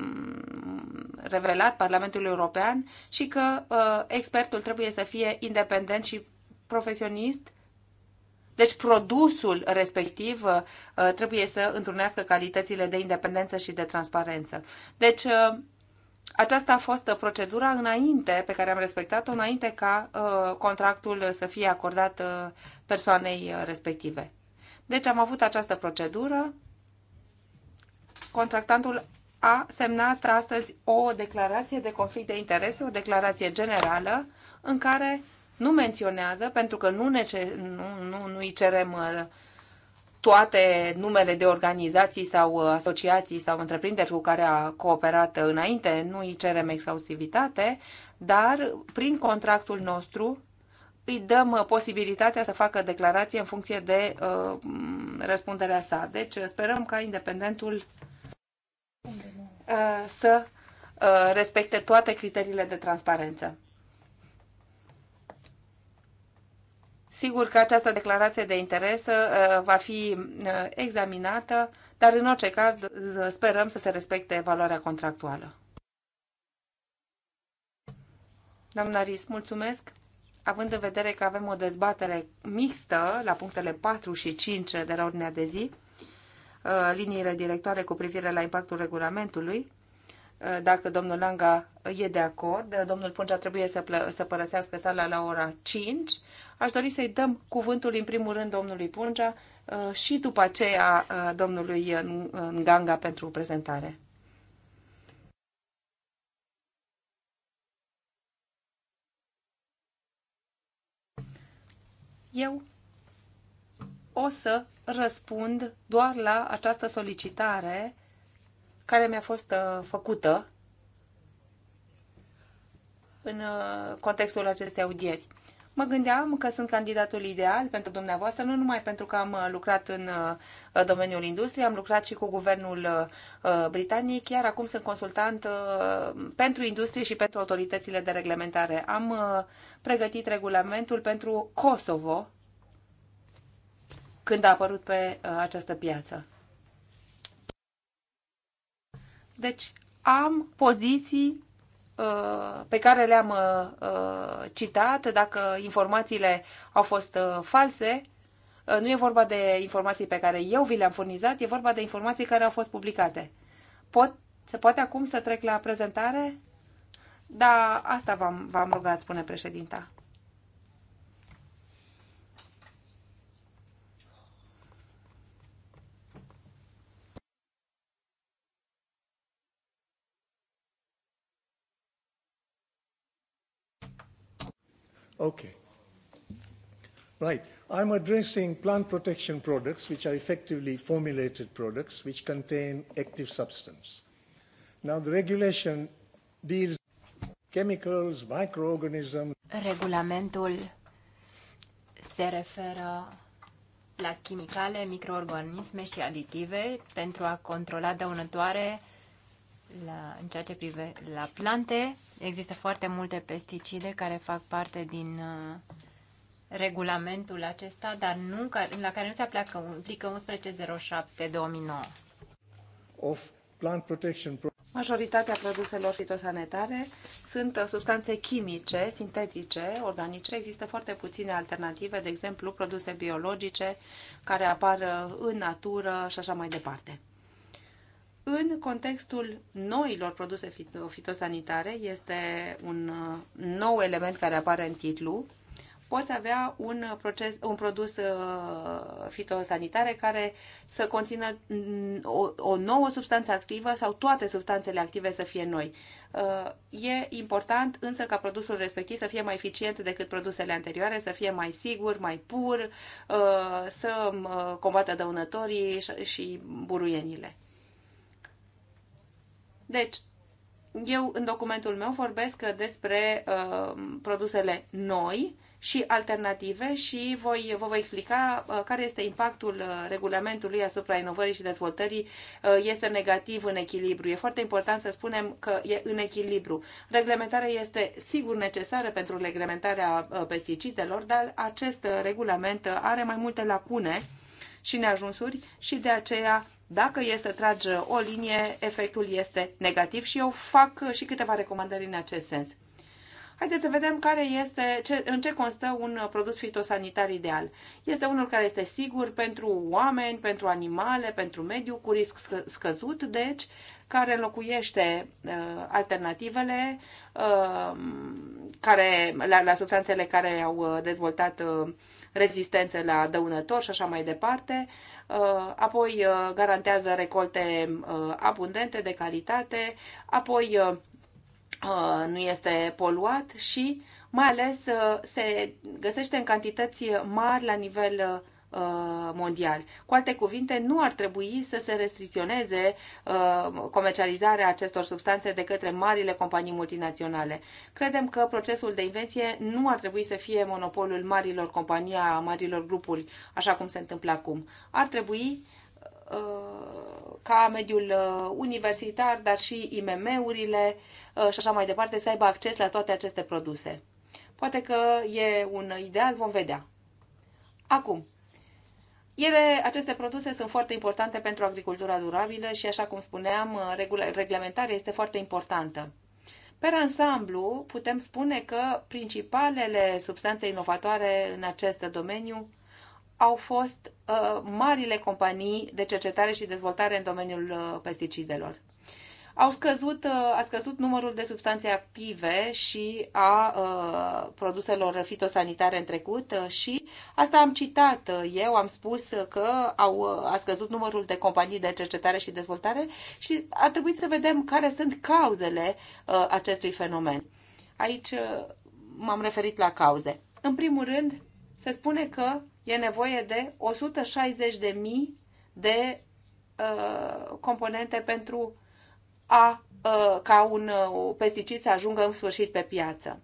revelat Parlamentului European și că uh, expertul trebuie să fie independent și profesionist deci produsul respectiv uh, trebuie să întrunească calitățile de independență și de transparență. Deci uh, aceasta a fost procedura înainte, pe care am respectat-o înainte ca uh, contractul să fie acordat persoanei respective. Deci am avut această procedură. Contractantul a semnat astăzi o declarație de conflict de interese, o declarație generală în care nu menționează, pentru că nu, ne, nu, nu, nu îi cerem uh, toate numele de organizații sau uh, asociații sau întreprinderi cu care a cooperat înainte, nu îi cerem exhaustivitate, dar prin contractul nostru îi dăm uh, posibilitatea să facă declarație în funcție de uh, răspunderea sa. Deci sperăm ca independentul uh, să uh, respecte toate criteriile de transparență. Sigur că această declarație de interes uh, va fi uh, examinată, dar în orice caz uh, sperăm să se respecte valoarea contractuală. Doamna Ris, mulțumesc! Având în vedere că avem o dezbatere mixtă la punctele 4 și 5 de la ordinea de zi, liniile directoare cu privire la impactul regulamentului, dacă domnul Langa e de acord, domnul Puncea trebuie să, să părăsească sala la ora 5, Aș dori să-i dăm cuvântul în primul rând domnului Pungea uh, și după aceea uh, domnului Nganga pentru prezentare. Eu o să răspund doar la această solicitare care mi-a fost uh, făcută în contextul acestei audieri. Mă gândeam că sunt candidatul ideal pentru dumneavoastră, nu numai pentru că am uh, lucrat în uh, domeniul industriei, am lucrat și cu guvernul uh, britanic, iar acum sunt consultant pentru industrie și pentru autoritățile de reglementare. Am pregătit regulamentul pentru Kosovo când a apărut pe această piață. Deci am poziții Uh, pe care le-am uh, uh, citat, dacă informațiile au fost false, nu e vorba de informații pe care eu vi le-am furnizat, e vorba de informații care au fost publicate. Pot, se poate acum să trec la prezentare? Da, asta v-am, v-am rugat, spune președinta. Okay. Right. I'm addressing plant protection products, which are effectively formulated products which contain active substance. Now, the regulation deals chemicals, microorganisms. Regulamentul se referă la chimicale, microorganisme și aditive pentru a controla dăunătoare la, în ceea ce prive la plante, există foarte multe pesticide care fac parte din uh, regulamentul acesta, dar nu, la care nu se aplică, aplică 1107-2009. Of plant protection Majoritatea produselor fitosanitare sunt uh, substanțe chimice, sintetice, organice. Există foarte puține alternative, de exemplu, produse biologice care apar uh, în natură și așa mai departe. În contextul noilor produse fitosanitare, este un uh, nou element care apare în titlu, poți avea un, proces, un produs uh, fitosanitare care să conțină mm, o, o nouă substanță activă sau toate substanțele active să fie noi. Uh, e important însă ca produsul respectiv să fie mai eficient decât produsele anterioare, să fie mai sigur, mai pur, să combată dăunătorii și buruienile. Deci, eu în documentul meu vorbesc despre uh, produsele noi și alternative și voi, vă voi explica uh, care este impactul uh, regulamentului asupra inovării și dezvoltării. Uh, este negativ în echilibru. E foarte important să spunem că e în echilibru. Reglementarea este sigur necesară pentru reglementarea uh, pesticidelor, dar acest uh, regulament are mai multe lacune și neajunsuri și de aceea dacă e să tragi o linie, efectul este negativ și eu fac și câteva recomandări în acest sens. Haideți să vedem care este, ce, în ce constă un produs fitosanitar ideal. Este unul care este sigur pentru oameni, pentru animale, pentru mediu, cu risc scăzut, deci, care înlocuiește uh, alternativele uh, care, la, la substanțele care au uh, dezvoltat uh, rezistențe la dăunători și așa mai departe. Uh, Uh, apoi uh, garantează recolte uh, abundente, de calitate, apoi nu este poluat și mai ales se găsește în cantități mari la nivel Uh, mondial. Cu alte cuvinte, nu ar trebui să se restricționeze uh, comercializarea acestor substanțe de către marile companii multinaționale. Credem că procesul de invenție nu ar trebui să fie monopolul marilor companii, a marilor grupuri, așa cum se întâmplă acum. Ar trebui uh, ca mediul universitar, dar și IMM-urile și așa mai departe să aibă acces la toate aceste produse. Poate că e un ideal, vom vedea. Acum, ele, aceste produse sunt foarte importante pentru agricultura durabilă și, așa cum spuneam, uh, reglementarea este foarte importantă. Per ansamblu, putem spune că principalele substanțe inovatoare în acest domeniu au fost uh, marile companii de cercetare și dezvoltare în domeniul uh, pesticidelor au scăzut, uh, a scăzut numărul de substanțe active și a uh, produselor fitosanitare în trecut uh, și asta am citat eu, am spus că au, a scăzut numărul de companii de cercetare și dezvoltare și a trebuit să vedem care sunt cauzele acestui fenomen. Aici m-am referit la cauze. În primul rând, se spune că e nevoie de 160.000 de uh, componente pentru a, ca un pesticid să ajungă în sfârșit pe piață.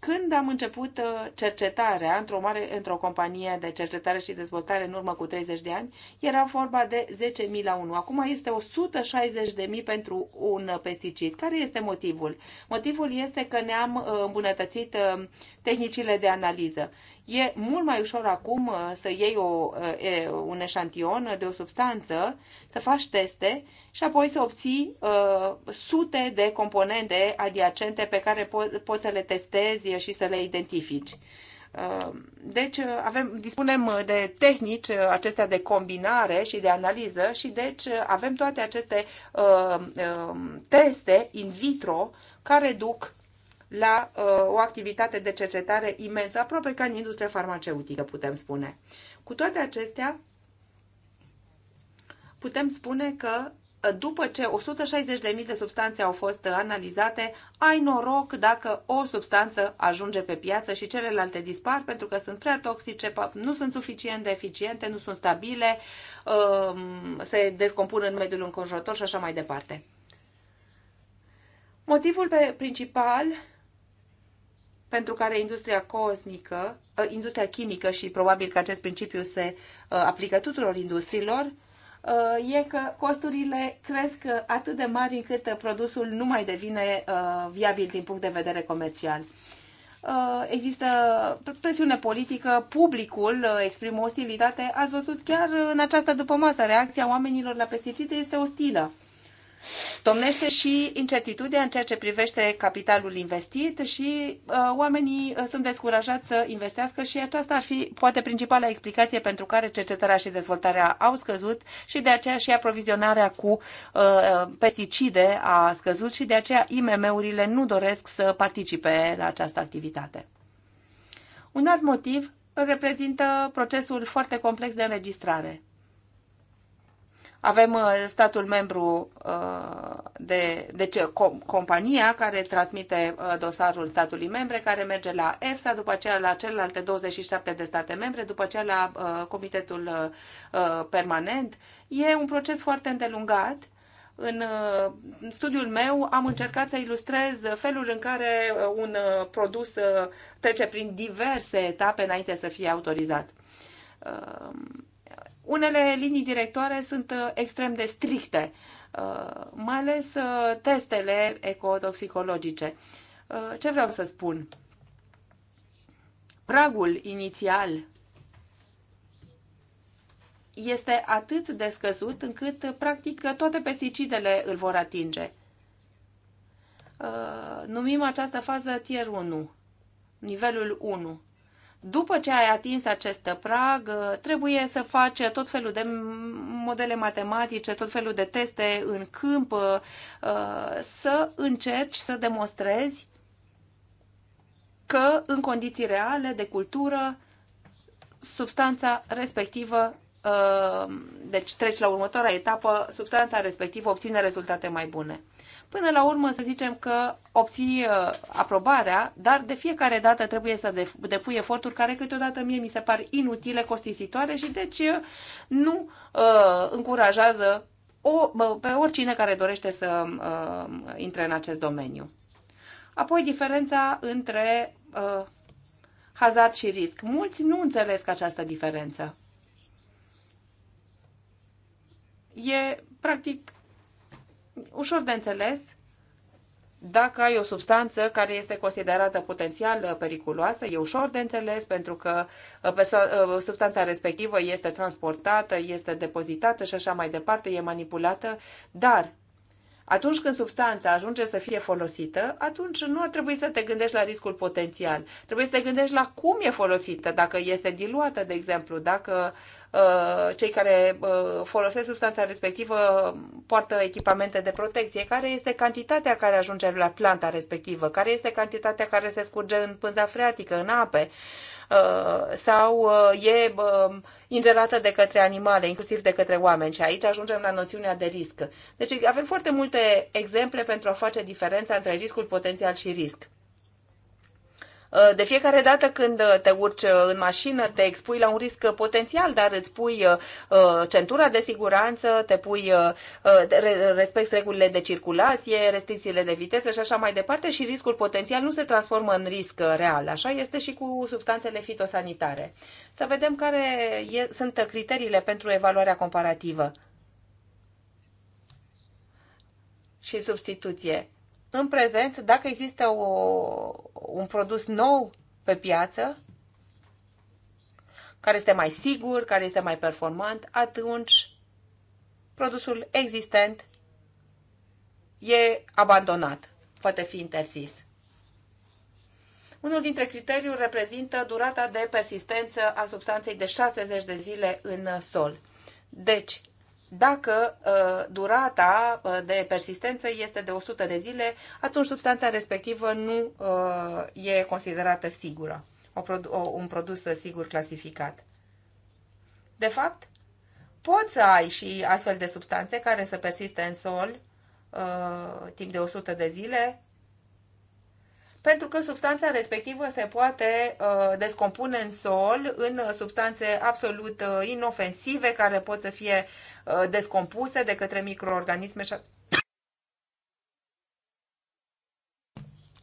Când am început cercetarea într-o, mare, într-o companie de cercetare și dezvoltare în urmă cu 30 de ani, era vorba de 10.000 la 1. Acum este 160.000 pentru un pesticid. Care este motivul? Motivul este că ne-am îmbunătățit tehnicile de analiză. E mult mai ușor acum uh, să iei o, uh, un eșantion de o substanță, să faci teste și apoi să obții uh, sute de componente adiacente pe care po- poți să le testezi și să le identifici. Uh, deci avem, dispunem de tehnici acestea de combinare și de analiză și deci avem toate aceste uh, uh, teste in vitro care duc la uh, o activitate de cercetare imensă, aproape ca în industria farmaceutică, putem spune. Cu toate acestea, putem spune că uh, după ce 160.000 de substanțe au fost uh, analizate, ai noroc dacă o substanță ajunge pe piață și celelalte dispar pentru că sunt prea toxice, nu sunt suficient de eficiente, nu sunt stabile, um, se descompun în mediul înconjurător și așa mai departe. Motivul principal pentru care industria cosmică, uh, industria chimică și probabil că acest principiu se uh, aplică tuturor industriilor, uh, e că costurile cresc atât de mari încât produsul nu mai devine viabil din punct de vedere comercial. Există presiune politică, publicul exprimă ostilitate. Ați văzut chiar în această dupămasă reacția oamenilor la pesticide este ostilă. Domnește și incertitudinea în ceea ce privește capitalul investit și uh, oamenii uh, sunt descurajați să investească și aceasta ar fi poate principala explicație pentru care cercetarea și dezvoltarea au scăzut și de aceea și aprovizionarea cu uh, pesticide a scăzut și de aceea IMM-urile nu doresc să participe la această activitate. Un alt motiv reprezintă procesul foarte complex de înregistrare. Avem uh, statul membru uh, de, ce, com, compania care transmite uh, dosarul statului membre, care merge la EFSA, după aceea la celelalte 27 de state membre, după aceea la comitetul permanent. E un proces foarte îndelungat în studiul meu am încercat să ilustrez felul în care un produs trece prin diverse etape înainte să fie autorizat. Unele linii directoare sunt uh, extrem de stricte, uh, mai ales uh, testele ecotoxicologice. Ce vreau să spun? Pragul inițial este atât de scăzut încât, practic, toate pesticidele îl vor atinge. Numim această fază tier 1, nivelul 1. După ce ai atins acest prag, trebuie să faci tot felul de modele matematice, tot felul de teste în câmp, uh, să încerci să demonstrezi că în condiții reale de cultură substanța respectivă uh, deci treci la următoarea etapă, substanța respectivă obține rezultate mai bune. Până la urmă, să zicem că obții uh, aprobarea, dar de fiecare dată trebuie să depui eforturi care câteodată mie mi se par inutile, costisitoare și deci uh, nu uh, încurajează o, pe oricine care dorește să uh, intre în acest domeniu. Apoi, diferența între uh, hazard și risc. Mulți nu înțelesc această diferență. E, practic, ușor de înțeles, dacă ai o substanță care este considerată potențial periculoasă, e ușor de înțeles pentru că uh, uh, substanța respectivă este transportată, este depozitată și așa mai departe, e manipulată, dar atunci când substanța ajunge să fie folosită, atunci nu ar trebui să te gândești la riscul potențial. Trebuie să te gândești la cum e folosită, dacă este diluată, de exemplu, dacă uh, cei care uh, folosesc substanța respectivă poartă echipamente de protecție, care este cantitatea care ajunge la planta respectivă, care este cantitatea care se scurge în pânza freatică, în ape. Uh, Uh, sau uh, e uh, ingerată de către animale, inclusiv de către oameni. Și aici ajungem la noțiunea de risc. Deci avem foarte multe exemple pentru a face diferența între riscul potențial și risc. Uh, de fiecare dată când uh, te urci uh, în mașină, te expui la un risc potențial, dar îți pui centura de siguranță, te pui, respecti regulile de circulație, restricțiile de viteză și așa mai departe și riscul potențial nu se transformă în risc real. Așa este și cu substanțele fitosanitare. Să vedem care sunt criteriile pentru evaluarea comparativă și substituție în prezent, dacă există o, un produs nou pe piață, care este mai sigur, care este mai performant, atunci produsul existent e abandonat, poate fi interzis. Unul dintre criteriu reprezintă durata de persistență a substanței de 60 de zile în sol. Deci, dacă uh, durata uh, de persistență este de 100 de zile, atunci substanța respectivă nu uh, e considerată sigură, un produs sigur clasificat. De fapt, poți să ai și astfel de substanțe care să persiste în sol timp de 100 de zile, pentru că substanța respectivă se poate uh, descompune în sol în substanțe absolut uh, inofensive care pot să fie Uh, descompuse de către microorganisme și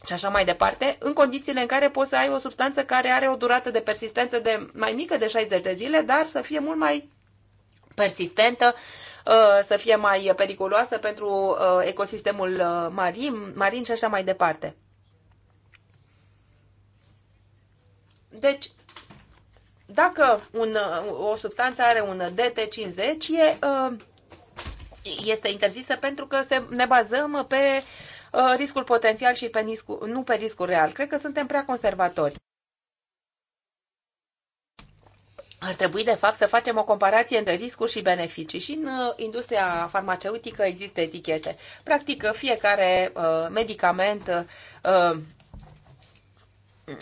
și așa mai departe, în condițiile în care poți să ai o substanță care are o durată de persistență de mai mică de 60 de zile, dar să fie mult mai persistentă, uh, să fie mai periculoasă pentru uh, ecosistemul marin, marin și așa mai departe. Deci, dacă un, o substanță are un DT50, e, uh, este interzisă pentru că se, ne bazăm pe uh, riscul potențial și pe riscul, nu pe riscul real. Cred că suntem prea conservatori. Ar trebui, de fapt, să facem o comparație între riscuri și beneficii. Și în uh, industria farmaceutică există etichete. Practic, fiecare uh, medicament uh,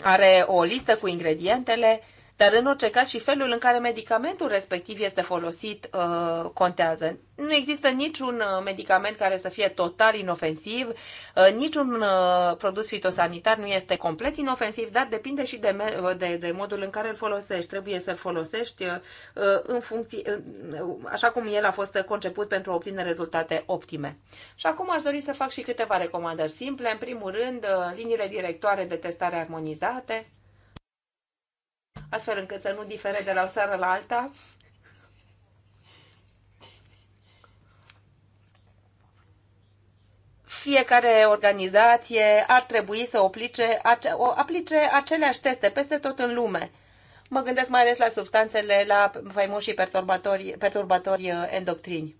are o listă cu ingredientele uh, dar în orice caz și felul în care medicamentul respectiv este folosit uh, contează. Nu există niciun uh, medicament care să fie total inofensiv, uh, niciun uh, produs fitosanitar nu este complet inofensiv, dar depinde și de, uh, de, de modul în care îl folosești. Trebuie să-l folosești uh, în funcție, așa cum el a fost conceput pentru a obține rezultate optime. Și acum aș dori să fac și câteva recomandări simple. În primul rând, liniile directoare de testare armonizate, astfel încât să nu difere de la o țară la alta. Fiecare organizație ar trebui să aplice, aplice aceleași teste peste tot în lume. Mă gândesc mai ales la substanțele, la faimoșii perturbatori, perturbatori uh, endocrini.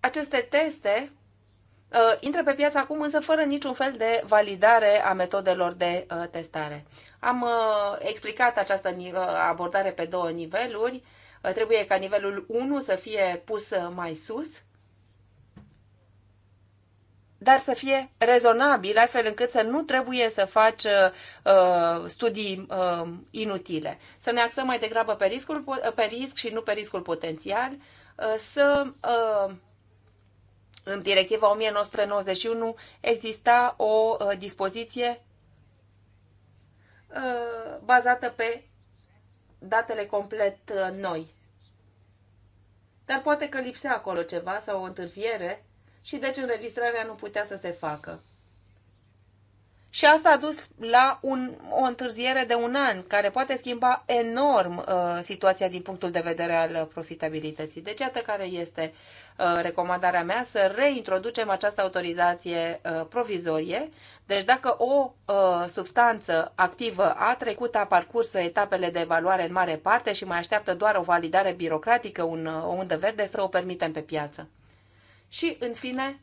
Aceste teste Uh, intră pe piață acum, însă fără niciun fel de validare a metodelor de uh, testare. Am uh, explicat această abordare pe două niveluri. Trebuie ca nivelul 1 să fie pus mai sus, dar să fie rezonabil, astfel încât să nu trebuie să faci uh, studii uh, inutile. Să ne axăm mai degrabă pe, riscul, pe risc și nu pe riscul potențial, uh, să uh, în directiva 1991 exista o uh, dispoziție uh, bazată pe datele complet uh, noi. Dar poate că lipsea acolo ceva sau o întârziere și deci înregistrarea nu putea să se facă. Și asta a dus la un, o întârziere de un an, care poate schimba enorm uh, situația din punctul de vedere al uh, profitabilității. Deci, iată care este uh, recomandarea mea, să reintroducem această autorizație uh, provizorie. Deci, dacă o uh, substanță activă a trecut, a parcurs etapele de evaluare în mare parte și mai așteaptă doar o validare birocratică, un, uh, o undă verde, să o permitem pe piață. Și, în fine,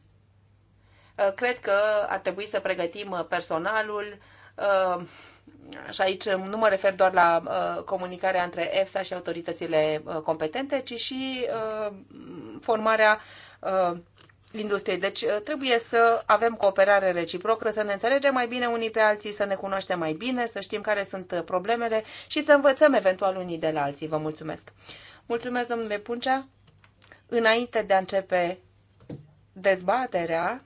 Uh, cred că ar trebui să pregătim uh, personalul uh, și aici um, nu mă refer doar la comunicarea între EFSA și autoritățile competente, ci și formarea industriei. Deci trebuie să avem cooperare reciprocă, să ne înțelegem mai bine unii pe alții, să ne cunoaștem mai bine, să știm care sunt problemele și să învățăm eventual unii de la alții. Vă mulțumesc! Mulțumesc, domnule Puncea! Înainte de a începe dezbaterea,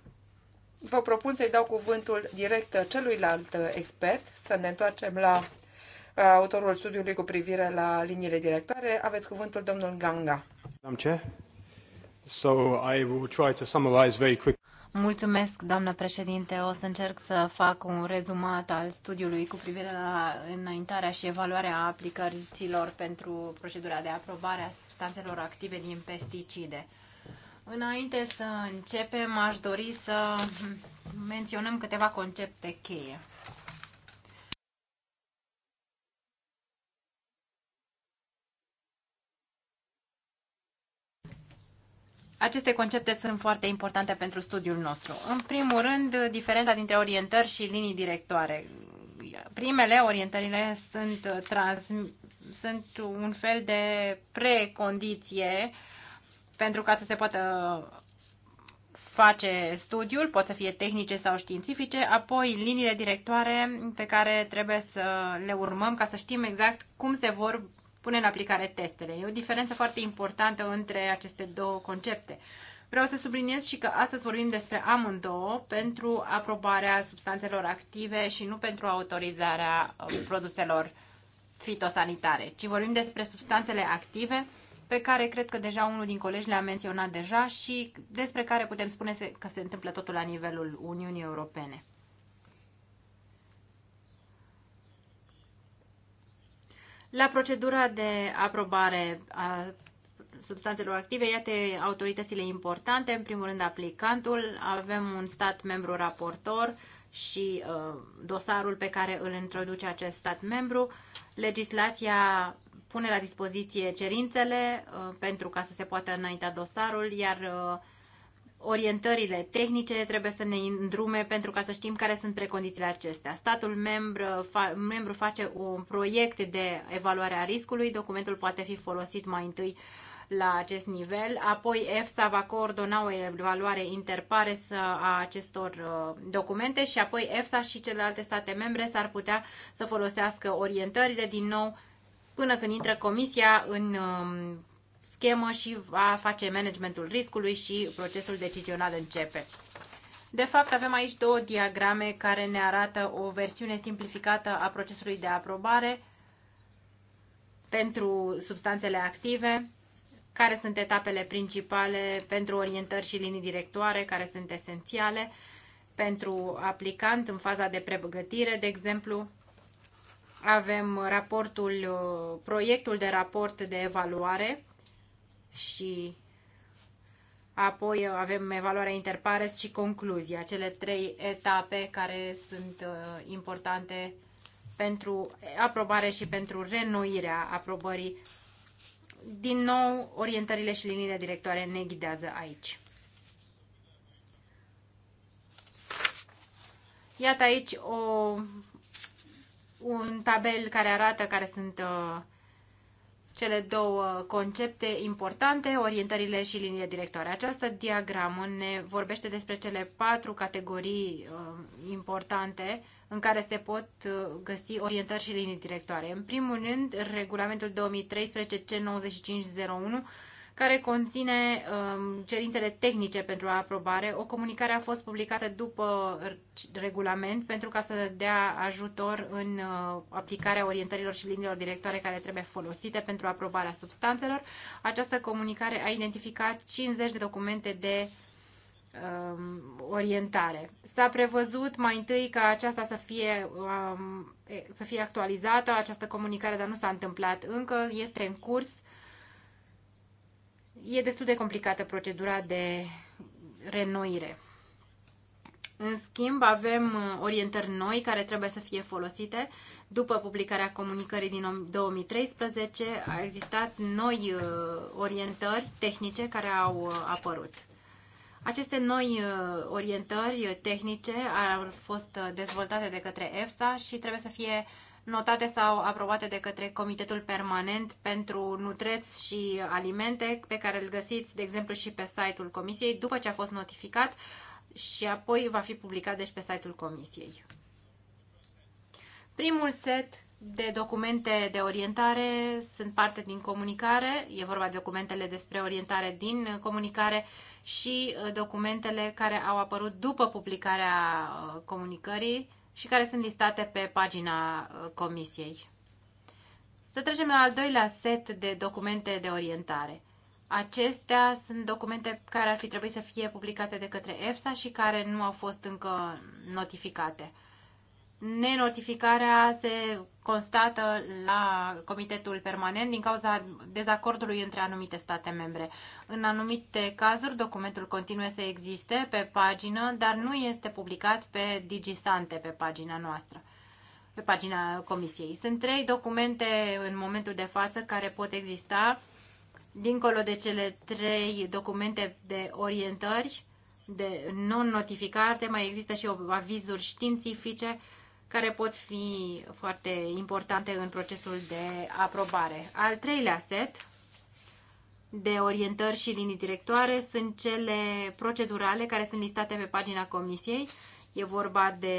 vă propun să-i dau cuvântul direct celuilalt expert, să ne întoarcem la uh, autorul studiului cu privire la liniile directoare. Aveți cuvântul domnul Ganga. Am ce? So I will try to summarize very quick. Mulțumesc, doamnă președinte. O să încerc să fac un rezumat al studiului cu privire la înaintarea și evaluarea aplicărilor pentru procedura de aprobare a substanțelor active din pesticide. Înainte să începem, aș dori să menționăm câteva concepte cheie. Aceste concepte sunt foarte importante pentru studiul nostru. În primul rând, diferența dintre orientări și linii directoare. Primele, orientările, sunt, trans, sunt un fel de precondiție uh, pentru ca să se poată face studiul, pot să fie tehnice sau științifice, apoi liniile directoare pe care trebuie să le urmăm ca să știm exact cum se vor pune în aplicare testele. E o diferență foarte importantă între aceste două concepte. Vreau să subliniez și că astăzi vorbim despre amândouă pentru aprobarea substanțelor active și nu pentru autorizarea uh, produselor fitosanitare, ci vorbim despre substanțele active pe care cred că deja unul din colegi le-a menționat deja și despre care putem spune că se întâmplă totul la nivelul Uniunii Europene. La procedura de aprobare a substanțelor active, iată autoritățile importante, în primul rând aplicantul, avem un stat membru raportor și uh, dosarul pe care îl introduce acest stat membru, legislația pune la dispoziție cerințele uh, pentru ca să se poată înainta dosarul, iar uh, orientările tehnice trebuie să ne îndrume pentru ca să știm care sunt precondițiile acestea. Statul membru, fa, membru face un proiect de evaluare a riscului, documentul poate fi folosit mai întâi la acest nivel, apoi EFSA va coordona o evaluare interpares a acestor uh, documente și apoi EFSA și celelalte state membre s-ar putea să folosească orientările din nou până când intră comisia în um, schemă și va face managementul riscului și procesul decizional începe. De fapt, avem aici două diagrame care ne arată o versiune simplificată a procesului de aprobare pentru substanțele active, care sunt etapele principale pentru orientări și linii directoare, care sunt esențiale pentru aplicant în faza de pregătire, de exemplu, avem uh, raportul, uh, proiectul de raport de evaluare și apoi uh, avem evaluarea interpares și concluzia, cele trei etape care sunt importante pentru aprobare și pentru renoirea aprobării. Din nou, orientările și liniile directoare ne ghidează aici. Iată aici o un tabel care arată care sunt uh, cele două concepte importante, orientările și linie directoare. Această diagramă ne vorbește despre cele patru categorii uh, importante în care se pot uh, găsi orientări și linii directoare. În primul rând, regulamentul 2013 C9501 care conține um, cerințele tehnice pentru aprobare. O comunicare a fost publicată după regulament pentru ca să dea ajutor în uh, aplicarea orientărilor și liniilor directoare care trebuie folosite pentru aprobarea substanțelor. Această comunicare a identificat 50 de documente de um, orientare. S-a prevăzut mai întâi ca aceasta să fie, um, să fie actualizată, această comunicare, dar nu s-a întâmplat încă, este în curs E destul de complicată procedura de renoire. În schimb, avem uh, orientări noi care trebuie să fie folosite. După publicarea comunicării din 2013, a existat noi uh, orientări tehnice care au uh, apărut. Aceste noi orientări tehnice au fost dezvoltate de către EFSA și trebuie să fie uh, notate sau aprobate de către Comitetul Permanent pentru Nutreți și Alimente, pe care îl găsiți, de exemplu, și pe site-ul Comisiei, după ce a fost notificat și apoi va fi publicat deci pe site-ul Comisiei. Primul set de documente de orientare sunt parte din comunicare, e vorba de documentele despre orientare din comunicare și uh, documentele care au apărut după publicarea uh, comunicării și care sunt listate pe pagina uh, comisiei. Să trecem la al doilea set de documente de orientare. Acestea sunt documente care ar fi trebuit să fie publicate de către EFSA și care nu au fost încă notificate. Nenotificarea se constată la Comitetul Permanent din cauza dezacordului între anumite state membre. În anumite cazuri, documentul continuă să existe pe pagină, dar nu este publicat pe Digisante, pe pagina noastră pe pagina comisiei. Sunt trei documente în momentul de față care pot exista dincolo de cele trei documente de orientări, de non-notificate, mai există și avizuri științifice care pot fi foarte importante în procesul de aprobare. Al treilea set de orientări și linii directoare sunt cele procedurale care sunt listate pe pagina comisiei. E vorba de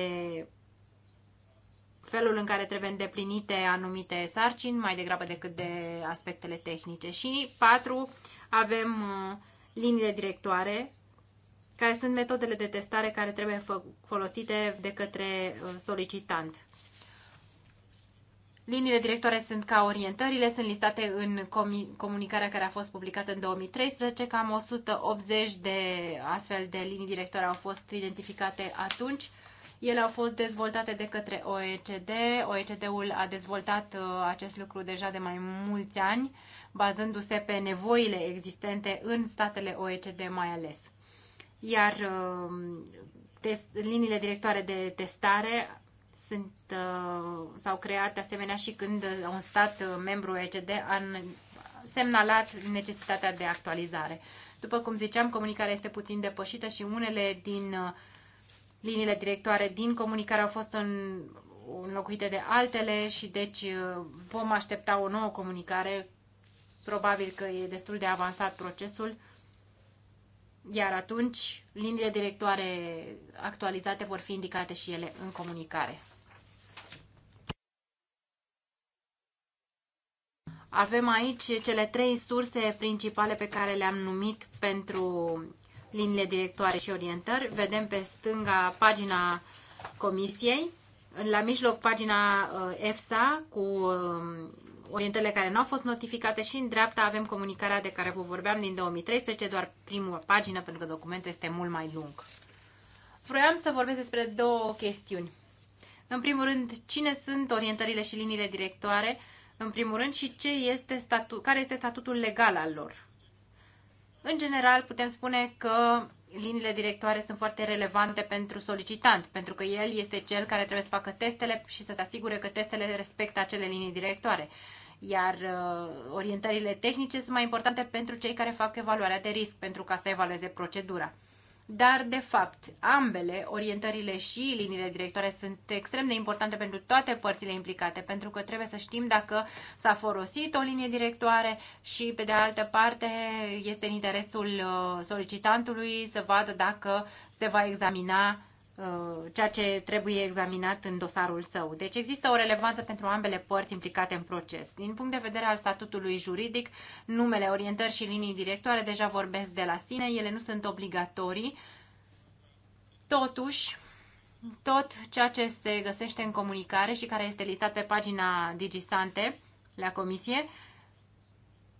felul în care trebuie îndeplinite anumite sarcini, mai degrabă decât de aspectele tehnice. Și patru, avem uh, liniile directoare care sunt metodele de testare care trebuie folosite de către uh, solicitant. Liniile directoare sunt ca orientările, sunt listate în comunicarea care a fost publicată în 2013. Cam 180 de astfel de linii directoare au fost identificate atunci. Ele au fost dezvoltate de către OECD. OECD-ul a dezvoltat uh, acest lucru deja de mai mulți ani, bazându-se pe nevoile existente în statele OECD mai ales iar um, test, liniile directoare de testare sunt, uh, s-au creat asemenea și când un stat uh, membru OECD a semnalat necesitatea de actualizare. După cum ziceam, comunicarea este puțin depășită și unele din uh, liniile directoare din comunicare au fost în, înlocuite de altele și deci vom aștepta o nouă comunicare. Probabil că e destul de avansat procesul iar atunci, liniile directoare actualizate vor fi indicate și ele în comunicare. Avem aici cele trei surse principale pe care le-am numit pentru liniile directoare și orientări. Vedem pe stânga pagina comisiei, la mijloc pagina uh, EFSA cu um, orientările care nu au fost notificate și în dreapta avem comunicarea de care vă vorbeam din 2013, doar prima pagină, pentru că documentul este mult mai lung. Vroiam să vorbesc despre două chestiuni. În primul rând, cine sunt orientările și liniile directoare, în primul rând, și ce este statu- care este statutul legal al lor. În general, putem spune că liniile directoare sunt foarte relevante pentru solicitant, pentru că el este cel care trebuie să facă testele și să se asigure că testele respectă acele linii directoare. Iar uh, orientările tehnice sunt mai importante pentru cei care fac evaluarea de risc, pentru ca să evalueze procedura dar, de fapt, ambele, orientările și liniile directoare, sunt extrem de importante pentru toate părțile implicate, pentru că trebuie să știm dacă s-a folosit o linie directoare și, pe de altă parte, este în interesul uh, solicitantului să vadă dacă se va examina Uh, ceea ce trebuie examinat în dosarul său. Deci există o relevanță pentru ambele părți implicate în proces. Din punct de vedere al statutului juridic, numele, orientări și linii directoare deja vorbesc de la sine, ele nu sunt obligatorii. Totuși, tot ceea ce se găsește în comunicare și care este listat pe pagina Digisante la comisie,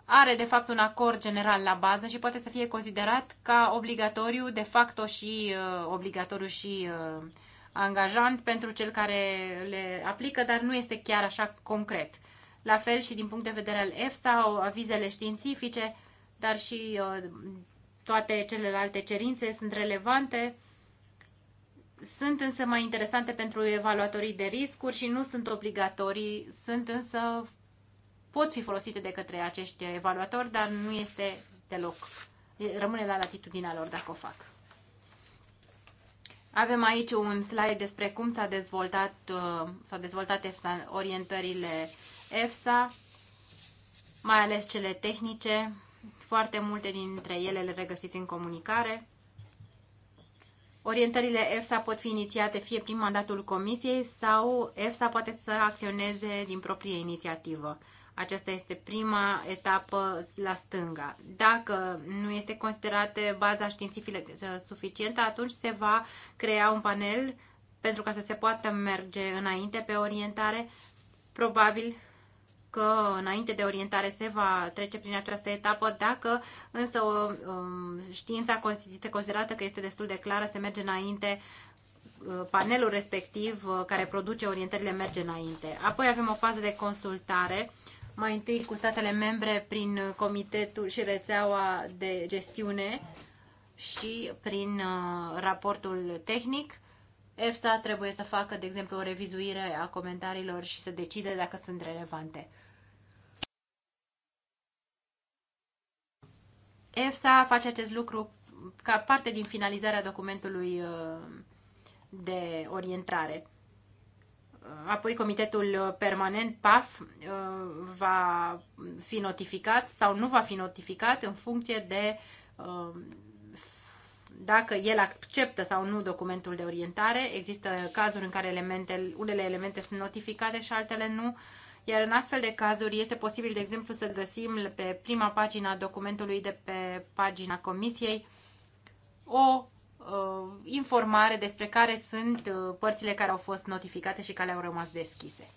are de fapt un acord general la bază și poate să fie considerat ca obligatoriu de facto și uh, obligatoriu și uh, angajant pentru cel care le aplică, dar nu este chiar așa concret. La fel și din punct de vedere al EFSA, avizele științifice, dar și uh, toate celelalte cerințe sunt relevante, sunt însă mai interesante pentru evaluatorii de riscuri și nu sunt obligatorii, sunt însă pot fi folosite de către acești evaluatori, dar nu este deloc. Rămâne la latitudinea lor dacă o fac. Avem aici un slide despre cum s-a dezvoltat, uh, s dezvoltat EFSA, orientările EFSA, mai ales cele tehnice. Foarte multe dintre ele le regăsiți în comunicare. Orientările EFSA pot fi inițiate fie prin mandatul comisiei sau EFSA poate să acționeze din proprie inițiativă. Aceasta este prima etapă la stânga. Dacă nu este considerată baza științifică suficientă, atunci se va crea un panel pentru ca să se poată merge înainte pe orientare. Probabil că înainte de orientare se va trece prin această etapă, dacă însă o, um, știința este considerată că este destul de clară, se merge înainte uh, panelul respectiv uh, care produce orientările merge înainte. Apoi avem o fază de consultare mai întâi cu statele membre prin comitetul și rețeaua de gestiune și prin uh, raportul tehnic. EFSA trebuie să facă, de exemplu, o revizuire a comentariilor și să decide dacă sunt relevante. EFSA face acest lucru ca parte din finalizarea documentului uh, de orientare. Apoi comitetul permanent PAF uh, va fi notificat sau nu va fi notificat în funcție de uh, dacă el acceptă sau nu documentul de orientare. Există cazuri în care elemente, unele elemente sunt notificate și altele nu. Iar în astfel de cazuri este posibil, de exemplu, să găsim pe prima pagina documentului de pe pagina comisiei o uh, informare despre care sunt uh, părțile care au fost notificate și care au rămas deschise.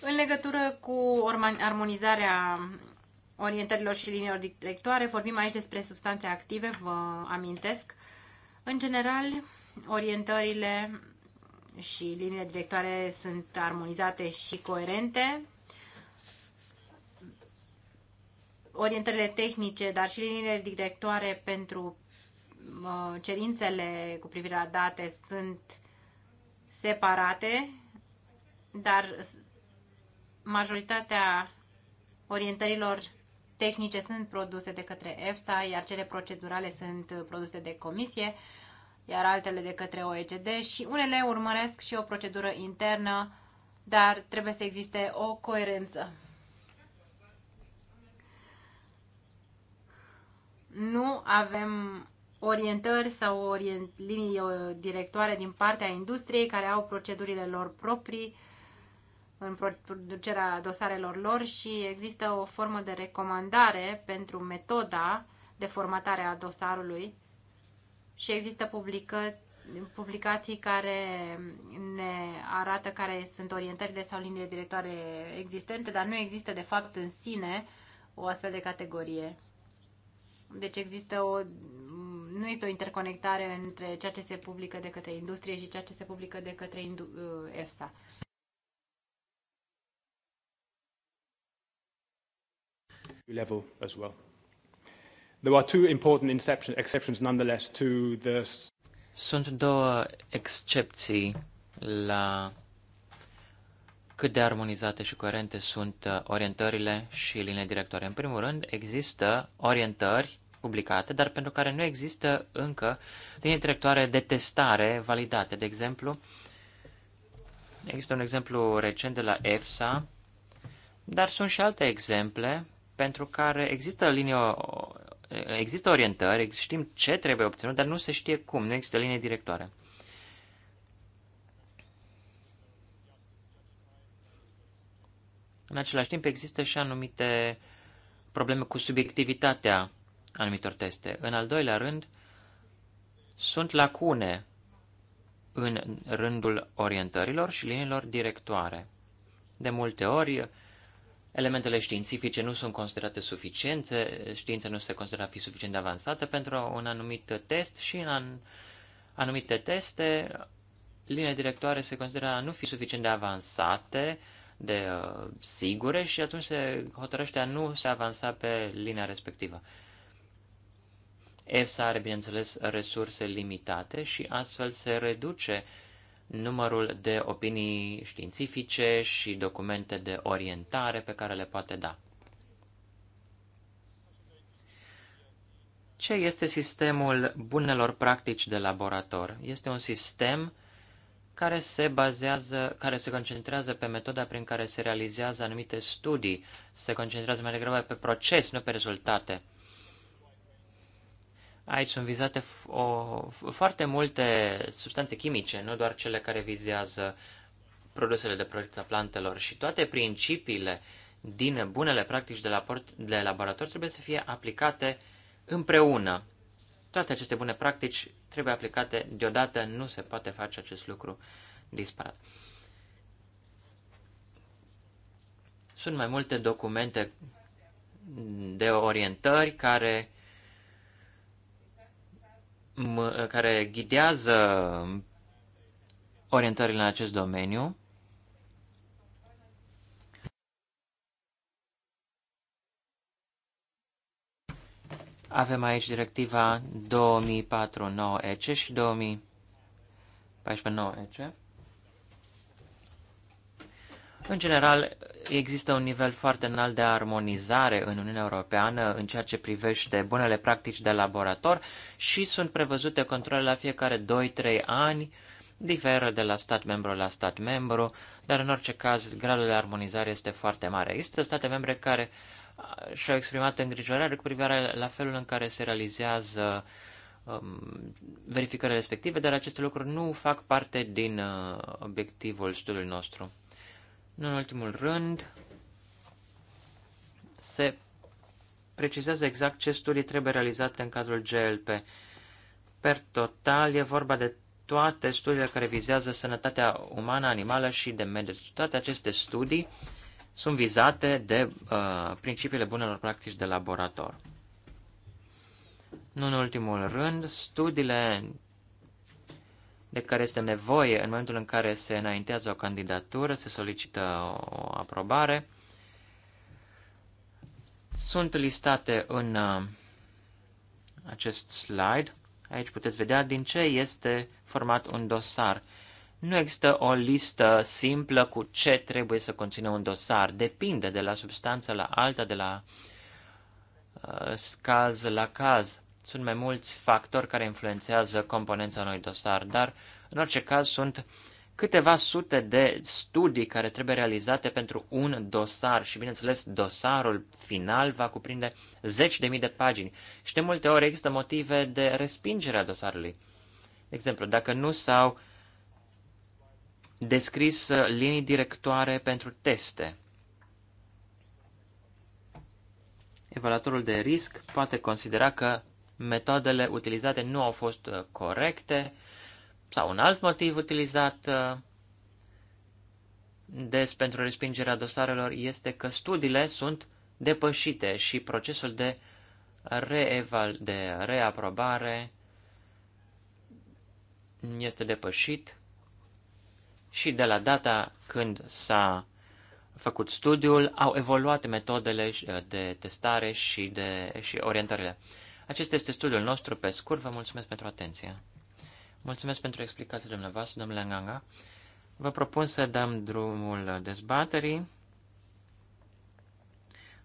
În legătură cu armonizarea orientărilor și liniilor directoare, vorbim aici despre substanțe active, vă amintesc. În general, orientările și liniile directoare sunt armonizate și coerente orientările tehnice, dar și liniile directoare pentru cerințele cu privire la date sunt separate, dar majoritatea orientărilor tehnice sunt produse de către EFSA, iar cele procedurale sunt produse de comisie, iar altele de către OECD și unele urmăresc și o procedură internă, dar trebuie să existe o coerență. nu avem orientări sau orient, linii uh, directoare din partea industriei care au procedurile lor proprii în producerea dosarelor lor și există o formă de recomandare pentru metoda de formatare a dosarului și există publicăți publicații care ne arată care sunt orientările sau liniile directoare existente, dar nu există de fapt în sine o astfel de categorie. Deci există o, nu este o interconectare între ceea ce se publică de către industrie și ceea ce se publică de către uh, EFSA. level as well. There are two important exception, exceptions nonetheless to the Sunt două excepții la cât de armonizate și coerente sunt uh, orientările și linii directoare. În primul rând, există orientări publicate, dar pentru care nu există încă linii directoare de testare validate. De exemplu, există un exemplu recent de la EFSA, dar sunt și alte exemple pentru care există linii, există orientări, știm ce trebuie obținut, dar nu se știe cum, nu există linie directoare. În același timp există și anumite probleme cu subiectivitatea anumitor teste. În al doilea rând, sunt lacune în rândul orientărilor și liniilor directoare. De multe ori, elementele științifice nu sunt considerate suficiente, știința nu se consideră a fi suficient de avansată pentru un anumit test și în anumite teste, linia directoare se consideră a nu fi suficient de avansate de uh, sigure și atunci se hotărăște a nu se avansa pe linia respectivă. EFSA are, bineînțeles, resurse limitate și astfel se reduce numărul de opinii științifice și documente de orientare pe care le poate da. Ce este sistemul bunelor practici de laborator? Este un sistem care se bazează, care se concentrează pe metoda prin care se realizează anumite studii, se concentrează mai degrabă pe proces, nu pe rezultate. Aici sunt vizate o, foarte multe substanțe chimice, nu doar cele care vizează produsele de protecție a plantelor și toate principiile din bunele practici de, la port, de laborator trebuie să fie aplicate împreună. Toate aceste bune practici trebuie aplicate deodată, nu se poate face acest lucru disparat. Sunt mai multe documente de orientări care, care ghidează orientările în acest domeniu. Avem aici directiva 2004-9EC și 2014-9EC. În general, există un nivel foarte înalt de armonizare în Uniunea Europeană în ceea ce privește bunele practici de laborator și sunt prevăzute controle la fiecare 2-3 ani, diferă de la stat membru la stat membru, dar în orice caz gradul de armonizare este foarte mare. Există state membre care uh, și-au exprimat îngrijorare cu privire la felul în care se realizează um, verificările respective, dar aceste lucruri nu fac parte din uh, obiectivul studiului nostru. în ultimul rând, se precizează exact ce studii trebuie realizate în cadrul GLP. Per total, e vorba de toate studiile care vizează sănătatea umană, animală și de mediu. Toate aceste studii uh, sunt vizate de uh, principiile bunelor practici de laborator. Nu în ultimul rând, studiile de care este nevoie în momentul în care se înaintează o candidatură, se solicită o aprobare, sunt listate în uh, acest slide. Aici puteți vedea din ce este format un dosar. Nu există o listă simplă cu ce trebuie să conțină un dosar. Depinde de la substanță la alta, de la uh, caz la caz. Sunt mai mulți factori care influențează componența unui dosar, dar în orice caz sunt câteva sute de studii care trebuie realizate pentru un dosar și, bineînțeles, dosarul final va cuprinde zeci de mii de pagini și de multe ori există motive de respingere a dosarului. De exemplu, dacă nu s-au uh, descris uh, linii directoare pentru teste. Evaluatorul de risc poate considera că metodele utilizate nu au fost uh, corecte sau un alt motiv utilizat uh, des pentru respingerea dosarelor este că studiile sunt depășite și procesul de, reeval, de reaprobare este depășit și de la data când s-a făcut studiul, au evoluat metodele uh, de testare și, de, și orientările. Acesta este studiul nostru pe scurt. Vă mulțumesc pentru atenție. Mulțumesc pentru explicația dumneavoastră, domnule Nganga. Vă propun să dăm drumul dezbaterii.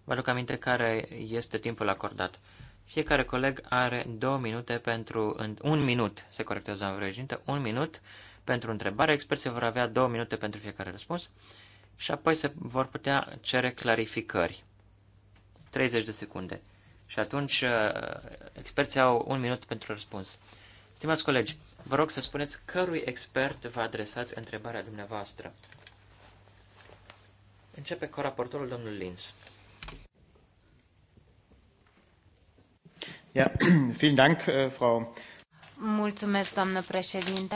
Vă aduc aminte care este timpul acordat. Fiecare coleg are două minute pentru... Un minut, se corectează doamna președinte, un minut pentru întrebare, experții vor avea două minute pentru fiecare răspuns și apoi se vor putea cere clarificări. 30 de secunde. Și atunci uh, experții au un minut pentru răspuns. Stimați colegi, vă rog să spuneți cărui expert vă adresați întrebarea dumneavoastră. Începe cu raportorul domnul Linz. Ja, vielen Dank, äh, Frau. Mulțumesc, doamnă președinte.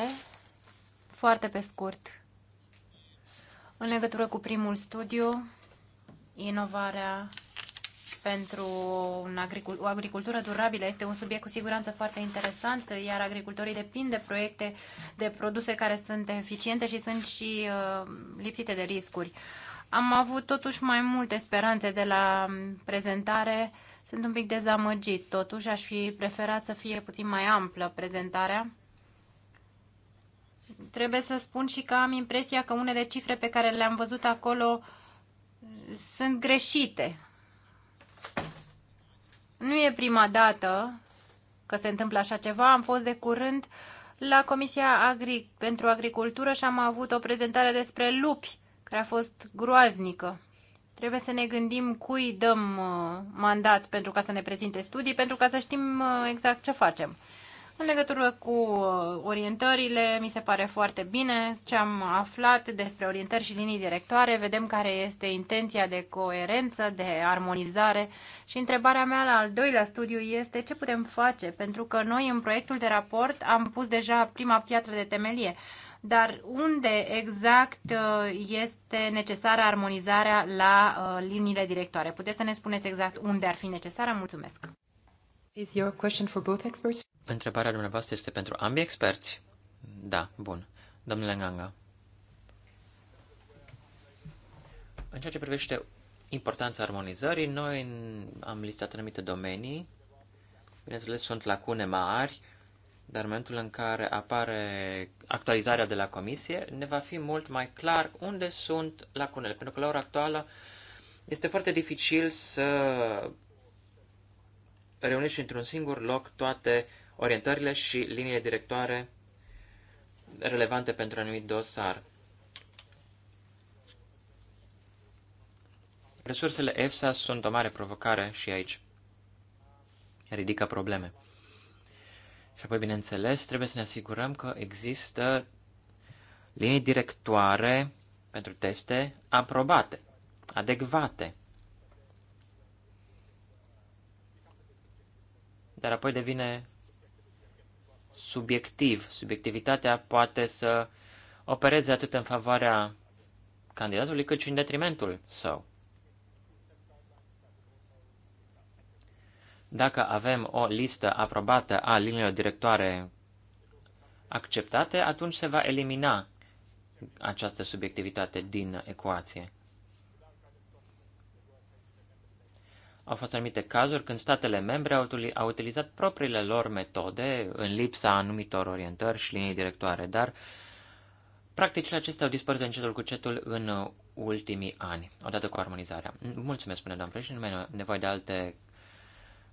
Foarte pe scurt, în legătură cu primul studiu, inovarea pentru o agricultură durabilă este un subiect cu siguranță foarte interesant, iar agricultorii depind de proiecte, de produse care sunt eficiente și sunt și uh, lipsite de riscuri. Am avut totuși mai multe speranțe de la prezentare. Sunt un pic dezamăgit, totuși aș fi preferat să fie puțin mai amplă prezentarea trebuie să spun și că am impresia că unele cifre pe care le-am văzut acolo sunt greșite. Nu e prima dată că se întâmplă așa ceva. Am fost de curând la Comisia Agri pentru Agricultură și am avut o prezentare despre lupi, care a fost groaznică. Trebuie să ne gândim cui dăm uh, mandat pentru ca să ne prezinte studii, pentru ca să știm uh, exact ce facem. În legătură cu uh, orientările, mi se pare foarte bine ce am aflat despre orientări și linii directoare. Vedem care este intenția de coerență, de armonizare și întrebarea mea la al doilea studiu este ce putem face, pentru că noi în proiectul de raport am pus deja prima piatră de temelie dar unde exact uh, este necesară armonizarea la uh, liniile directoare? Puteți să ne spuneți exact unde ar fi necesară? Mulțumesc! Is your question for both experts? Întrebarea dumneavoastră este pentru ambii experți? Da, bun. Domnule Nganga. În ceea ce privește importanța armonizării, noi am listat anumite domenii. Bineînțeles, sunt lacune mari, dar în momentul în care apare actualizarea de la comisie, ne va fi mult mai clar unde sunt lacunele. Pentru că la ora actuală este foarte dificil să reunește într-un singur loc toate orientările și liniile directoare relevante pentru anumit dosar. Resursele EFSA sunt o mare provocare și aici. Ridică probleme. Și apoi, bineînțeles, trebuie să ne asigurăm că există linii directoare pentru teste aprobate, adecvate. dar apoi devine subiectiv. Subiectivitatea poate să opereze atât în favoarea candidatului cât și în detrimentul său. Dacă avem o listă aprobată a liniilor directoare acceptate, atunci se va elimina această subiectivitate din ecuație. Au fost anumite cazuri când statele membre au, au utilizat propriile lor metode în lipsa anumitor orientări și linii directoare, dar practicile acestea au dispărut încetul cu cetul în ultimii ani, odată cu armonizarea. Mulțumesc, spune doamnă președinte, nu mai nevoie de alte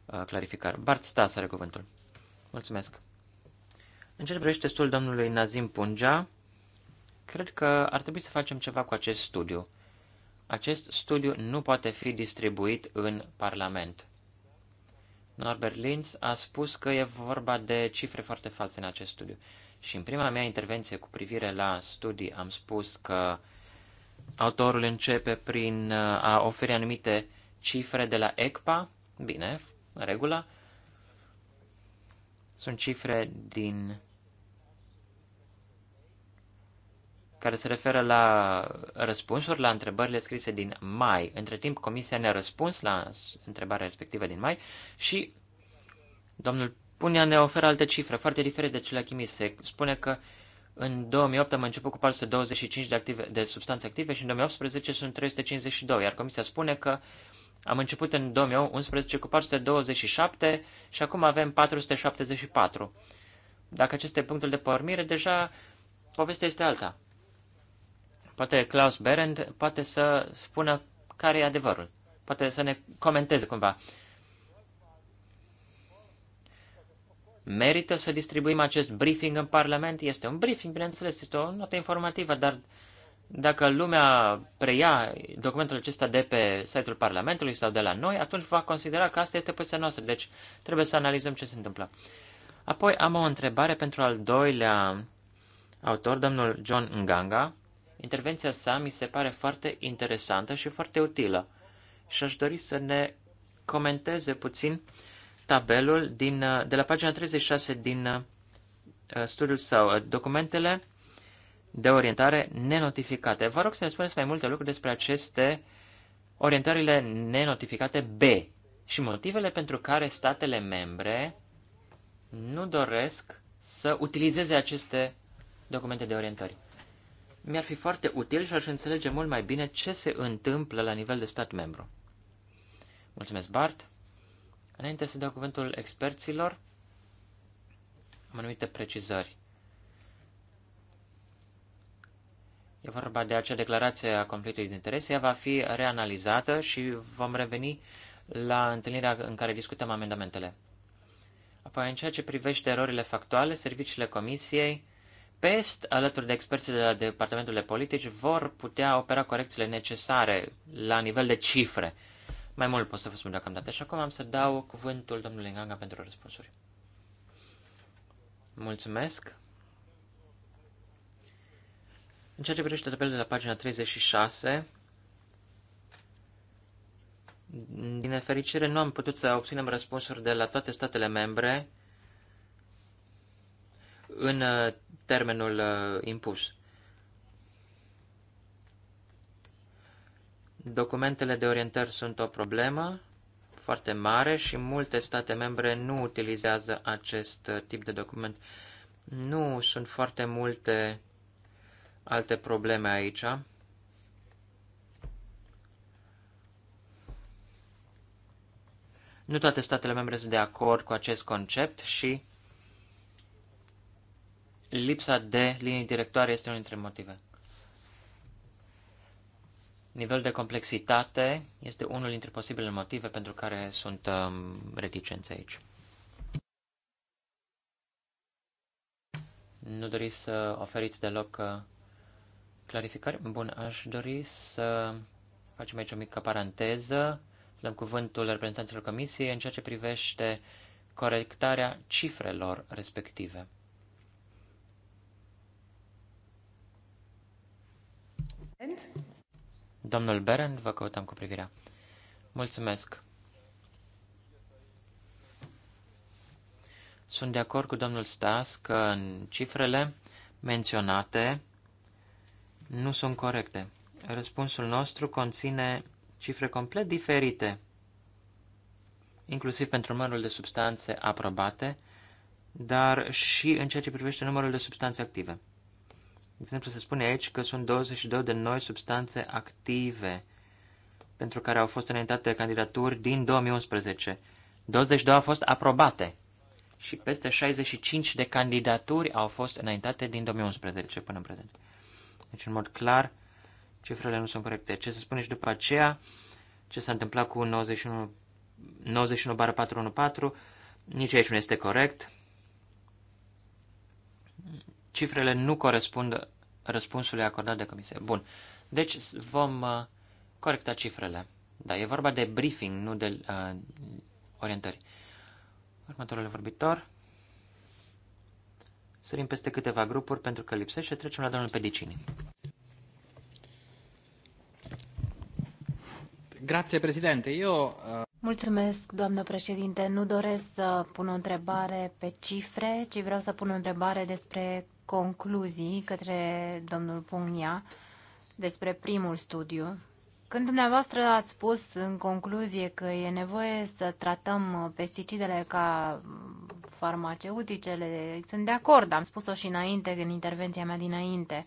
uh, clarificări. Bart Stas are cuvântul. Mulțumesc. În ce privește testul domnului Nazim Punja, cred că ar trebui să facem ceva cu acest studiu. Acest studiu nu poate fi distribuit în Parlament. Norbert Linz a spus că e vorba de cifre foarte false în acest studiu. Și în prima mea intervenție cu privire la studii am spus că autorul începe prin uh, a oferi anumite cifre de la ECPA. Bine, în regulă. Sunt cifre din care se referă la răspunsuri la întrebările scrise din mai. Între timp, comisia ne-a răspuns la întrebarea respectivă din mai și domnul Punea ne oferă alte cifre, foarte diferite de cele chimise. Spune că în 2008 am început cu 425 de, active, de substanțe active și în 2018 sunt 352, iar comisia spune că am început în 2011 cu 427 și acum avem 474. Dacă aceste punctul de pormire, deja povestea este alta. Poate Klaus Berend poate să spună care e adevărul. Poate să ne comenteze cumva. Merită să distribuim acest briefing în Parlament? Este un briefing, bineînțeles, este o notă informativă, dar dacă lumea preia documentul acesta de pe site-ul Parlamentului sau de la noi, atunci va considera că asta este poziția noastră, deci trebuie să analizăm ce se întâmplă. Apoi am o întrebare pentru al doilea autor, domnul John Nganga, Intervenția sa mi se pare foarte interesantă și foarte utilă și aș dori să ne comenteze puțin tabelul din, uh, de la pagina 36 din uh, studiul său, uh, documentele de orientare nenotificate. Vă rog să ne spuneți mai multe lucruri despre aceste orientările nenotificate B și motivele pentru care statele membre nu doresc să utilizeze aceste documente de orientări mi-ar fi foarte util și aș înțelege mult mai bine ce se întâmplă la nivel de stat membru. Mulțumesc, Bart. Înainte să dau cuvântul experților, am anumite precizări. E vorba de acea declarație a conflictului de interese. Ea va fi reanalizată și vom reveni la întâlnirea în care discutăm amendamentele. Apoi, în ceea ce privește erorile factuale, serviciile comisiei PEST, alături de experții de la departamentul de politici, vor putea opera corecțiile necesare la nivel de cifre. Mai mult pot să vă spun deocamdată și acum am să dau cuvântul domnului Nganga pentru răspunsuri. Mulțumesc! În ceea ce privește tabelul de la pagina 36, din nefericire nu am putut să obținem răspunsuri de la toate statele membre în uh, termenul uh, impus. Documentele de orientări sunt o problemă foarte mare și multe state membre nu utilizează acest uh, tip de document. Nu sunt foarte multe alte probleme aici. Nu toate statele membre sunt de acord cu acest concept și Lipsa de linii directoare este unul dintre motive. Nivelul de complexitate este unul dintre posibile motive pentru care sunt um, reticențe aici. Nu doriți să oferiți deloc uh, clarificări? Bun, aș dori să facem aici o mică paranteză, să dăm cuvântul reprezentanților comisiei în ceea ce privește corectarea cifrelor respective. Domnul Berend, vă căutăm cu privirea. Mulțumesc. Sunt de acord cu domnul Stas că în cifrele menționate nu sunt corecte. Răspunsul nostru conține cifre complet diferite, inclusiv pentru numărul de substanțe aprobate, dar și în ceea ce privește numărul de substanțe active. De exemplu, se spune aici că sunt 22 de noi substanțe active pentru care au fost înaintate candidaturi din 2011. 22 au fost aprobate și peste 65 de candidaturi au fost înaintate din 2011 până în prezent. Deci, în mod clar, cifrele nu sunt corecte. Ce se spune și după aceea, ce s-a întâmplat cu 91, 91 414, nici aici nu este corect cifrele nu corespund răspunsului acordat de comisie. Bun. Deci vom uh, corecta cifrele. Da, e vorba de briefing, nu de uh, orientări. Următorul vorbitor. Sărim peste câteva grupuri pentru că lipsește. Trecem la domnul Pedicini. Grazie, președinte. Eu... Uh... Mulțumesc, doamnă președinte. Nu doresc să pun o întrebare pe cifre, ci vreau să pun o întrebare despre concluzii către domnul Pugnia despre primul studiu. Când dumneavoastră ați spus în concluzie că e nevoie să tratăm pesticidele ca farmaceuticele, sunt de acord, am spus-o și înainte, în intervenția mea dinainte.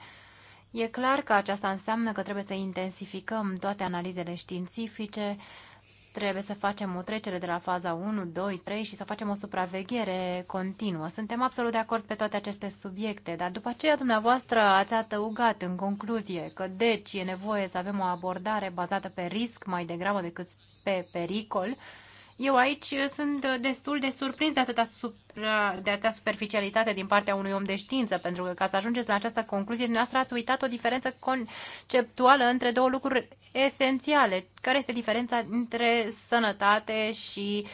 E clar că aceasta înseamnă că trebuie să intensificăm toate analizele științifice, uh, Trebuie să facem o trecere de la faza 1, 2, 3 și să facem o supraveghere continuă. Suntem absolut de acord pe toate aceste subiecte, dar după aceea dumneavoastră ați atăugat în concluzie că deci e nevoie să avem o abordare bazată pe risc mai degrabă decât pe pericol, eu aici sunt destul de surprins de atâta, supra, de atâta superficialitate din partea unui om de știință, pentru că ca să ajungeți la această concluzie, dumneavoastră ați uitat o diferență conceptuală între două lucruri esențiale. Care este diferența între sănătate și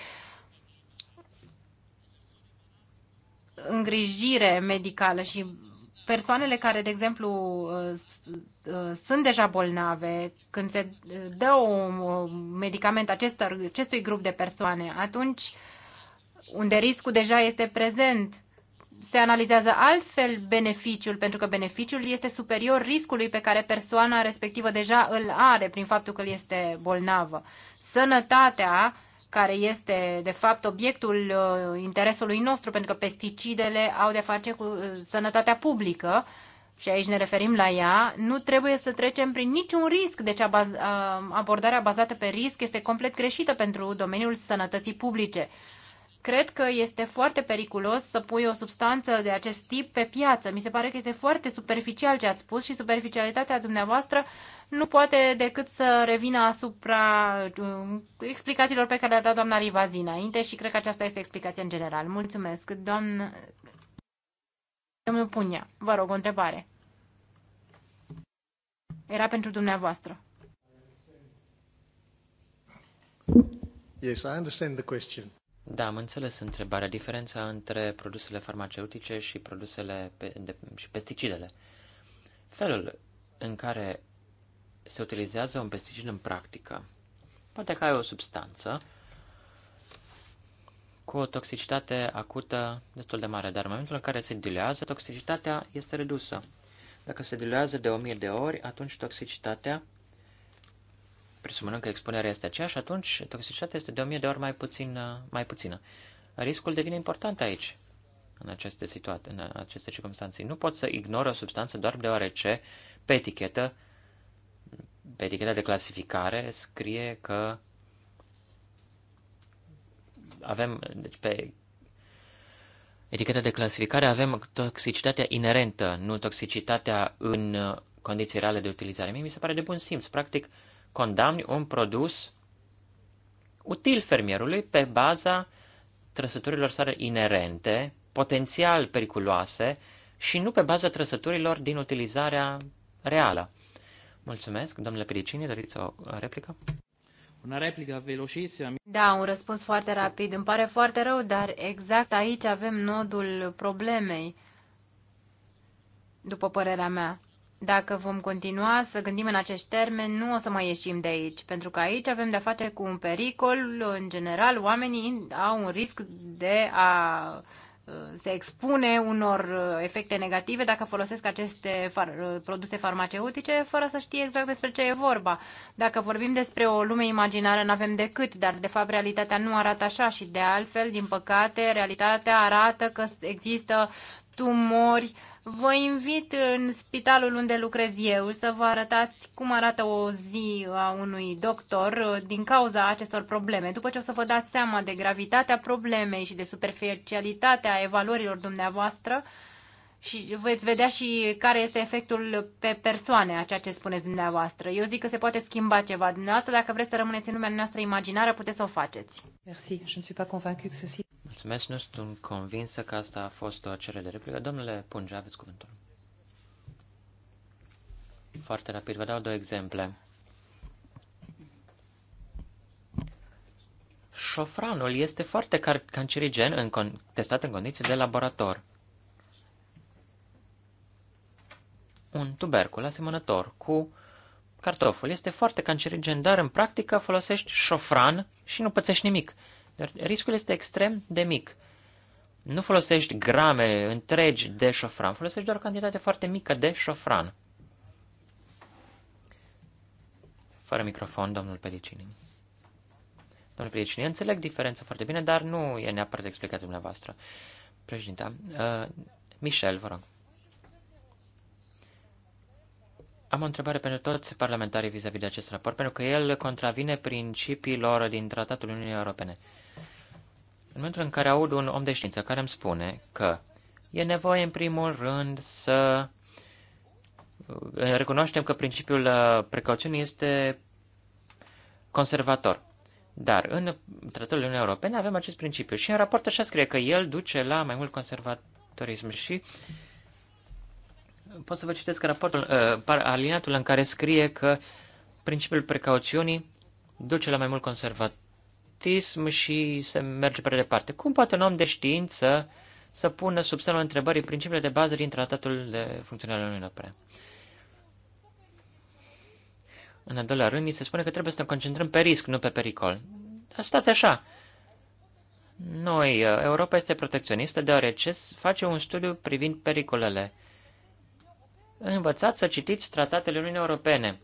îngrijire medicală și persoanele care, de exemplu, Uh, sunt deja bolnave, când se uh, dă un medicament acestor, acestui grup de persoane, atunci unde riscul deja este prezent, se analizează altfel beneficiul, pentru că beneficiul este superior riscului pe care persoana respectivă deja îl are prin faptul că este bolnavă. Sănătatea care este de fapt obiectul uh, interesului nostru, pentru că pesticidele au de-a face cu sănătatea publică, și aici ne referim la ea, nu trebuie să trecem prin niciun risc. Deci abordarea bazată pe risc este complet greșită pentru domeniul sănătății publice. Cred că este foarte periculos să pui o substanță de acest tip pe piață. Mi se pare că este foarte superficial ce ați spus și superficialitatea dumneavoastră nu poate decât să revină asupra um, explicațiilor pe care le-a dat doamna Livazi înainte și cred că aceasta este explicația în general. Mulțumesc, doamnă Domnul Punia, vă rog o întrebare. Era pentru dumneavoastră. Yes, I understand the question. Da, am înțeles întrebarea. Diferența între produsele farmaceutice și produsele pe, de, și pesticidele. Felul în care se utilizează un pesticid în practică. Poate că ai o substanță cu o toxicitate acută destul de mare, dar în momentul în care se diluează, toxicitatea este redusă. Dacă se diluează de 1000 de ori, atunci toxicitatea, presupunând că expunerea este aceeași, atunci toxicitatea este de 1000 de ori mai, puțin, mai puțină. Riscul devine important aici, în aceste, situații, în aceste circunstanțe. Nu poți să ignori o substanță doar deoarece pe etichetă, pe etichetă de clasificare, scrie că avem deci pe eticheta de clasificare avem toxicitatea inerentă, nu toxicitatea în uh, condiții reale de utilizare. Mie mi se pare de bun simț. Practic, condamni un produs util fermierului pe baza trăsăturilor sale inerente, potențial periculoase și nu pe baza trăsăturilor din utilizarea reală. Mulțumesc, domnule Piricini, doriți o replică? Una replică velocissima. Da, un răspuns foarte rapid. Îmi pare foarte rău, dar exact aici avem nodul problemei, după părerea mea. Dacă vom continua să gândim în acești termeni, nu o să mai ieșim de aici, pentru că aici avem de-a face cu un pericol. În general, oamenii au un risc de a Uh, se expune unor uh, efecte negative dacă folosesc aceste far- uh, produse farmaceutice fără să știe exact despre ce e vorba. Dacă vorbim despre o lume imaginară, nu avem decât, dar de fapt realitatea nu arată așa și de altfel, din păcate, realitatea arată că există tumori. Vă invit în spitalul unde lucrez eu să vă arătați cum arată o zi a unui doctor uh, din cauza acestor probleme. După ce o să vă dați seama de gravitatea problemei și de superficialitatea evaluărilor dumneavoastră, și veți vedea și care este efectul pe persoane a ceea ce spuneți dumneavoastră. Eu zic că se poate schimba ceva. Dumneavoastră, dacă vreți să rămâneți în lumea noastră imaginară, puteți să o faceți. Merci. Je ne suis pas convaincu que ceci... Mulțumesc, nu sunt convinsă că asta a fost o cerere de replică. Domnule Punge, aveți cuvântul. Foarte rapid, vă dau două exemple. Șofranul este foarte car- cancerigen în con- testat în condiții de laborator. un tubercul asemănător cu cartoful. Este foarte cancerigen, dar în practică folosești șofran și nu pățești nimic. Dar riscul este extrem de mic. Nu folosești grame întregi de șofran, folosești doar o cantitate foarte mică de șofran. Fără microfon, domnul Pedicini. Domnul Pedicini, înțeleg diferența foarte bine, dar nu e neapărat explicația dumneavoastră. Președinte, uh, Michel, vă rog. Am o întrebare pentru toți parlamentarii vis-a-vis -vis de acest raport, pentru că el contravine principiilor din Tratatul Uniunii Europene. În momentul în care aud un om de știință care îmi spune că e nevoie, în primul rând, să uh, recunoaștem că principiul uh, precauțiunii este conservator. Dar în Tratatul Uniunii Europene avem acest principiu și în raport așa scrie că el duce la mai mult conservatorism și uh, pot să vă citesc raportul, uh, aliniatul în care scrie că principiul precauțiunii duce la mai mult conservatism și se merge prea departe. Cum poate un om de știință să pună sub semnul întrebării principiile de bază din tratatul de funcționare al Uniunii Europene? În al doilea rând, se spune că trebuie să ne concentrăm pe risc, nu pe pericol. Dar stați așa! Noi, uh, Europa este protecționistă deoarece face un studiu privind pericolele învățați să citiți tratatele Uniunii Europene.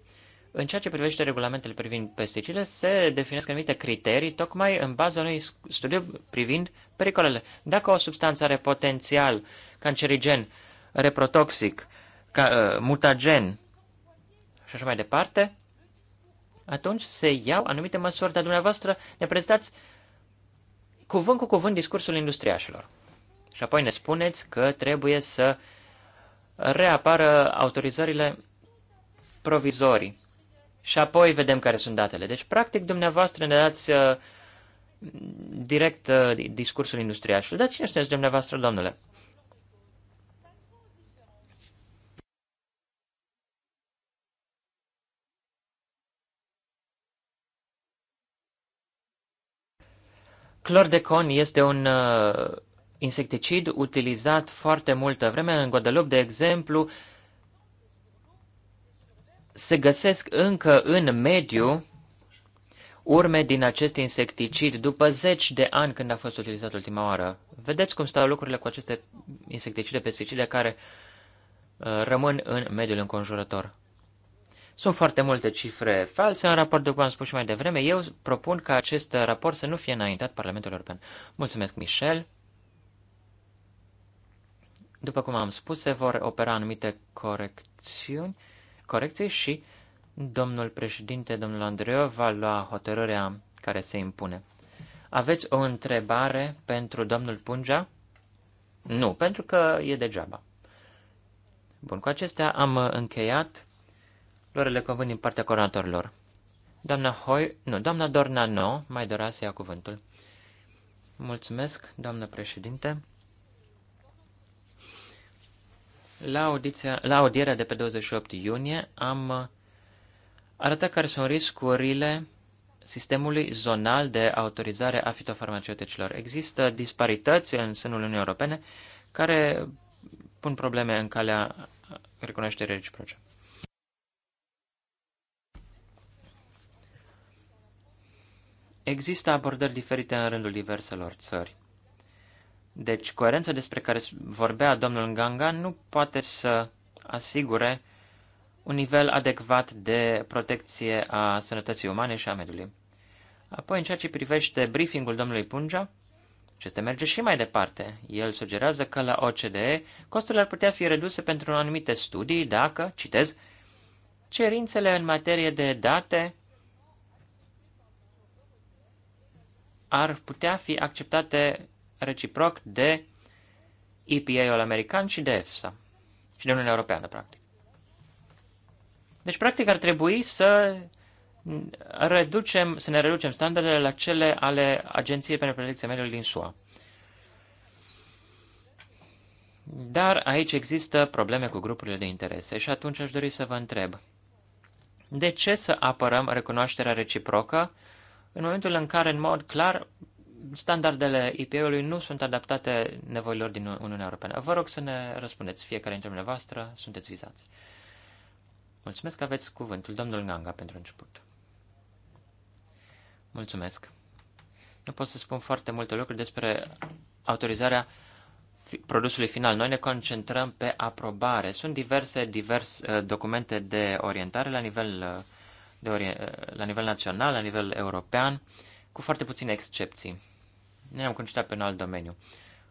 În ceea ce privește regulamentele privind pesticide, se definesc anumite criterii tocmai în baza unui studiu privind pericolele. Dacă o substanță are potențial cancerigen, reprotoxic, ca, uh, mutagen și așa mai departe, atunci se iau anumite măsuri, dar dumneavoastră ne prezentați cuvânt cu cuvânt discursul industriașilor. Și apoi ne spuneți că trebuie să uh, reapară uh, autorizările provizorii. Și apoi vedem care sunt datele. Deci, practic, dumneavoastră ne dați uh, direct uh, discursul industrial. Dar cine sunteți dumneavoastră, domnule? con este un uh, insecticid utilizat foarte multă vreme. În Guadeloupe, de exemplu, se găsesc încă în mediu urme din acest insecticid după zeci de ani când a fost utilizat ultima oară. Vedeți cum stau lucrurile cu aceste insecticide, pesticide care uh, rămân în mediul înconjurător. Sunt foarte multe cifre false în raport, după am spus și mai devreme. Eu propun ca acest raport să nu fie înaintat Parlamentul European. Mulțumesc, Michel. După cum am spus, se vor opera anumite corecțiuni, corecții și domnul președinte, domnul Andreu, va lua hotărârea care se impune. Aveți o întrebare pentru domnul Pungea? Nu, pentru că e degeaba. Bun, cu acestea am încheiat lorele cuvânt din partea coronatorilor. Doamna Hoi, nu, doamna Dornano mai dorea să ia cuvântul. Mulțumesc, doamnă președinte. La, audiția, la audierea de pe 28 iunie am arătat care sunt riscurile sistemului zonal de autorizare a fitofarmaceuticilor. Există disparități în sânul Uniunii Europene care pun probleme în calea recunoașterii reciproce. Există abordări diferite în rândul diverselor țări. Deci, coerența despre care vorbea domnul Ganga nu poate să asigure un nivel adecvat de protecție a sănătății umane și a mediului. Apoi, în ceea ce privește briefingul domnului Punja, acesta merge și mai departe. El sugerează că la OCDE costurile ar putea fi reduse pentru anumite studii dacă, citez, cerințele în materie de date ar putea fi acceptate reciproc de EPA-ul american și de EFSA și de Uniunea Europeană, practic. Deci, practic, ar trebui să reducem, să ne reducem standardele la cele ale Agenției pentru Protecția Mediului din SUA. Dar aici există probleme cu grupurile de interese și atunci aș dori să vă întreb. De ce să apărăm recunoașterea reciprocă în momentul în care, în mod clar, standardele IPA-ului nu sunt adaptate nevoilor din Uniunea Europeană. Vă rog să ne răspundeți, fiecare dintre dumneavoastră sunteți vizați. Mulțumesc că aveți cuvântul, domnul Nganga, pentru început. Mulțumesc. Nu pot să spun foarte multe lucruri despre autorizarea produsului final. Noi ne concentrăm pe aprobare. Sunt diverse diverse uh, documente de orientare la nivel, uh, de ori, uh, la nivel național, la nivel european, cu foarte puține excepții. Ne-am concentrat pe un alt domeniu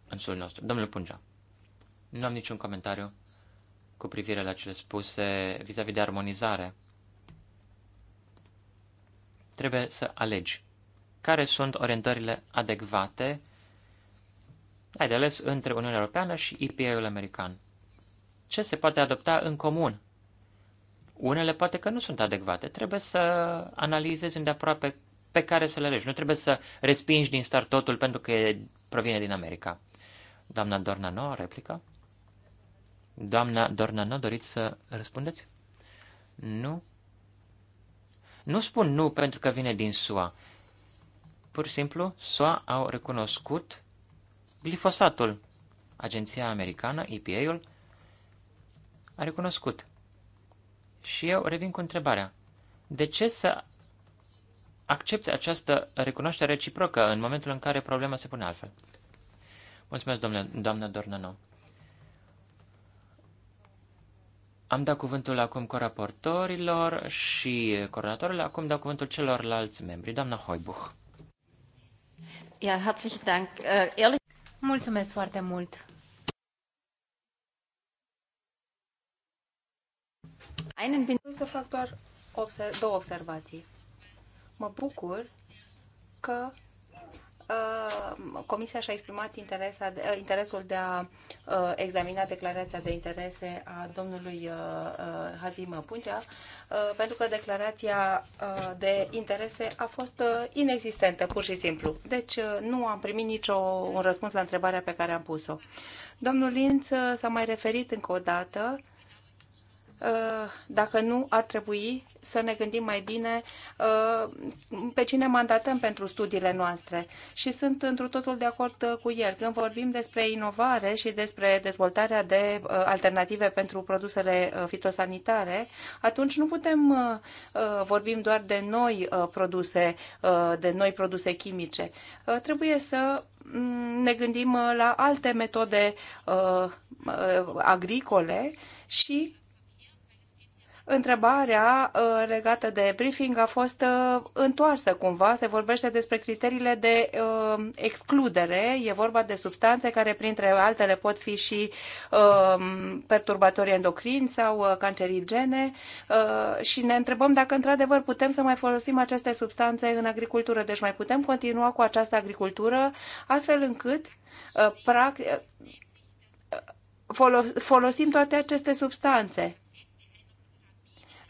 în sul nostru. Domnul Pungea, nu am niciun comentariu cu privire la cele spuse vis-a-vis -vis de armonizare. Trebuie să alegi care sunt orientările adecvate ai de ales între Uniunea Europeană și EPA-ul american. Ce se poate adopta în comun? Unele poate că nu sunt adecvate. Trebuie să analizezi îndeaproape pe care să le alegi. Nu trebuie să respingi din start totul pentru că provine din America. Doamna Dornano, replică? Doamna nu doriți să răspundeți? Nu? Nu spun nu pentru că vine din SUA. Pur și simplu, SUA au recunoscut glifosatul. Agenția americană, EPA-ul, a recunoscut. Și eu revin cu întrebarea. De ce să accepte această recunoaștere reciprocă în momentul în care problema se pune altfel. Mulțumesc, domnule, doamnă Dornano. Am dat cuvântul acum coraportorilor și coordonatorilor, acum dau cuvântul celorlalți membri. Doamna Hoibuch. Ja, herzlichen Dank. Äh, Mulțumesc foarte mult. Einen bin... Să fac doar observ două observații. Mă bucur că uh, Comisia și-a exprimat interesa, uh, interesul de a uh, examina declarația de interese a domnului Hazim uh, pentru că declarația de interese a fost inexistentă, pur și simplu. Deci nu am primit nicio un răspuns la întrebarea pe care am pus-o. Domnul Linț s-a mai referit încă o dată Uh, dacă nu ar trebui să ne gândim mai bine uh, pe cine mandatăm pentru studiile noastre. Și sunt într totul de acord uh, cu el. Când vorbim despre inovare și despre dezvoltarea de alternative pentru produsele fitosanitare, atunci nu putem vorbim doar de noi produse, de noi produse chimice. Trebuie să mm, ne gândim la alte metode agricole și întrebarea uh, legată de briefing a fost uh, întoarsă cumva. Se vorbește despre criteriile de uh, excludere. E vorba de substanțe care, printre altele, pot fi și um, perturbatori endocrini sau cancerigene și ne întrebăm dacă, într-adevăr, putem să mai folosim aceste substanțe în agricultură. Deci mai putem continua cu această agricultură astfel încât practic, folosim toate aceste substanțe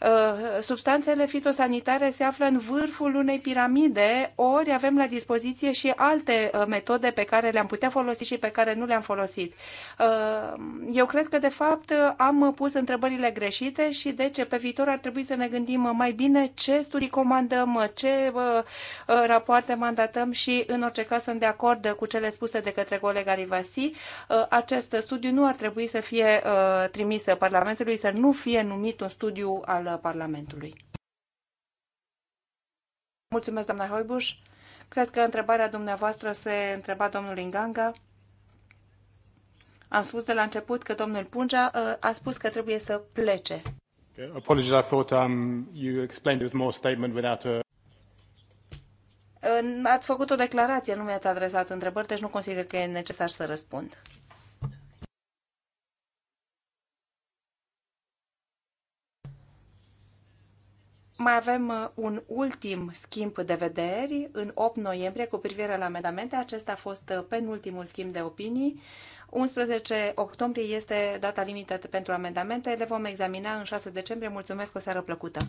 Uh, substanțele fitosanitare se află în vârful unei piramide, ori avem la dispoziție și alte uh, metode pe care le-am putea folosi și pe care nu le-am folosit. Uh, eu cred că, de fapt, am pus întrebările greșite și, de deci, pe viitor ar trebui să ne gândim mai bine ce studii comandăm, ce rapoarte mandatăm și, în orice caz, sunt de acord cu cele spuse de către colega Rivasi. Acest studiu nu ar trebui să fie trimis Parlamentului, să nu fie numit un studiu al a uh, Parlamentului. Mulțumesc, doamna Hoibuș. Cred că întrebarea dumneavoastră se întreba domnul Inganga. Am spus de la început că domnul Pungea uh, a spus că trebuie să plece. Apologies, I thought um, you explained it with more statement without a... Ați făcut o declarație, nu mi-ați adresat întrebări, deci nu consider că e necesar să răspund. Mai avem uh, un ultim schimb de vederi în 8 noiembrie cu privire la amendamente. Acesta a fost uh, penultimul schimb de opinii. 11 octombrie este data limită pentru amendamente. Le vom examina în 6 decembrie. Mulțumesc, o seară plăcută!